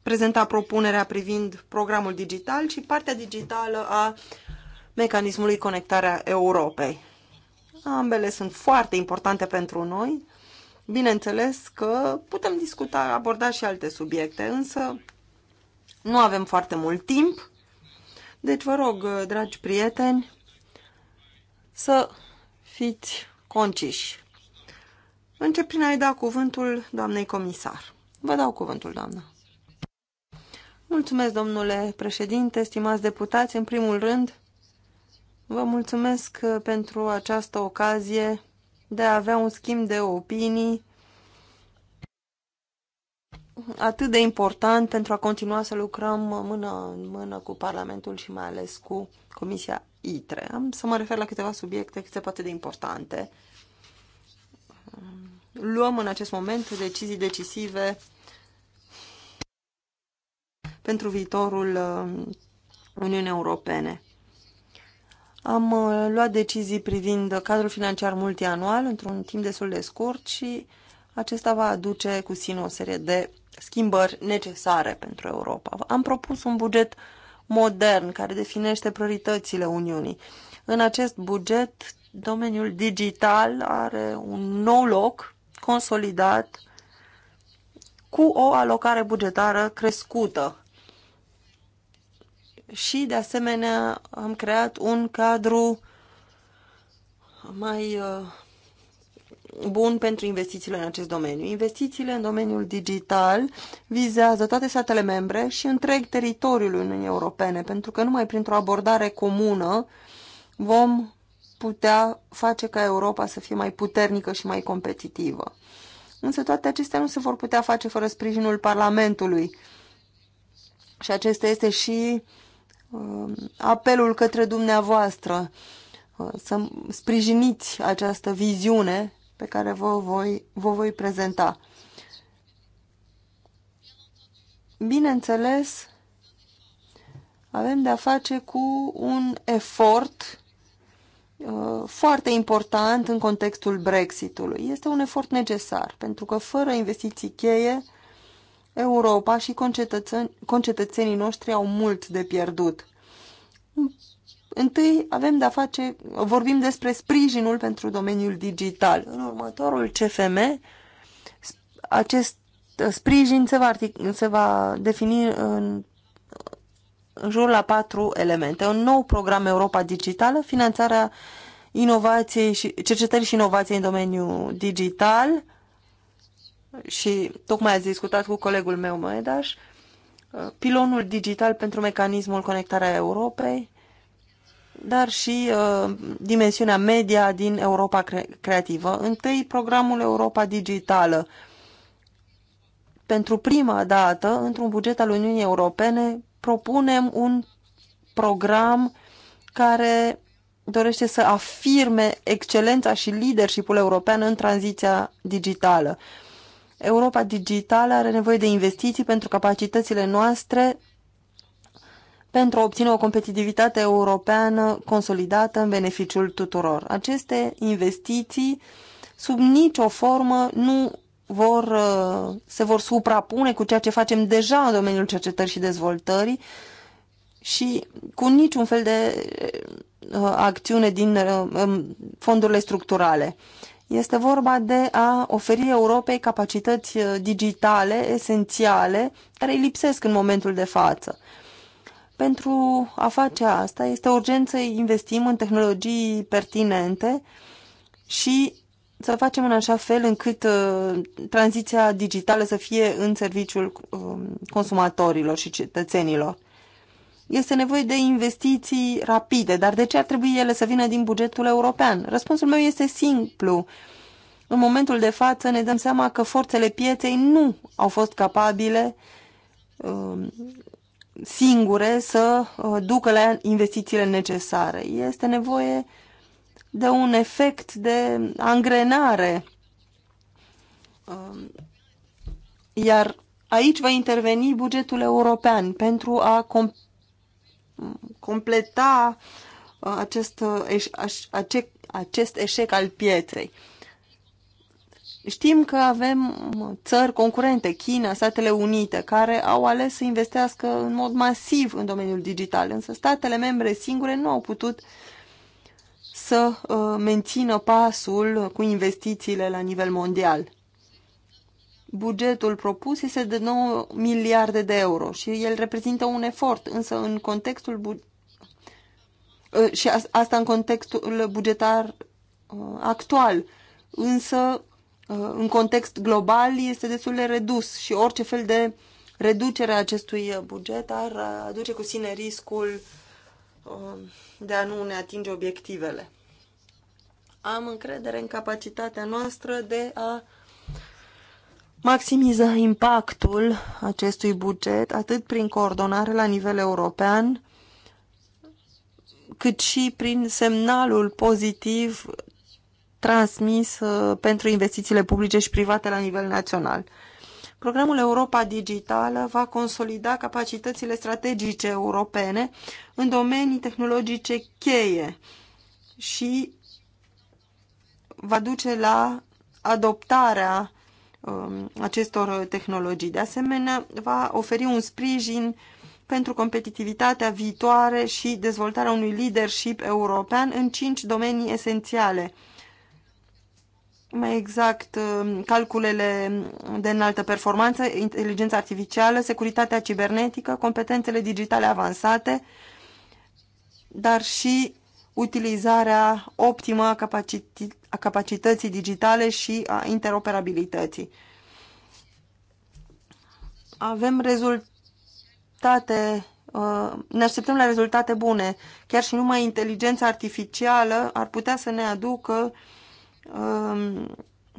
prezenta propunerea privind programul digital și partea digitală a mecanismului conectarea Europei. Ambele sunt foarte importante pentru noi Bineînțeles că putem discuta, aborda și alte subiecte, însă nu avem foarte mult timp. Deci vă rog, dragi prieteni, să fiți conciși. Încep prin a-i da cuvântul doamnei comisar. Vă dau cuvântul, doamnă. Mulțumesc, domnule președinte, stimați deputați. În primul rând, vă mulțumesc pentru această ocazie de a avea un schimb de opinii atât de important pentru a continua să lucrăm mână în mână cu Parlamentul și mai ales cu Comisia ITRE. Am să mă refer la câteva subiecte cât se poate de importante. Luăm în acest moment decizii decisive pentru viitorul uh, Uniunii Europene. Am uh, luat decizii privind cadrul financiar multianual într-un timp destul de scurt și acesta va aduce cu sine o serie de schimbări necesare pentru Europa. Am propus un buget modern care definește prioritățile Uniunii. În acest buget, domeniul digital are un nou loc consolidat cu o alocare bugetară crescută și, de asemenea, am creat un cadru mai uh, bun pentru investițiile în acest domeniu. Investițiile în domeniul digital vizează toate statele membre și întreg teritoriul Uniunii Europene, pentru că numai printr-o abordare comună vom putea face ca Europa să fie mai puternică și mai competitivă. Însă toate acestea nu se vor putea face fără sprijinul Parlamentului. Și acesta este și Um, apelul către dumneavoastră uh, să sprijiniți această viziune pe care vă voi, vă voi prezenta. Bineînțeles, avem de-a face cu un efort uh, foarte important în contextul Brexitului. Este un efort necesar, pentru că fără investiții cheie, Europa și concetățeni, concetățenii noștri au mult de pierdut. Întâi avem de-a face, vorbim despre sprijinul pentru domeniul digital. În următorul CFM, acest sprijin se va, se va defini în, în jur la patru elemente. Un nou program Europa Digitală, finanțarea inovației și cercetării și inovației în domeniul digital, și tocmai ați discutat cu colegul meu Moedaș, uh, pilonul digital pentru mecanismul conectarea Europei, dar și uh, dimensiunea media din Europa cre creativă. Întâi, programul Europa Digitală. Pentru prima dată, într-un buget al Uniunii Europene, propunem un program care dorește să afirme excelența și leadership-ul european în tranziția digitală. Uh, Europa digitală are nevoie de investiții pentru capacitățile noastre pentru a obține o competitivitate europeană consolidată în beneficiul tuturor. Aceste investiții, sub nicio formă, nu vor, uh, se vor suprapune cu ceea ce facem deja în domeniul cercetării și dezvoltării și cu niciun fel de uh, acțiune din uh, um, fondurile structurale. Este vorba de a oferi Europei capacități uh, digitale esențiale care îi lipsesc în momentul de față. Pentru a face asta este urgent să investim în tehnologii pertinente și să facem în așa fel încât uh, tranziția digitală să fie în serviciul um, consumatorilor și cetățenilor este nevoie de investiții rapide, dar de ce ar trebui ele să vină din bugetul european? Răspunsul meu este simplu. În momentul de față ne dăm seama că forțele pieței nu au fost capabile um, singure să uh, ducă la investițiile necesare. Este nevoie de un efect de angrenare. Um, iar aici va interveni bugetul european pentru a completa uh, acest, uh, acest, acest eșec al pietrei. Știm că avem țări concurente, China, Statele Unite, care au ales să investească în mod masiv în domeniul digital, însă statele membre singure nu au putut să uh, mențină pasul cu investițiile la nivel mondial. Bugetul propus este de 9 miliarde de euro și el reprezintă un efort, însă în contextul ă, și asta în contextul bugetar ă, actual, însă ă, în context global este destul de redus și orice fel de reducere a acestui buget ar aduce cu sine riscul de a nu ne atinge obiectivele. Am încredere în capacitatea noastră de a maximiza impactul acestui buget atât prin coordonare la nivel european, cât și prin semnalul pozitiv transmis uh, pentru investițiile publice și private la nivel național. Programul Europa Digitală va consolida capacitățile strategice europene în domenii tehnologice cheie și va duce la adoptarea Um, acestor tehnologii. De asemenea, va oferi un sprijin pentru competitivitatea viitoare și dezvoltarea unui leadership european în cinci domenii esențiale. Mai exact, um, calculele de înaltă performanță, inteligența artificială, securitatea cibernetică, competențele digitale avansate, dar și utilizarea optimă a capacității a capacității digitale și a interoperabilității. Avem rezultate, uh, ne așteptăm la rezultate bune. Chiar și numai inteligența artificială ar putea să ne aducă um,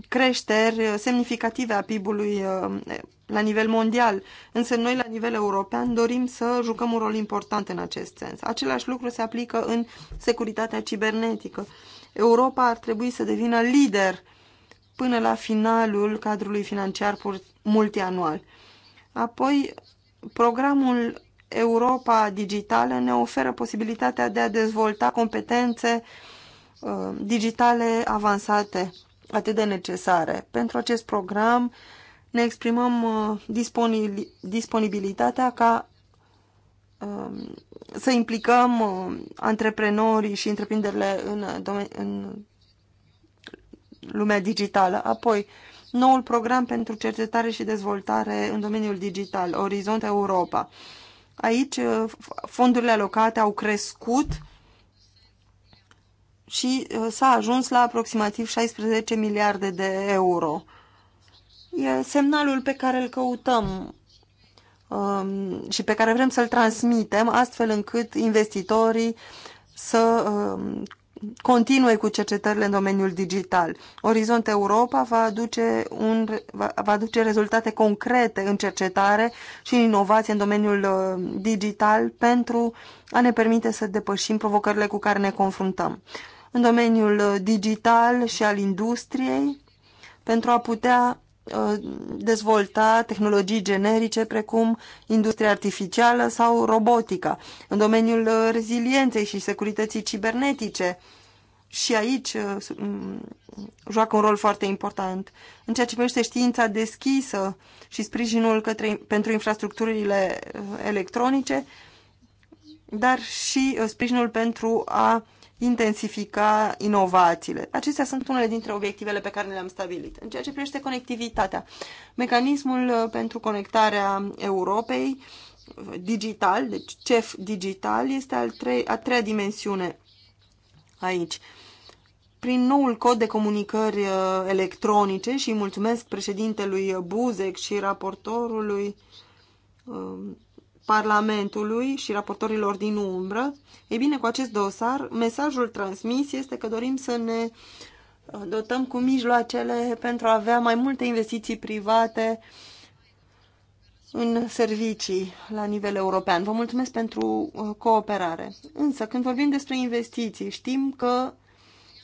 creșteri semnificative a PIB-ului uh, la nivel mondial, însă noi la nivel european dorim să jucăm un rol important în acest sens. Același lucru se aplică în securitatea cibernetică. Europa ar trebui să devină lider până la finalul cadrului financiar multianual. Apoi, programul Europa Digitală ne oferă posibilitatea de a dezvolta competențe uh, digitale avansate atât de necesare. Pentru acest program ne exprimăm uh, disponibilitatea ca Um, să implicăm um, antreprenorii și întreprinderile în, uh, în lumea digitală. Apoi, noul program pentru cercetare și dezvoltare în domeniul digital, Orizont Europa. Aici uh, fondurile alocate au crescut și uh, s-a ajuns la aproximativ 16 miliarde de euro. E semnalul pe care îl căutăm Um, și pe care vrem să-l transmitem, astfel încât investitorii să um, continue cu cercetările în domeniul digital. Orizont Europa va aduce, un, va, va aduce rezultate concrete în cercetare și în inovație în domeniul uh, digital pentru a ne permite să depășim provocările cu care ne confruntăm. În domeniul uh, digital și al industriei, pentru a putea Uh, dezvolta tehnologii generice precum industria artificială sau robotica, în domeniul uh, rezilienței și securității cibernetice. Și aici uh, mm, joacă un rol foarte important. În ceea ce privește știința deschisă și sprijinul către, pentru infrastructurile electronice, dar și sprijinul pentru a uh, intensifica inovațiile. Acestea sunt unele dintre obiectivele pe care le-am stabilit. În ceea ce privește conectivitatea, mecanismul uh, pentru conectarea Europei uh, digital, deci CEF digital, este al trei, a treia dimensiune aici. Prin noul cod de comunicări uh, electronice și mulțumesc președintelui Buzek și raportorului Parlamentului și raportorilor din umbră, e bine, cu acest dosar, mesajul transmis este că dorim să ne uh, dotăm cu mijloacele pentru a avea mai multe investiții private în servicii la nivel european. Vă mulțumesc pentru uh, cooperare. Însă, când vorbim despre investiții, știm că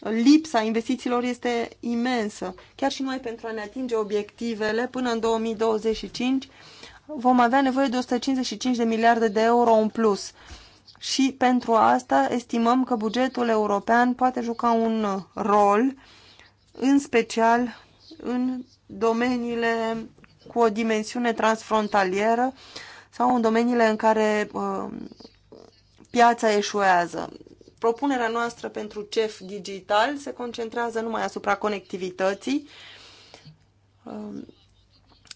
lipsa investițiilor este imensă. Chiar și noi pentru a ne atinge obiectivele până în 2025 vom avea nevoie de 155 de miliarde de euro în plus. Și pentru asta estimăm că bugetul european poate juca un rol, în special în domeniile cu o dimensiune transfrontalieră sau în domeniile în care uh, piața eșuează. Propunerea noastră pentru CEF digital se concentrează numai asupra conectivității, uh,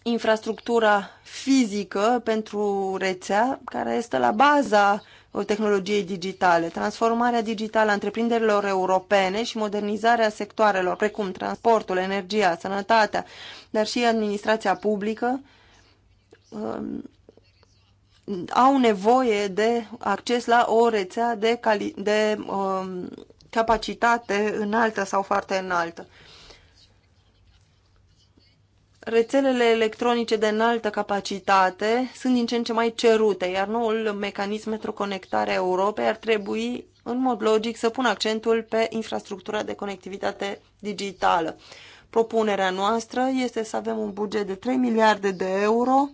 infrastructura fizică pentru rețea care este la baza tehnologie digitale, transformarea digitală a întreprinderilor europene și modernizarea sectoarelor, precum transportul, energia, sănătatea, dar și administrația publică, um, au nevoie de acces la o rețea de, cali- de um, capacitate înaltă sau foarte înaltă rețelele electronice de înaltă capacitate sunt din ce în ce mai cerute, iar noul mecanism conectarea Europei ar trebui, în mod logic, să pună accentul pe infrastructura de conectivitate digitală. Propunerea noastră este să avem un buget de 3 miliarde de euro.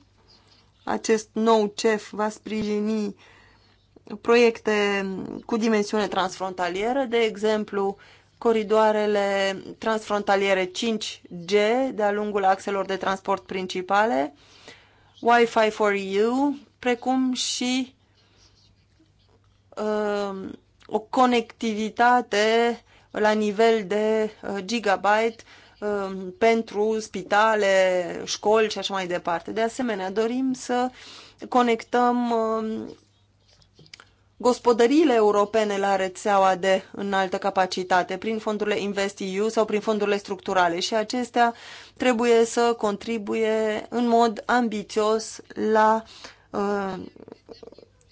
Acest nou CEF va sprijini proiecte cu dimensiune transfrontalieră, de exemplu, coridoarele transfrontaliere 5G de-a lungul axelor de transport principale, Wi-Fi for You, precum și uh, o conectivitate la nivel de uh, gigabyte uh, pentru spitale, școli și așa mai departe. De asemenea, dorim să conectăm uh, gospodăriile europene la rețeaua de înaltă capacitate prin fondurile InvestEU sau prin fondurile structurale și acestea trebuie să contribuie în mod ambițios la uh,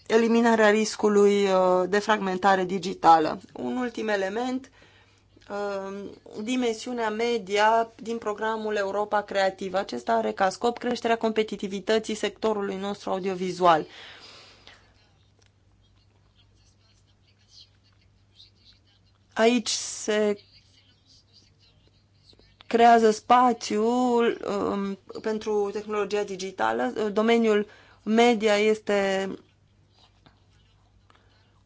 eliminarea riscului uh, de fragmentare digitală. Un ultim element, uh, dimensiunea media din programul Europa Creativă. Acesta are ca scop creșterea competitivității sectorului nostru audiovizual. Aici se creează spațiul um, pentru tehnologia digitală. Domeniul media este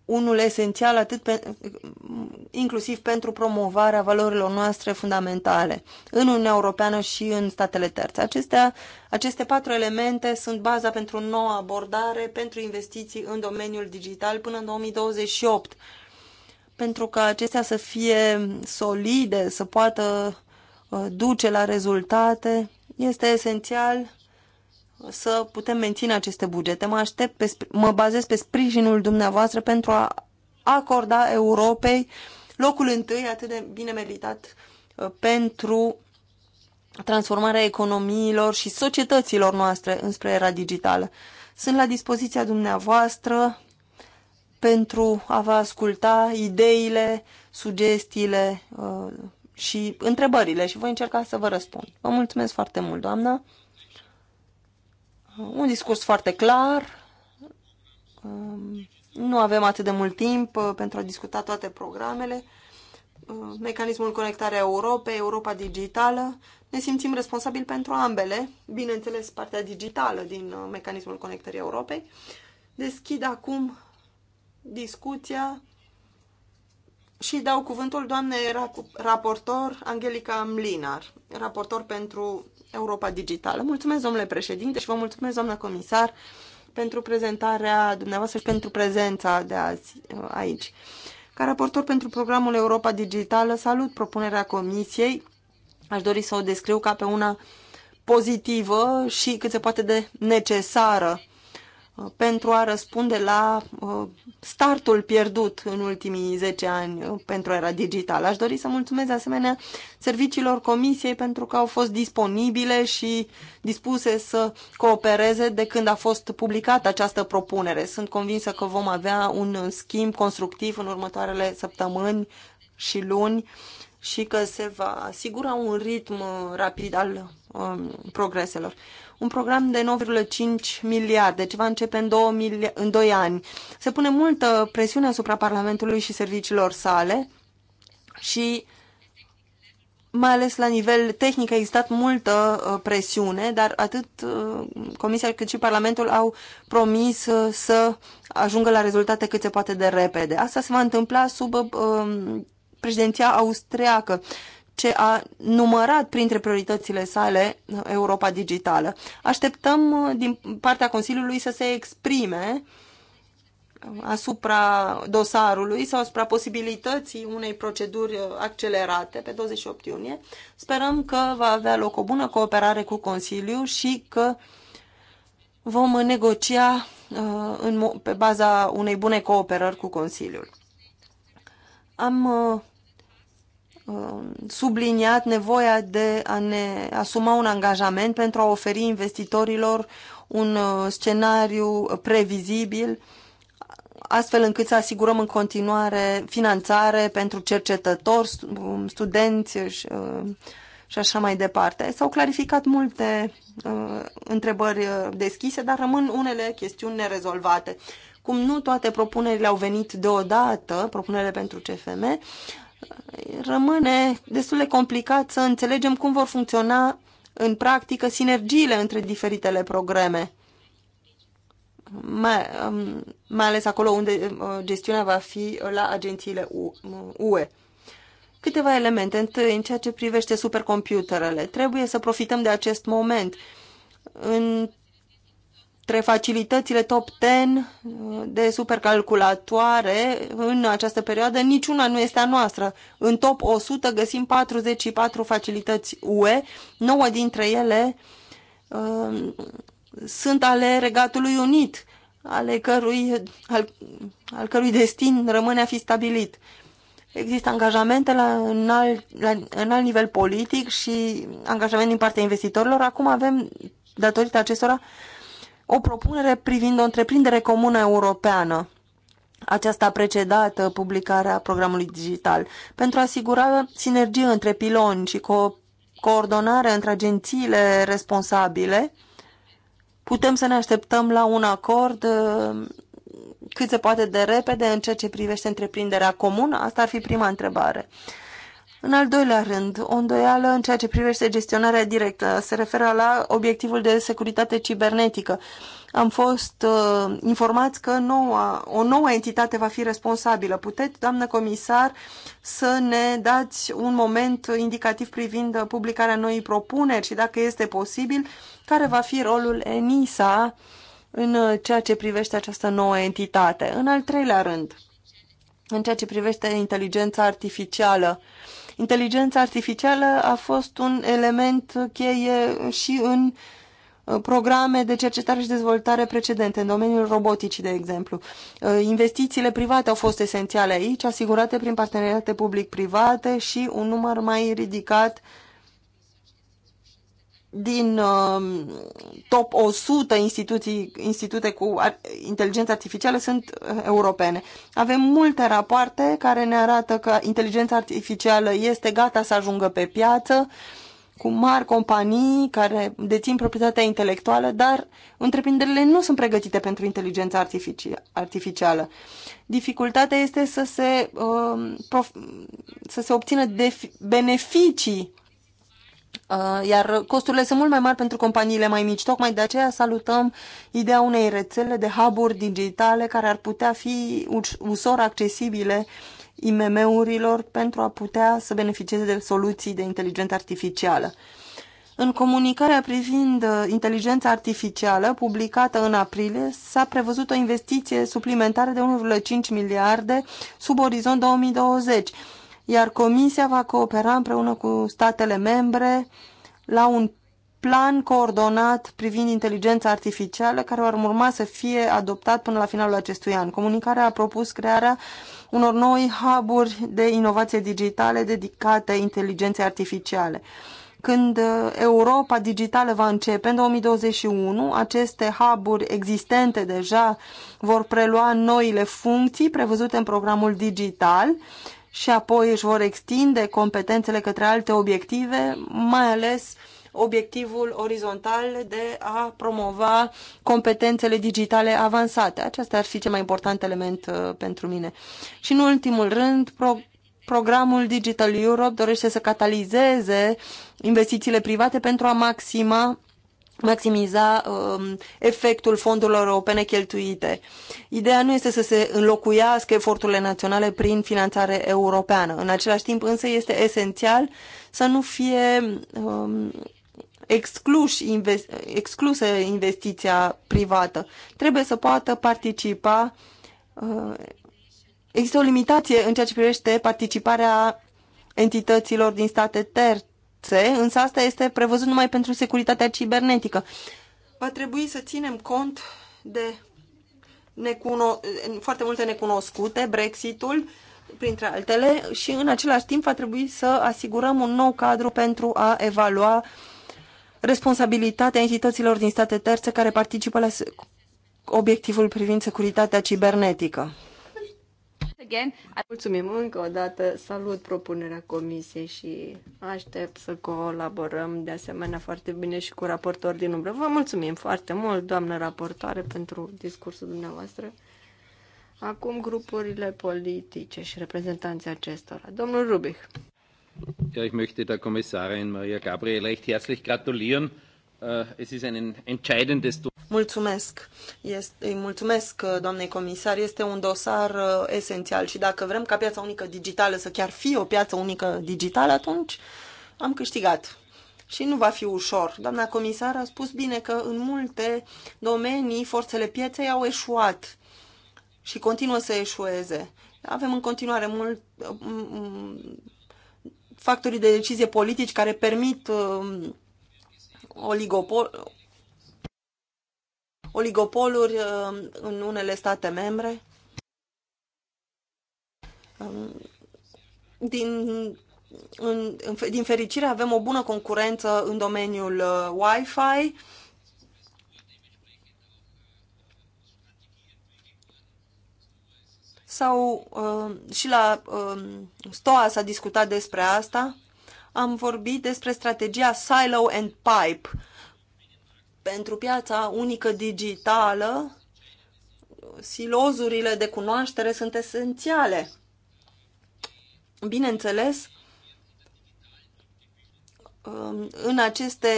unul esențial atât pe, inclusiv pentru promovarea valorilor noastre fundamentale în Uniunea Europeană și în statele terțe. Acestea, aceste patru elemente sunt baza pentru noua abordare pentru investiții în domeniul digital până în 2028 pentru ca acestea să fie solide, să poată uh, duce la rezultate, este esențial să putem menține aceste bugete. Mă, aștept pe, mă bazez pe sprijinul dumneavoastră pentru a acorda Europei locul întâi atât de bine meritat uh, pentru transformarea economiilor și societăților noastre înspre era digitală. Sunt la dispoziția dumneavoastră pentru a vă asculta ideile, sugestiile uh, și întrebările și voi încerca să vă răspund. Vă mulțumesc foarte mult, doamnă. Uh, un discurs foarte clar. Um, nu avem atât de mult timp uh, pentru a discuta toate programele. Mecanismul Conectarea Europei, Europa Digitală. Ne simțim responsabili pentru ambele, bineînțeles partea digitală din Mecanismul Conectării Europei. Deschid acum discuția și dau cuvântul doamnei raportor Angelica Mlinar, raportor pentru Europa Digitală. Mulțumesc, domnule președinte, și vă mulțumesc, doamnă comisar, pentru prezentarea dumneavoastră și pentru prezența de azi uh, aici. Ca raportor pentru programul Europa Digitală, salut propunerea comisiei. Aș dori să o descriu ca pe una pozitivă și cât se poate de necesară Uh, pentru a răspunde la uh, startul pierdut în ultimii 10 ani uh, pentru era digitală. Aș dori să mulțumesc de asemenea serviciilor Comisiei pentru că au fost disponibile și dispuse să coopereze de când a fost publicată această propunere. Sunt convinsă că vom avea un schimb constructiv în următoarele săptămâni și luni și că se va asigura un ritm rapid al um, progreselor un program de 9,5 miliarde, ce va începe în 2, în 2 ani. Se pune multă presiune asupra Parlamentului și serviciilor sale și mai ales la nivel tehnic a existat multă uh, presiune, dar atât uh, Comisia cât și Parlamentul au promis uh, să ajungă la rezultate cât se poate de repede. Asta se va întâmpla sub um, președinția austriacă ce a numărat printre prioritățile sale uh, Europa Digitală. Așteptăm uh, din partea Consiliului să se exprime uh, asupra dosarului sau asupra posibilității unei proceduri accelerate pe 28 iunie. Sperăm că va avea loc o bună cooperare cu Consiliu și că vom negocia în, pe baza unei bune cooperări cu Consiliul. Am Um, subliniat nevoia de a ne asuma un angajament pentru a oferi investitorilor un uh, scenariu previzibil, astfel încât să asigurăm în continuare finanțare pentru cercetători, um, studenți și, uh, și așa mai departe. S-au clarificat multe uh, întrebări deschise, dar rămân unele chestiuni nerezolvate. Cum nu toate propunerile au venit deodată, propunerile pentru CFM, rămâne destul de complicat să înțelegem cum vor funcționa în practică sinergiile între diferitele programe. Mai, um, mai ales acolo unde uh, gestiunea va fi la agențiile UE. Uh, Câteva elemente. Întâi, în ceea ce privește supercomputerele, trebuie să profităm de acest moment. În între facilitățile top 10 uh, de supercalculatoare în această perioadă, niciuna nu este a noastră. În top 100 găsim 44 facilități UE, 9 dintre ele uh, sunt ale Regatului Unit, ale cărui, al, al cărui destin rămâne a fi stabilit. Există angajamente la alt la alt nivel politic și angajament din partea investitorilor. Acum avem, datorită acestora, uh, o propunere privind o întreprindere comună europeană. Aceasta a precedat uh, publicarea programului digital pentru a asigura sinergie între piloni și co coordonare între agențiile responsabile. Putem să ne așteptăm la un acord uh, cât se poate de repede în ceea ce privește întreprinderea comună? Asta ar fi prima întrebare. În al doilea rând, o îndoială în ceea ce privește gestionarea directă se referă la obiectivul de securitate cibernetică. Am fost uh, informați că noua, o nouă entitate va fi responsabilă. Puteți, doamnă comisar, să ne dați un moment indicativ privind publicarea noii propuneri și, dacă este posibil, care va fi rolul ENISA în uh, ceea ce privește această nouă entitate. În al treilea rând, în ceea ce privește inteligența artificială, uh, Inteligența artificială a fost un element cheie și în uh, programe de cercetare și dezvoltare precedente, în domeniul roboticii, de exemplu. Uh, investițiile private au fost esențiale aici, asigurate prin parteneriate public-private și un număr mai ridicat uh, din uh, top 100 instituții, institute cu ar, inteligență artificială sunt uh, europene. Avem multe rapoarte care ne arată că inteligența artificială este gata să ajungă pe piață cu mari companii care dețin proprietatea intelectuală, dar întreprinderile nu sunt pregătite pentru inteligența artifici artificială. Dificultatea este să se, uh, să se obțină beneficii Uh, iar costurile sunt mult mai mari pentru companiile mai mici. Tocmai de aceea salutăm ideea unei rețele de hub-uri digitale care ar putea fi ușor accesibile IMM-urilor pentru a putea să beneficieze de soluții de inteligență artificială. În comunicarea privind uh, inteligența artificială, publicată în aprilie, s-a prevăzut o investiție suplimentară de 1,5 miliarde sub orizont 2020 iar Comisia va coopera împreună cu statele membre la un plan coordonat privind inteligența artificială care ar urma să fie adoptat până la finalul acestui an. Comunicarea a propus crearea unor noi hub-uri de inovație digitale dedicate inteligenței artificiale. Când uh, Europa digitală va începe în 2021, aceste hub-uri existente deja vor prelua noile funcții prevăzute în programul digital și apoi își vor extinde competențele către alte obiective, mai ales obiectivul orizontal de a promova competențele digitale avansate. Acesta ar fi cel mai important element uh, pentru mine. Și în ultimul rând, pro programul Digital Europe dorește să catalizeze investițiile private pentru a maxima maximiza um, efectul fondurilor europene cheltuite. Ideea nu este să se înlocuiască eforturile naționale prin finanțare europeană. În același timp, însă, este esențial să nu fie um, excluși, invest, exclusă investiția privată. Trebuie să poată participa. Uh, există o limitație în ceea ce privește participarea entităților din state terțe însă asta este prevăzut numai pentru securitatea cibernetică. Va trebui să ținem cont de necuno- foarte multe necunoscute, Brexitul, printre altele, și în același timp va trebui să asigurăm un nou cadru pentru a evalua responsabilitatea entităților din state terțe care participă la obiectivul privind securitatea cibernetică. Again, Mulțumim încă o dată, salut propunerea comisiei și aștept să colaborăm de asemenea foarte bine și cu raportor din umbră. Vă mulțumim foarte mult, doamnă raportoare, pentru discursul dumneavoastră. Acum grupurile politice și reprezentanții acestora. Domnul Rubic. Ja, ich möchte der Kommissarin Maria Gabriel recht herzlich gratulieren. Eh, mulțumesc. Este, îi mulțumesc, eh, doamnei comisar. Este un dosar eh, esențial și dacă vrem ca piața unică digitală să chiar fie o piață unică digitală, atunci am câștigat. Și nu va fi ușor. Doamna comisar a spus bine că în multe domenii forțele pieței au eșuat și continuă să eșueze. Avem în continuare mult mm, mm, factorii de decizie politici care permit mm, oligopol, oligopoluri uh, în unele state membre. Um, din, în, din fericire avem o bună concurență în domeniul uh, Wi-Fi. Sau uh, și la um, STOA s-a discutat despre asta am vorbit despre strategia Silo and Pipe pentru piața unică digitală. Silozurile de cunoaștere sunt esențiale. Bineînțeles, um, în aceste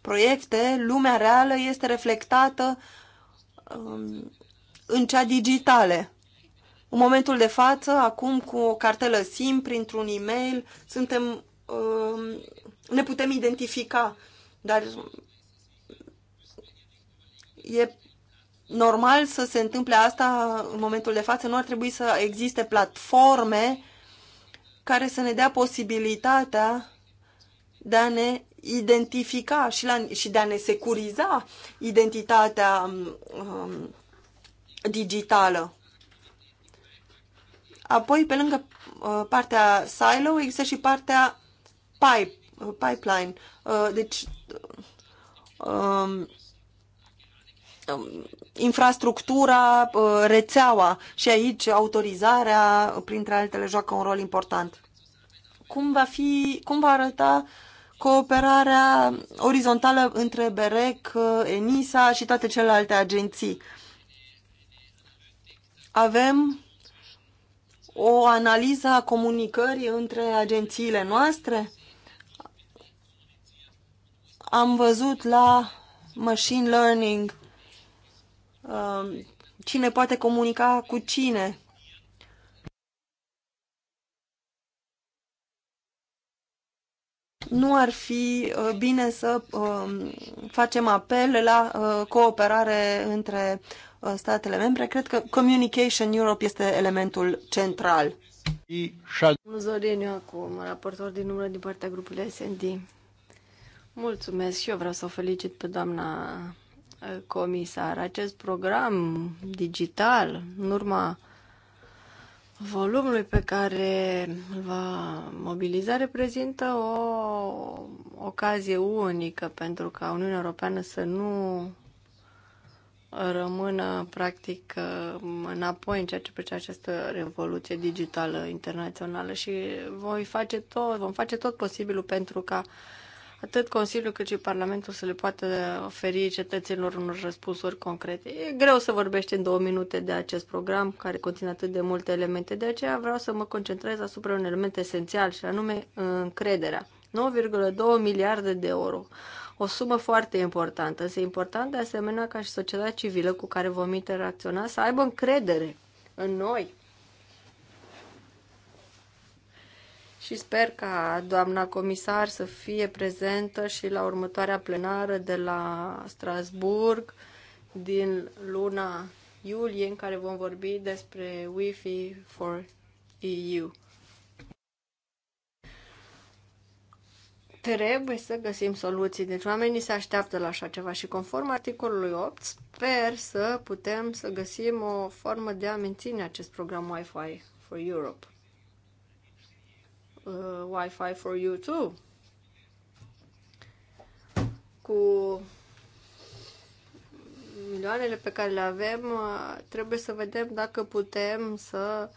proiecte, lumea reală este reflectată um, în cea digitale. În momentul de față, acum cu o cartelă SIM, printr-un e-mail, suntem Um, ne putem identifica, dar e normal să se întâmple asta în momentul de față. Nu ar trebui să existe platforme care să ne dea posibilitatea de a ne identifica și, la, și de a ne securiza identitatea um, digitală. Apoi, pe lângă uh, partea silo, există și partea pipe, uh, pipeline. Uh, deci, um, um infrastructura, uh, rețeaua și aici autorizarea, printre altele, joacă un rol important. Cum va, fi, cum va arăta cooperarea orizontală între BEREC, ENISA și toate celelalte agenții? Avem o analiză a comunicării între agențiile noastre? am văzut la machine learning um, cine poate comunica cu cine. Nu ar fi uh, bine să um, facem apel la uh, cooperare între uh, statele membre. Cred că Communication Europe este elementul central. Zorin, eu acum, raportor din numără din partea grupului SND. Mulțumesc și eu vreau să o felicit pe doamna ă, comisar. Acest program digital, în urma volumului pe care îl va mobiliza, reprezintă o ocazie unică pentru ca Uniunea Europeană să nu rămână practic ă, înapoi în ceea ce privește această revoluție digitală internațională și voi face tot, vom face tot posibilul pentru ca atât Consiliul cât și Parlamentul să le poată oferi cetățenilor unor răspunsuri concrete. E greu să vorbești în două minute de acest program care conține atât de multe elemente, de aceea vreau să mă concentrez asupra un element esențial și anume încrederea. 9,2 miliarde de euro. O sumă foarte importantă. Este important de asemenea ca și societatea civilă cu care vom interacționa să aibă încredere în noi, și sper ca doamna comisar să fie prezentă și la următoarea plenară de la Strasburg din luna iulie în care vom vorbi despre Wi-Fi for EU. Trebuie să găsim soluții. Deci oamenii se așteaptă la așa ceva și conform articolului 8 sper să putem să găsim o formă de a menține acest program Wi-Fi for Europe uh, Wi-Fi for You too, cu milioanele pe care le avem, uh, trebuie să vedem dacă putem să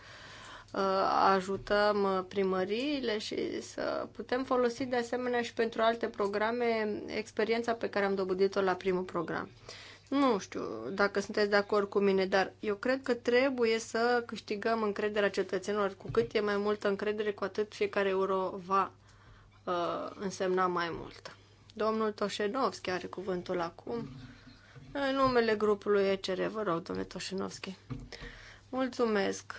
uh, ajutăm uh, primăriile și să putem folosi de asemenea și pentru alte programe experiența pe care am dobândit-o la primul program. Nu știu dacă sunteți de acord cu mine, dar eu cred că trebuie să câștigăm încrederea cetățenilor. Cu cât e mai multă încredere, cu atât fiecare euro va uh, însemna mai mult. Domnul Toșenovski are cuvântul acum. În numele grupului ECR, vă rog, domnule Toșenovski. Mulțumesc,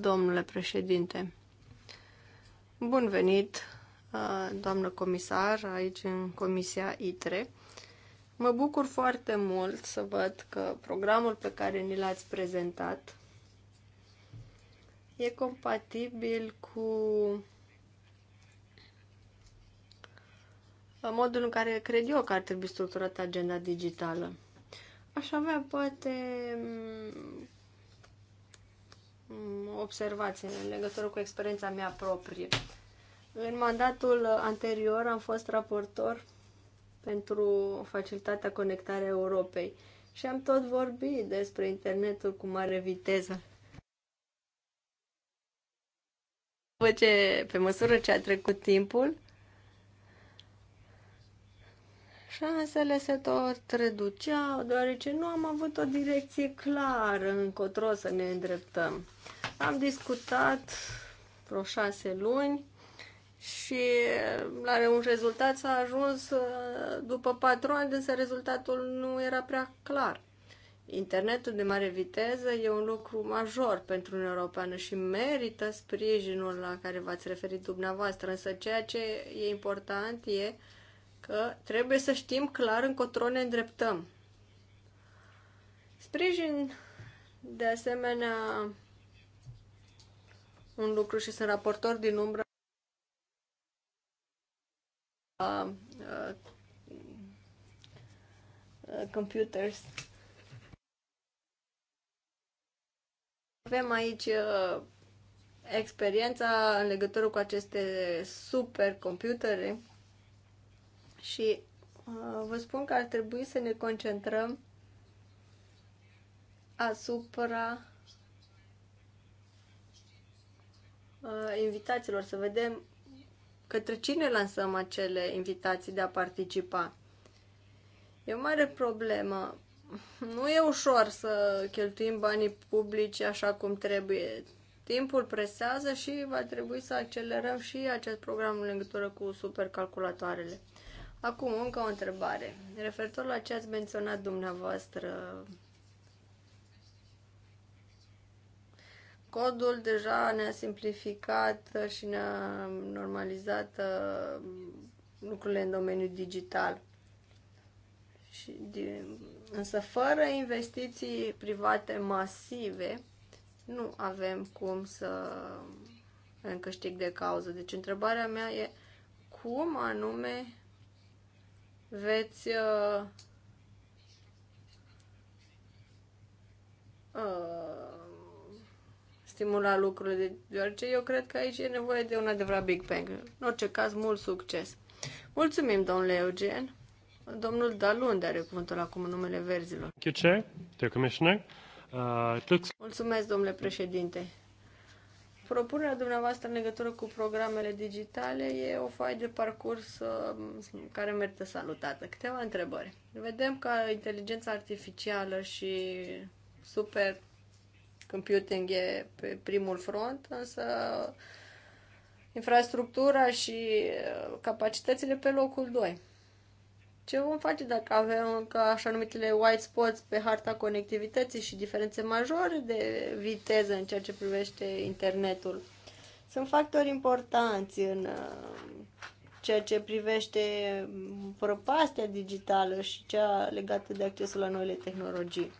domnule președinte. Bun venit, uh, doamnă comisar, aici în Comisia ITRE. Mă bucur foarte mult să văd că programul pe care ni l-ați prezentat e compatibil cu modul în care cred eu că ar trebui structurată agenda digitală. Aș avea poate mm, observație în legătură cu experiența mea proprie. În mandatul anterior am fost raportor pentru facilitatea conectarea Europei. Și am tot vorbit despre internetul cu mare viteză. După ce, pe măsură ce a trecut timpul, șansele se tot reduceau, deoarece nu am avut o direcție clară încotro să ne îndreptăm. Am discutat vreo șase luni și la un rezultat s-a ajuns uh, după patru ani, însă rezultatul nu era prea clar. Internetul de mare viteză e un lucru major pentru Uniunea Europeană și merită sprijinul la care v-ați referit dumneavoastră, însă ceea ce e important e că trebuie să știm clar încotro ne îndreptăm. Sprijin de asemenea un lucru și sunt raportor din umbră Uh, uh, computers. Avem aici uh, experiența în legătură cu aceste supercomputere și uh, vă spun că ar trebui să ne concentrăm asupra uh, invitațiilor, să vedem către cine lansăm acele invitații de a participa. E o mare problemă. Nu e ușor să cheltuim banii publici așa cum trebuie. Timpul presează și va trebui să accelerăm și acest program în legătură cu supercalculatoarele. Acum, încă o întrebare. Referitor la ce ați menționat dumneavoastră Codul deja ne-a simplificat și ne-a normalizat uh, lucrurile în domeniul digital. Și, însă fără investiții private masive, nu avem cum să în câștig de cauză. Deci întrebarea mea e cum anume veți uh, uh, stimula lucrurile, deoarece eu cred că aici e nevoie de un adevărat Big Bang. În orice caz, mult succes! Mulțumim, domnule Eugen! Domnul Dalunde are cuvântul acum în numele verzilor. Uh, Mulțumesc, domnule președinte! Propunerea dumneavoastră în legătură cu programele digitale e o foaie de parcurs uh, care merită salutată. Câteva întrebări. Vedem că inteligența artificială și super computing e pe primul front, însă infrastructura și uh, capacitățile pe locul 2. Ce vom face dacă avem încă așa numitele white spots pe harta conectivității și diferențe majore de viteză în ceea ce privește internetul? Sunt factori importanți în uh, ceea ce privește mm, prăpastia digitală și cea legată de accesul la noile tehnologii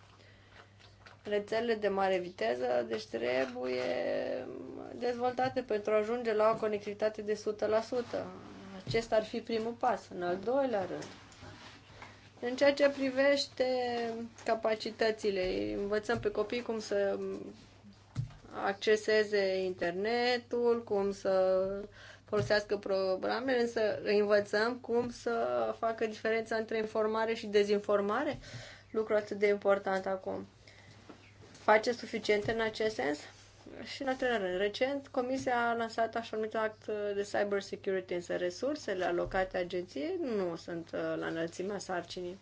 rețelele de mare viteză, deci trebuie dezvoltate pentru a ajunge la o conectivitate de 100%. Acesta ar fi primul pas. În al doilea rând, în ceea ce privește capacitățile, învățăm pe copii cum să acceseze internetul, cum să folosească programele, însă învățăm cum să facă diferența între informare și dezinformare, lucru atât de important acum face suficiente în acest sens? Și în al treilea rând, recent, Comisia a lansat așa numit act uh, de cyber security, însă resursele alocate agenției nu sunt uh, la înălțimea sarcinii.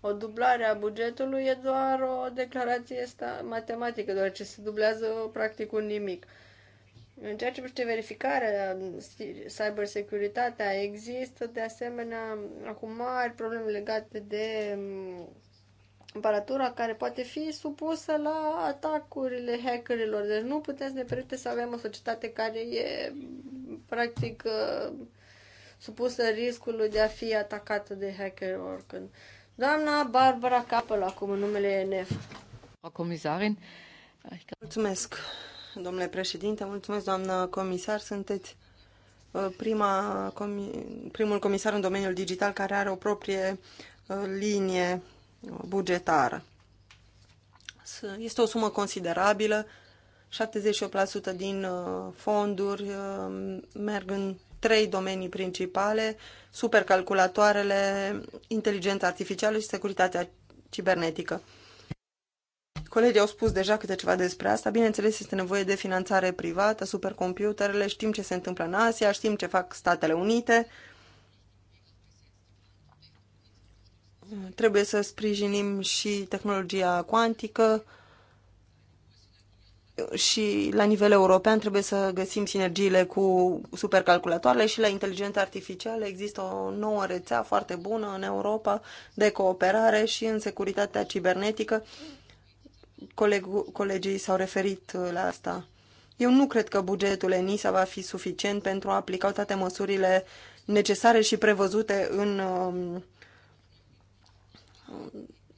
O dublare a bugetului e doar o declarație asta matematică, doar ce se dublează practic un nimic. În ceea ce privește verificarea, um, cybersecuritatea, există de asemenea acum mari probleme legate de um, aparatura care poate fi supusă la atacurile hackerilor. Deci nu putem să ne permite să avem o societate care e practic uh, supusă riscului de a fi atacată de hacker oricând. Doamna Barbara Capel, acum în numele ENF. Comisarin. Mulțumesc, domnule președinte, mulțumesc, doamnă comisar, sunteți uh, prima, comi, primul comisar în domeniul digital care are o proprie uh, linie bugetară. Este o sumă considerabilă, 78% din uh, fonduri uh, merg în trei domenii principale, supercalculatoarele, inteligența artificială și securitatea cibernetică. Colegii au spus deja câte ceva despre asta. Bineînțeles, este nevoie de finanțare privată, supercomputerele, știm ce se întâmplă în Asia, știm ce fac Statele Unite, Trebuie să sprijinim și tehnologia cuantică și la nivel european trebuie să găsim sinergiile cu supercalculatoarele și la inteligența artificială există o nouă rețea foarte bună în Europa de cooperare și în securitatea cibernetică. colegii s-au referit la asta. Eu nu cred că bugetul ENISA va fi suficient pentru a aplica toate măsurile necesare și prevăzute în um,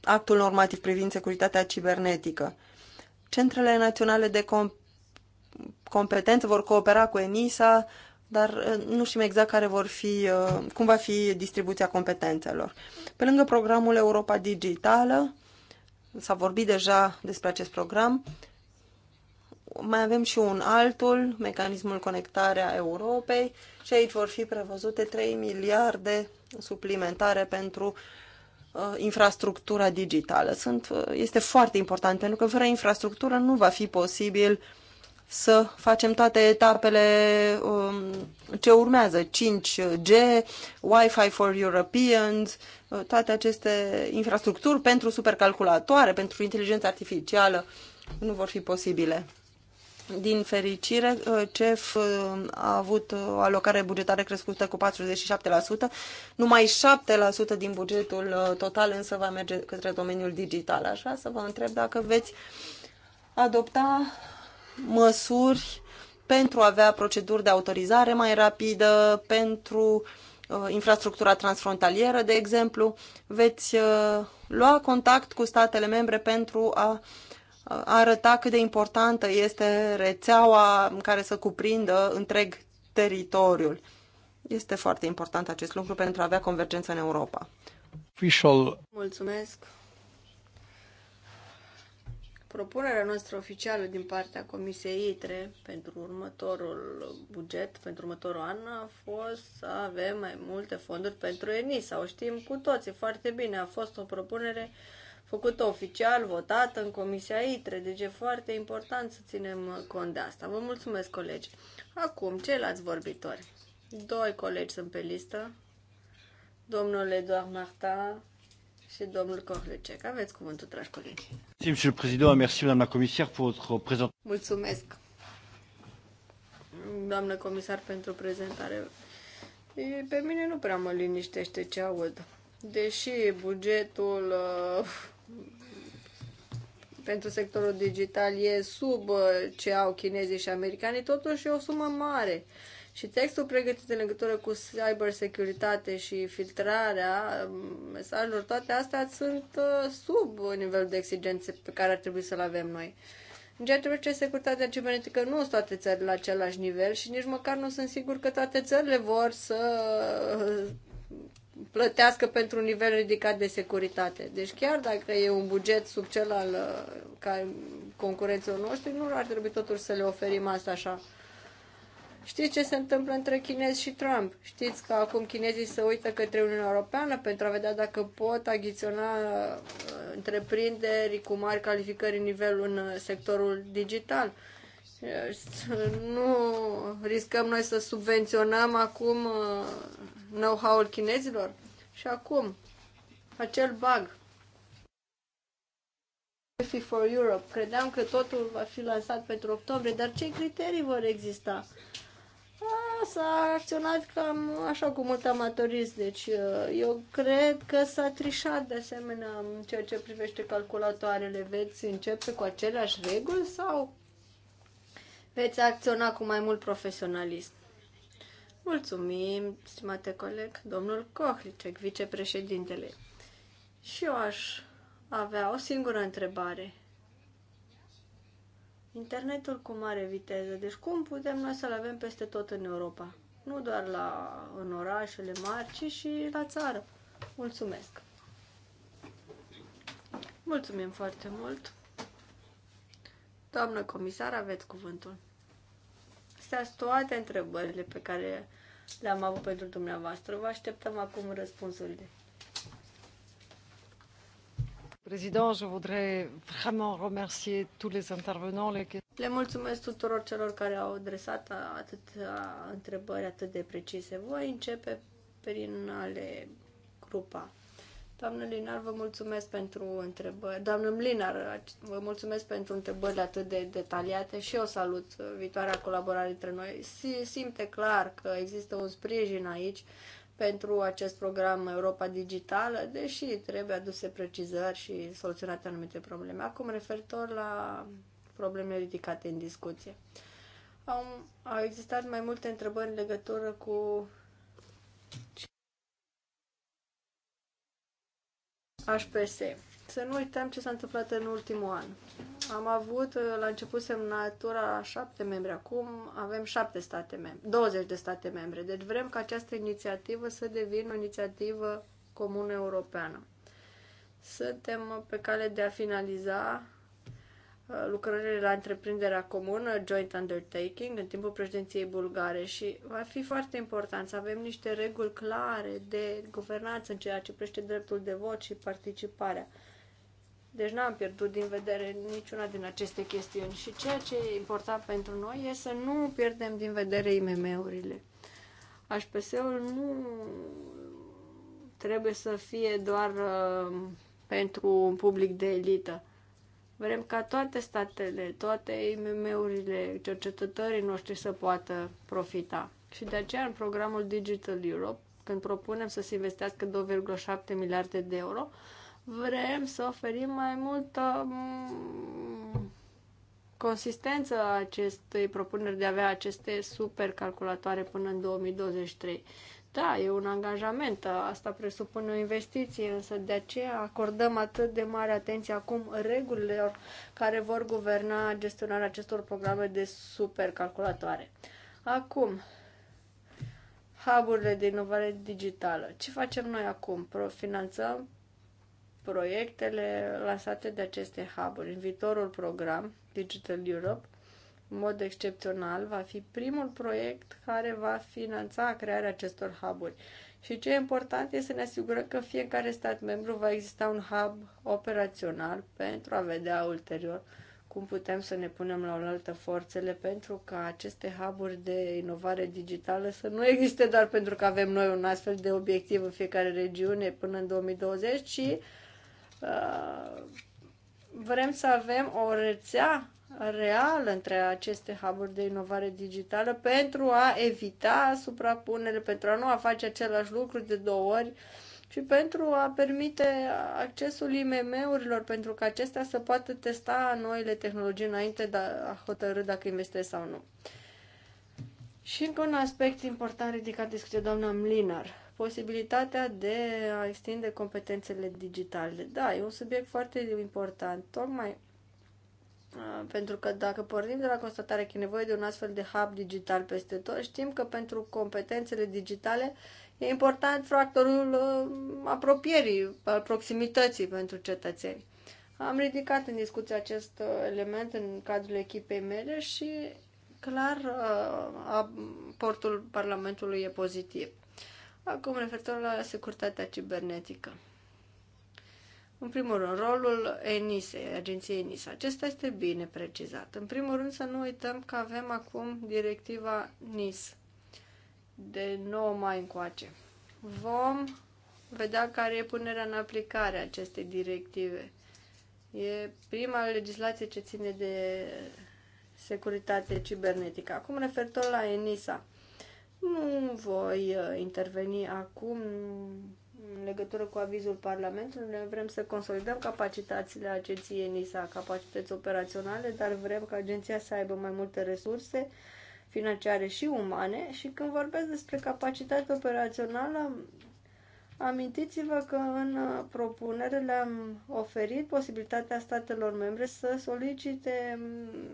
actul normativ privind securitatea cibernetică. Centrele naționale de com- competență vor coopera cu ENISA, dar uh, nu știm exact care vor fi, uh, cum va fi distribuția competențelor. Pe lângă programul Europa Digitală, s-a vorbit deja despre acest program, mai avem și un altul, mecanismul conectarea Europei și aici vor fi prevăzute 3 miliarde suplimentare pentru Uh, infrastructura digitală. Sunt, uh, este foarte important pentru că fără infrastructură nu va fi posibil să facem toate etapele um, ce urmează, 5G, Wi-Fi for Europeans, uh, toate aceste infrastructuri pentru supercalculatoare, pentru inteligență artificială, nu vor fi posibile. Din fericire, uh, CEF uh, a avut uh, o alocare bugetară crescută cu 47%, numai 7% din bugetul total însă va merge către domeniul digital. Aș vrea să vă întreb dacă veți adopta măsuri pentru a avea proceduri de autorizare mai rapidă, pentru infrastructura transfrontalieră, de exemplu, veți lua contact cu statele membre pentru a arăta cât de importantă este rețeaua care să cuprindă întreg teritoriul. Este foarte important acest lucru pentru a avea convergență în Europa. Official. Mulțumesc. Propunerea noastră oficială din partea Comisiei ITRE pentru următorul buget, pentru următorul an, a fost să avem mai multe fonduri pentru ENISA. O știm cu toții foarte bine. A fost o propunere uh, făcut oficial, votat în Comisia ITRE, deci e foarte important să ținem cont de asta. Vă mulțumesc, colegi. Acum, ceilalți vorbitori. Doi colegi sunt pe listă. Domnul Eduard Marta și domnul Corlecec. Aveți cuvântul, dragi colegi. Mulțumesc, doamnă comisar, pentru prezentare. Pe mine nu prea mă liniștește ce aud. Deși bugetul uh, pentru sectorul digital e sub uh, ce au chinezii și americanii, totuși e o sumă mare. Și textul pregătit în legătură cu cybersecuritate și filtrarea um, mesajelor, toate astea sunt uh, sub nivelul de exigențe pe care ar trebui să-l avem noi. În ceea ce privește securitatea cibernetică, nu sunt toate țările la același nivel și nici măcar nu sunt sigur că toate țările vor să plătească pentru un nivel ridicat de securitate. Deci chiar dacă e un buget sub cel al uh, ca concurenților noștri, nu ar trebui totuși să le oferim asta așa. Știți ce se întâmplă între chinezi și Trump? Știți că acum chinezii se uită către Uniunea Europeană pentru a vedea dacă pot aghiționa uh, întreprinderi cu mari calificări în nivel în uh, sectorul digital. Nu riscăm noi să subvenționăm acum know-how-ul chinezilor? Și acum, acel bug. for Europe. Credeam că totul va fi lansat pentru octombrie, dar ce criterii vor exista? S-a acționat cam așa cu mult amatorism, deci uh, eu cred că s-a trișat de asemenea în ceea ce privește calculatoarele. Veți începe cu aceleași reguli sau veți acționa cu mai mult profesionalism? Mulțumim, stimate coleg, domnul Kohlicek, vicepreședintele. Și eu aș avea o singură întrebare. Internetul cu mare viteză, deci cum putem noi să-l avem peste tot în Europa? Nu doar la, în orașele mari, ci și la țară. Mulțumesc! Mulțumim foarte mult! Doamnă comisar, aveți cuvântul fixați toate întrebările pe care le-am avut pentru dumneavoastră. Vă așteptăm acum răspunsurile. Président, je voudrais vraiment remercier tous les intervenants. Les... Le mulțumesc tuturor celor care au adresat atât întrebări atât de precise. Voi începe prin ale grupa. Doamnă Linar, vă mulțumesc pentru întrebări. Doamnă Mlinar, vă mulțumesc pentru întrebările atât de detaliate și eu salut uh, viitoarea colaborare între noi. Simte clar că există un sprijin aici pentru acest program Europa Digitală, deși trebuie aduse precizări și soluționate anumite probleme. Acum, referitor la problemele ridicate în discuție. Au, au existat mai multe întrebări în legătură cu HPS. Să nu uităm ce s-a întâmplat în ultimul an. Am avut uh, la început semnatura șapte membre, acum avem șapte state membre, 20 de state membre. Deci vrem ca această inițiativă să devină o inițiativă comună europeană. Suntem pe cale de a finaliza Uh, lucrările la întreprinderea comună, joint undertaking, în timpul președinției bulgare și va fi foarte important să avem niște reguli clare de guvernanță în ceea ce privește dreptul de vot și participarea. Deci n-am pierdut din vedere niciuna din aceste chestiuni și ceea ce e important pentru noi e să nu pierdem din vedere IMM-urile. HPS-ul nu trebuie să fie doar uh, pentru un public de elită. Vrem ca toate statele, toate IMM-urile, cercetătorii noștri să poată profita. Și de aceea, în programul Digital Europe, când propunem să se investească 2,7 miliarde de euro, vrem să oferim mai multă mm, consistență acestei propuneri de a avea aceste supercalculatoare până în 2023. Da, e un angajament, asta presupune o investiție, însă de aceea acordăm atât de mare atenție acum regulilor care vor guverna gestionarea acestor programe de supercalculatoare. Acum, hub-urile de inovare digitală. Ce facem noi acum? Finanțăm proiectele lansate de aceste hub-uri. În viitorul program Digital Europe în mod excepțional, va fi primul proiect care va finanța crearea acestor hub-uri. Și ce e important este să ne asigurăm că fiecare stat membru va exista un hub operațional pentru a vedea ulterior cum putem să ne punem la oaltă forțele pentru ca aceste hub-uri de inovare digitală să nu existe doar pentru că avem noi un astfel de obiectiv în fiecare regiune până în 2020, ci uh, vrem să avem o rețea real între aceste hub de inovare digitală pentru a evita suprapunere, pentru a nu a face același lucru de două ori și pentru a permite accesul IMM-urilor, pentru că acestea să poată testa noile tehnologii înainte de a hotărâ dacă investesc sau nu. Și încă un aspect important ridicat discuție doamna Mlinar, posibilitatea de a extinde competențele digitale. Da, e un subiect foarte important. Tocmai Ah, pentru că dacă pornim de la constatarea că e nevoie de un astfel de hub digital peste tot, știm că pentru competențele digitale e important factorul ah, apropierii, al proximității pentru cetățeni. Am ridicat în discuție acest ah, element în cadrul echipei mele și clar aportul Parlamentului e pozitiv. Acum referitor la securitatea cibernetică. În primul rând, rolul ENISE, agenției ENISA, Acesta este bine precizat. În primul rând, să nu uităm că avem acum directiva NIS de 9 mai încoace. Vom vedea care e punerea în aplicare a acestei directive. E prima legislație ce ține de securitate cibernetică. Acum, referitor la ENISA, nu voi uh, interveni acum, în legătură cu avizul Parlamentului, ne vrem să consolidăm capacitățile agenției NISA, capacități operaționale, dar vrem ca agenția să aibă mai multe resurse financiare și umane și când vorbesc despre capacitate operațională, amintiți-vă că în propunere le-am oferit posibilitatea statelor membre să solicite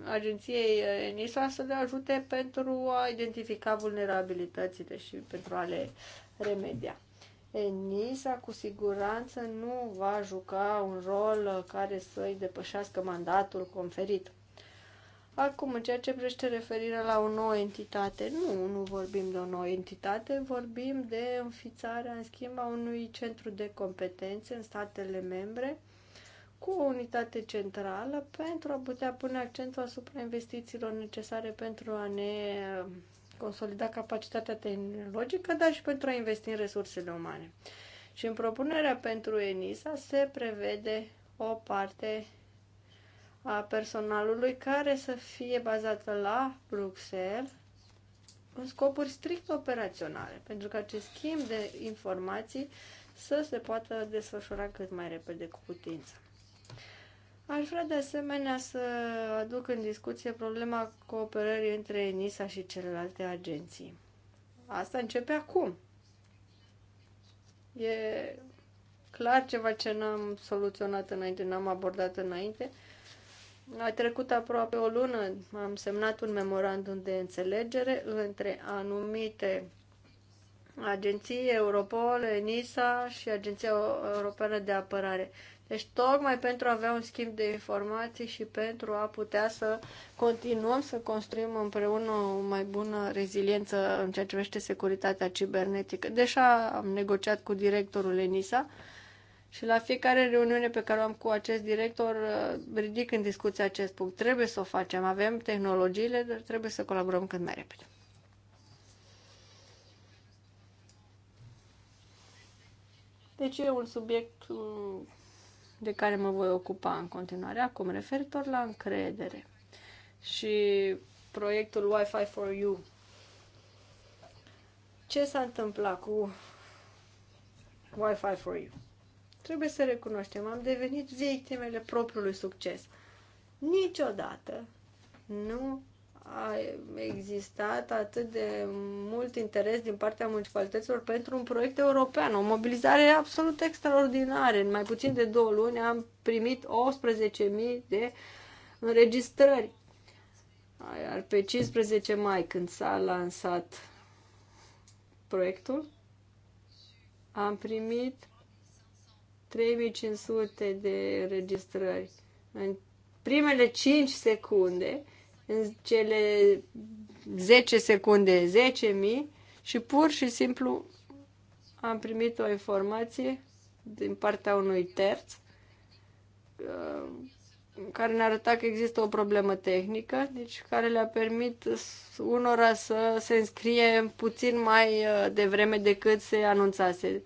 agenției NISA să le ajute pentru a identifica vulnerabilitățile și pentru a le remedia. ENISA cu siguranță nu va juca un rol care să-i depășească mandatul conferit. Acum, în ceea ce privește referirea la o nouă entitate, nu, nu vorbim de o nouă entitate, vorbim de înfițarea, în schimb, a unui centru de competențe în statele membre cu o unitate centrală pentru a putea pune accentul asupra investițiilor necesare pentru a ne consolida capacitatea tehnologică, dar și pentru a investi în resursele umane. Și în propunerea pentru ENISA se prevede o parte a personalului care să fie bazată la Bruxelles în scopuri strict operaționale, pentru că acest schimb de informații să se poată desfășura cât mai repede cu putință. Aș vrea de asemenea să aduc în discuție problema cooperării între ENISA și celelalte agenții. Asta începe acum. E clar ceva ce n-am soluționat înainte, n-am abordat înainte. A trecut aproape o lună, am semnat un memorandum de înțelegere între anumite agenții, Europol, ENISA și Agenția Europeană de Apărare. Deci tocmai pentru a avea un schimb de informații și pentru a putea să continuăm să construim împreună o mai bună reziliență în ceea ce privește securitatea cibernetică. Deja am negociat cu directorul ENISA și la fiecare reuniune pe care o am cu acest director uh, ridic în discuție acest punct. Trebuie să o facem, avem tehnologiile, dar trebuie să colaborăm cât mai repede. Deci e un subiect uh, de care mă voi ocupa în continuare acum, referitor la încredere și proiectul Wi-Fi for You. Ce s-a întâmplat cu Wi-Fi for You? Trebuie să recunoaștem, am devenit victimele propriului succes. Niciodată nu a existat atât de mult interes din partea municipalităților pentru un proiect european, o mobilizare absolut extraordinară. În mai puțin de două luni am primit 18.000 de înregistrări. Iar pe 15 mai, când s-a lansat proiectul, am primit 3500 de înregistrări în primele 5 secunde în cele 10 secunde, 10.000 și pur și simplu am primit o informație din partea unui terț uh, care ne arăta că există o problemă tehnică, deci care le-a permit unora să se înscrie puțin mai uh, devreme decât se anunțase.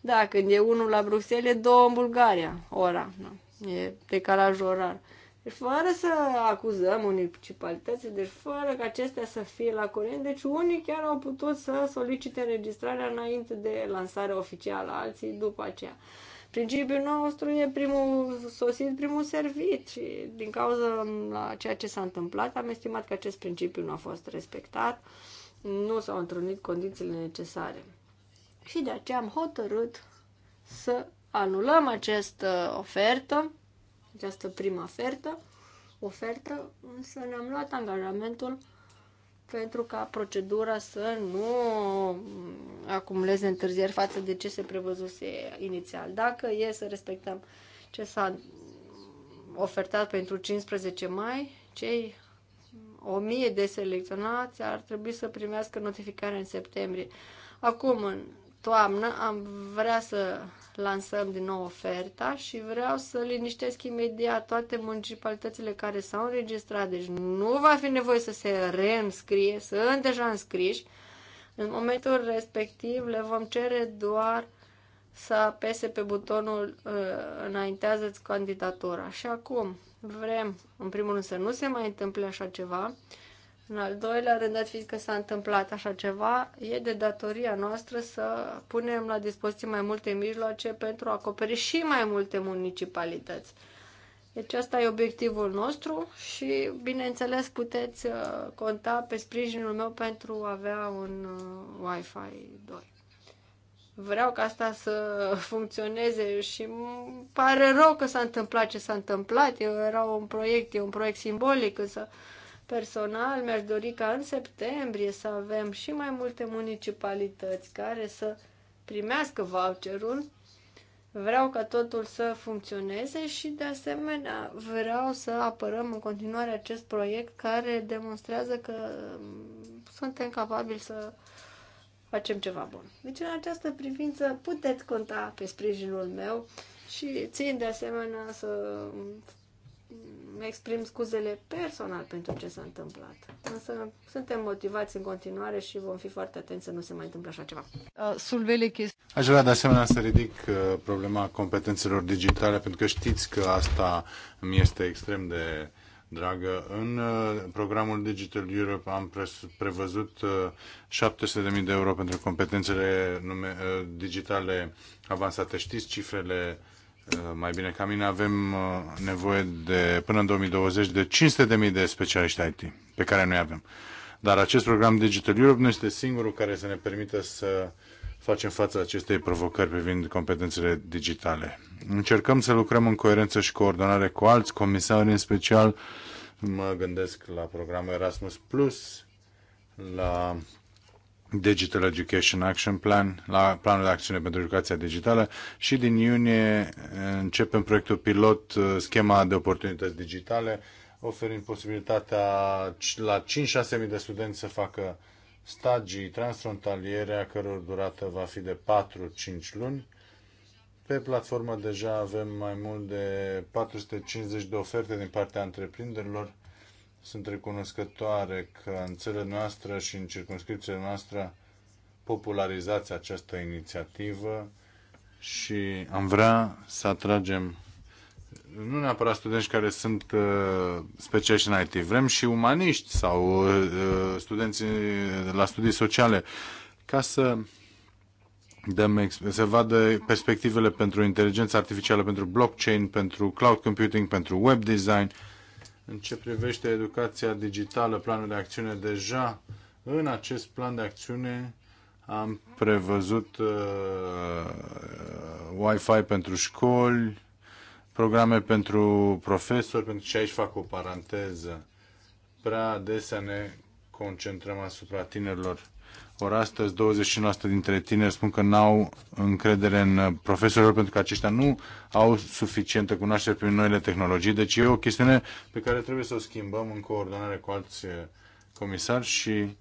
Da, când e unul la Bruxelles, e două în Bulgaria, ora. nu, E decalaj orar. Deci fără să acuzăm municipalitățile, deci fără ca acestea să fie la curent, deci unii chiar au putut să solicite înregistrarea înainte de lansarea oficială, alții după aceea. Principiul nostru e primul sosit, primul servit și din cauza la ceea ce s-a întâmplat am estimat că acest principiu nu a fost respectat, nu s-au întrunit condițiile necesare. Și de aceea am hotărât să anulăm această ofertă această primă ofertă, ofertă, însă ne-am luat angajamentul pentru ca procedura să nu acumuleze întârzieri față de ce se prevăzuse inițial. Dacă e să respectăm ce s-a ofertat pentru 15 mai, cei 1000 de selecționați ar trebui să primească notificare în septembrie. Acum, în toamnă, am vrea să lansăm din nou oferta și vreau să liniștesc imediat toate municipalitățile care s-au înregistrat, deci nu va fi nevoie să se reînscrie, sunt deja înscriși. În momentul respectiv le vom cere doar să apese pe butonul uh, înaintează-ți candidatura. Și acum vrem, în primul rând, să nu se mai întâmple așa ceva, în al doilea rând, dat fiindcă s-a întâmplat așa ceva, e de datoria noastră să punem la dispoziție mai multe mijloace pentru a acoperi și mai multe municipalități. Deci asta e obiectivul nostru și, bineînțeles, puteți uh, conta pe sprijinul meu pentru a avea un uh, Wi-Fi 2. Vreau ca asta să funcționeze și îmi pare rău că s-a întâmplat ce s-a întâmplat. Era un proiect, e un proiect simbolic, însă Personal, mi-aș dori ca în septembrie să avem și mai multe municipalități care să primească voucherul. Vreau ca totul să funcționeze și, de asemenea, vreau să apărăm în continuare acest proiect care demonstrează că mm, suntem capabili să facem ceva bun. Deci, în această privință, puteți conta pe sprijinul meu și țin de asemenea să exprim scuzele personal pentru ce s-a întâmplat. Însă suntem motivați în continuare și vom fi foarte atenți să nu se mai întâmple așa ceva. Uh, Aș vrea de asemenea să ridic uh, problema competențelor digitale, pentru că știți că asta mi este extrem de dragă. În uh, programul Digital Europe am prevăzut 700.000 de euro pentru competențele digitale avansate. Știți cifrele Eh, mai bine ca mine, avem eh, nevoie de, până în 2020 de 500.000 de specialiști IT pe care noi avem. Dar acest program Digital Europe nu este singurul care să ne permită să facem față acestei provocări privind competențele digitale. Încercăm să lucrăm în coerență și coordonare cu alți comisari, în special mă gândesc la programul Erasmus+, la Digital Education Action Plan, la planul de acțiune pentru educația digitală și din iunie începem proiectul pilot uh, Schema de oportunități digitale, oferind posibilitatea la 5-6.000 de studenți să facă stagii transfrontaliere, a căror durată va fi de 4-5 luni. Pe platformă deja avem mai mult de 450 de oferte din partea întreprinderilor sunt recunoscătoare că în țările noastre și în circunscripțiile noastre popularizați această inițiativă și am vrea să atragem nu neapărat studenți care sunt uh, specialiști în IT, vrem și umaniști sau uh, studenți uh, la studii sociale ca să dăm, se vadă perspectivele pentru inteligența artificială, pentru blockchain, pentru cloud computing, pentru web design. Uh, în ce privește educația digitală, planul de acțiune, deja în acest plan de acțiune am prevăzut uh, uh Wi-Fi pentru școli, programe pentru profesori, pentru că aici fac o paranteză. Prea adesea ne concentrăm asupra tinerilor ori astăzi 29% dintre tineri spun că n-au încredere în uh, profesorilor pentru că aceștia nu au suficientă cunoaștere prin noile tehnologii. Deci e o chestiune pe care trebuie să o schimbăm în coordonare cu alți uh, comisari și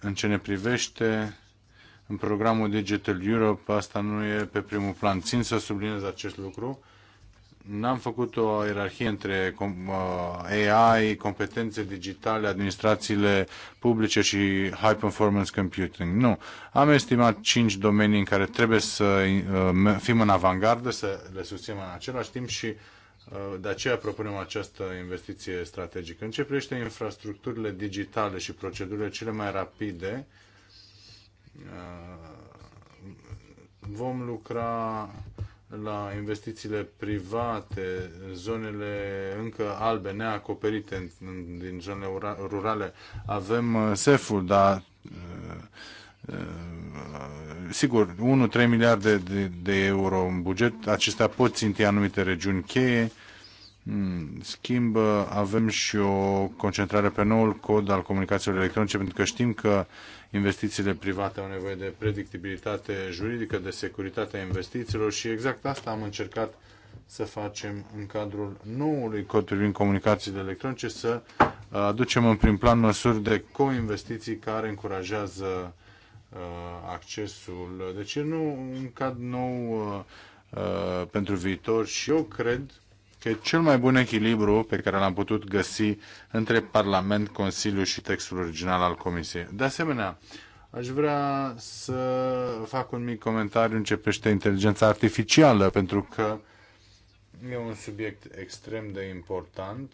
în ce ne privește în programul Digital Europe asta nu e pe primul plan. Țin să subliniez acest lucru N-am făcut o ierarhie între uh, AI, competențe digitale, administrațiile publice și high performance computing. Nu. Am estimat cinci domenii în care trebuie să uh, fim în avangardă, să le susținem în același timp și uh, de aceea propunem această investiție strategică. În ce privește infrastructurile digitale și procedurile cele mai rapide, vom lucra la investițiile private, zonele încă albe, neacoperite din zonele rurale. Avem uh, SEF-ul, dar uh, uh, sigur, 1-3 miliarde de, de euro în buget, acestea pot ținti anumite regiuni cheie. Hmm, schimb, avem și o concentrare pe noul cod al comunicațiilor electronice, pentru că știm că uh, Investițiile private au nevoie de predictibilitate juridică, de securitatea investițiilor și exact asta am încercat să facem în cadrul noului cod privind comunicațiile electronice, să aducem în prim plan măsuri de co-investiții care încurajează uh, accesul. Deci e nu un cad nou uh, uh, pentru viitor și eu cred că cel mai bun echilibru pe care l-am putut găsi între Parlament, Consiliu și textul original al Comisiei. De asemenea, aș vrea să fac un mic comentariu în ce privește inteligența artificială, pentru că e un subiect extrem de important.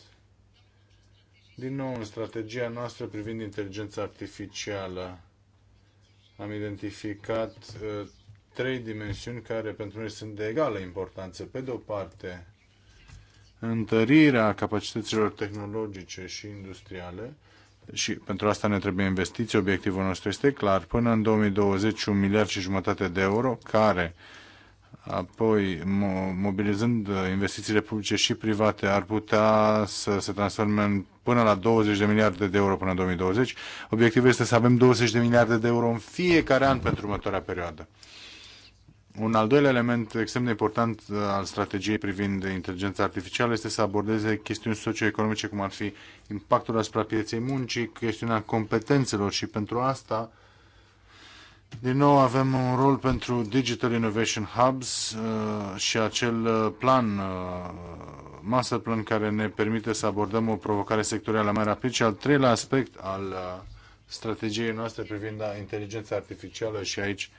Din nou, în strategia noastră privind inteligența artificială, am identificat uh, trei dimensiuni care pentru noi sunt de egală importanță. Pe de o parte, întărirea capacităților tehnologice și industriale și pentru asta ne trebuie investiții. Obiectivul nostru este clar, până în 2020 un miliard și jumătate de euro care apoi mobilizând investițiile publice și private ar putea să se transforme în până la 20 de miliarde de euro până în 2020. Obiectivul este să avem 20 de miliarde de euro în fiecare an pentru următoarea perioadă. Un al doilea element extrem de important uh, al strategiei privind inteligența artificială este să abordeze chestiuni socioeconomice, cum ar fi impactul asupra pieței muncii, chestiunea competențelor și pentru asta din nou avem un rol pentru Digital Innovation Hubs uh, și acel uh, plan, master plan care ne permite să abordăm o provocare sectorială mai rapid și al treilea aspect al strategiei noastre privind inteligența artificială și aici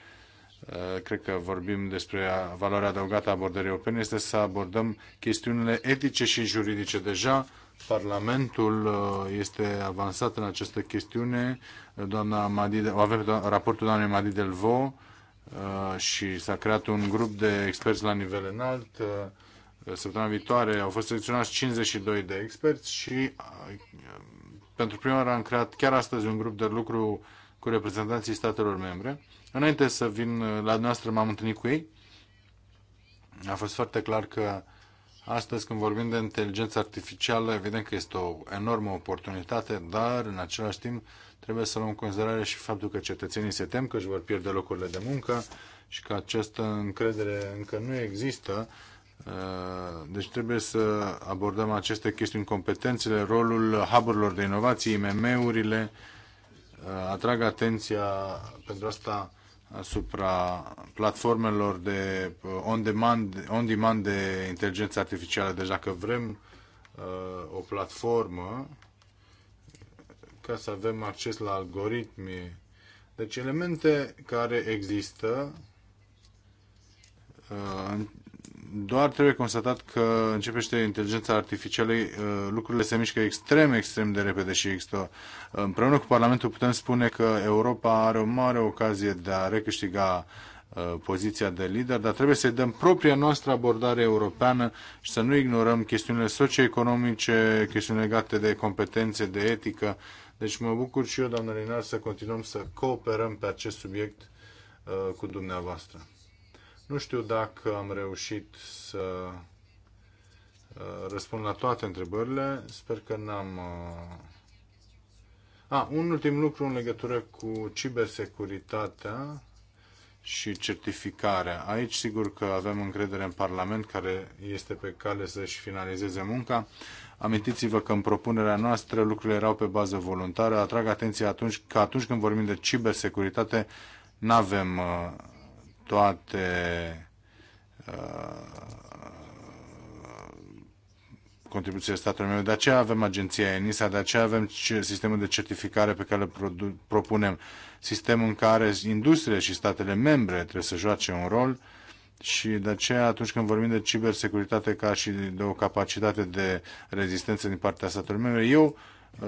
Eh, cred că vorbim despre valoarea adăugată a abordării europene, este să abordăm chestiunile etice și juridice. Deja Parlamentul eh, este avansat în această chestiune. Doamna Madi, avem raportul doamnei Madi Delvo eh, și s-a creat un grup de experți la nivel înalt. Săptămâna viitoare au fost selecționați 52 de experți și pentru prima oară am creat chiar astăzi un grup de lucru cu reprezentanții statelor membre Înainte să vin uh, la noastră, m-am întâlnit cu ei. A fost foarte clar că astăzi, când vorbim de inteligență artificială, evident că este o enormă oportunitate, dar, în același timp, trebuie să luăm în considerare și faptul că cetățenii se tem că își vor pierde locurile de muncă și că această încredere încă nu există. Uh, deci trebuie să abordăm aceste chestiuni, competențele, rolul hub de inovații, IMM-urile, uh, atrag atenția pentru asta asupra platformelor de uh, on-demand on demand de inteligență artificială. Deci dacă vrem uh, o platformă ca să avem acces la algoritmi, deci elemente care există uh, doar trebuie constatat că începește inteligența artificială, uh, lucrurile se mișcă extrem, extrem de repede și există. Uh, împreună cu Parlamentul putem spune că Europa are o mare ocazie de a recâștiga uh, poziția de lider, dar trebuie să-i dăm propria noastră abordare europeană și să nu ignorăm chestiunile socioeconomice, chestiuni legate de competențe, de etică. Deci mă bucur și eu, doamnă Linar, să continuăm să cooperăm pe acest subiect cu dumneavoastră. Nu știu dacă am reușit să uh, răspund la toate întrebările. Sper că n-am... Uh, A, ah, un ultim lucru în legătură cu cibersecuritatea și certificarea. Aici sigur că avem încredere în Parlament care este pe cale să-și finalizeze munca. Amintiți-vă că în propunerea noastră lucrurile erau pe bază voluntară. Atrag atenția atunci că atunci când vorbim de cibersecuritate, nu avem uh, toate uh, contribuția statului meu. De aceea avem agenția ENISA, de aceea avem sistemul de certificare pe care îl propunem, sistemul în care industria și statele membre trebuie să joace un rol și de aceea atunci când vorbim de cibersecuritate ca și de o capacitate de rezistență din partea statelor membre, eu Uh,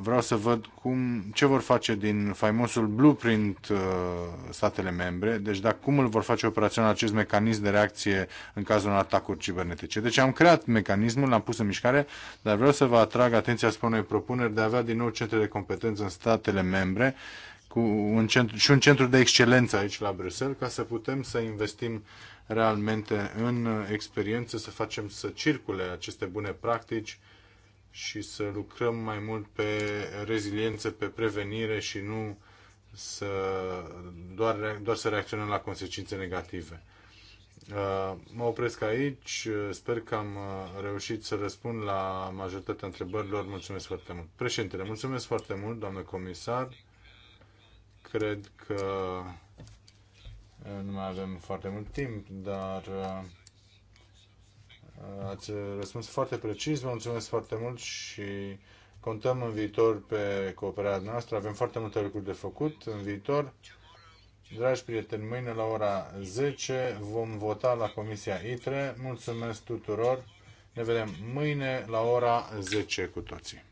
vreau să văd cum, ce vor face din faimosul blueprint uh, statele membre, deci dacă cum îl vor face operațional acest mecanism de reacție în cazul unor atacuri cibernetice. Deci am creat mecanismul, l-am pus în mișcare, dar vreau să vă atrag atenția asupra unei propuneri de a avea din nou centre de competență în statele membre cu un centru, și un centru de excelență aici la Bruxelles ca să putem să investim realmente în uh, experiență, să facem să circule aceste bune practici și să lucrăm mai mult pe reziliență, pe prevenire și nu să, doar, doar să reacționăm la consecințe negative. Uh, mă opresc aici. Sper că am uh, reușit să răspund la majoritatea întrebărilor. Mulțumesc foarte mult. Președintele, mulțumesc foarte mult, doamnă comisar. Cred că nu mai avem foarte mult timp, dar uh, Ați răspuns foarte precis, vă mulțumesc foarte mult și contăm în viitor pe cooperarea noastră. Avem foarte multe lucruri de făcut în viitor. Dragi prieteni, mâine la ora 10 vom vota la Comisia ITRE. Mulțumesc tuturor! Ne vedem mâine la ora 10 cu toții.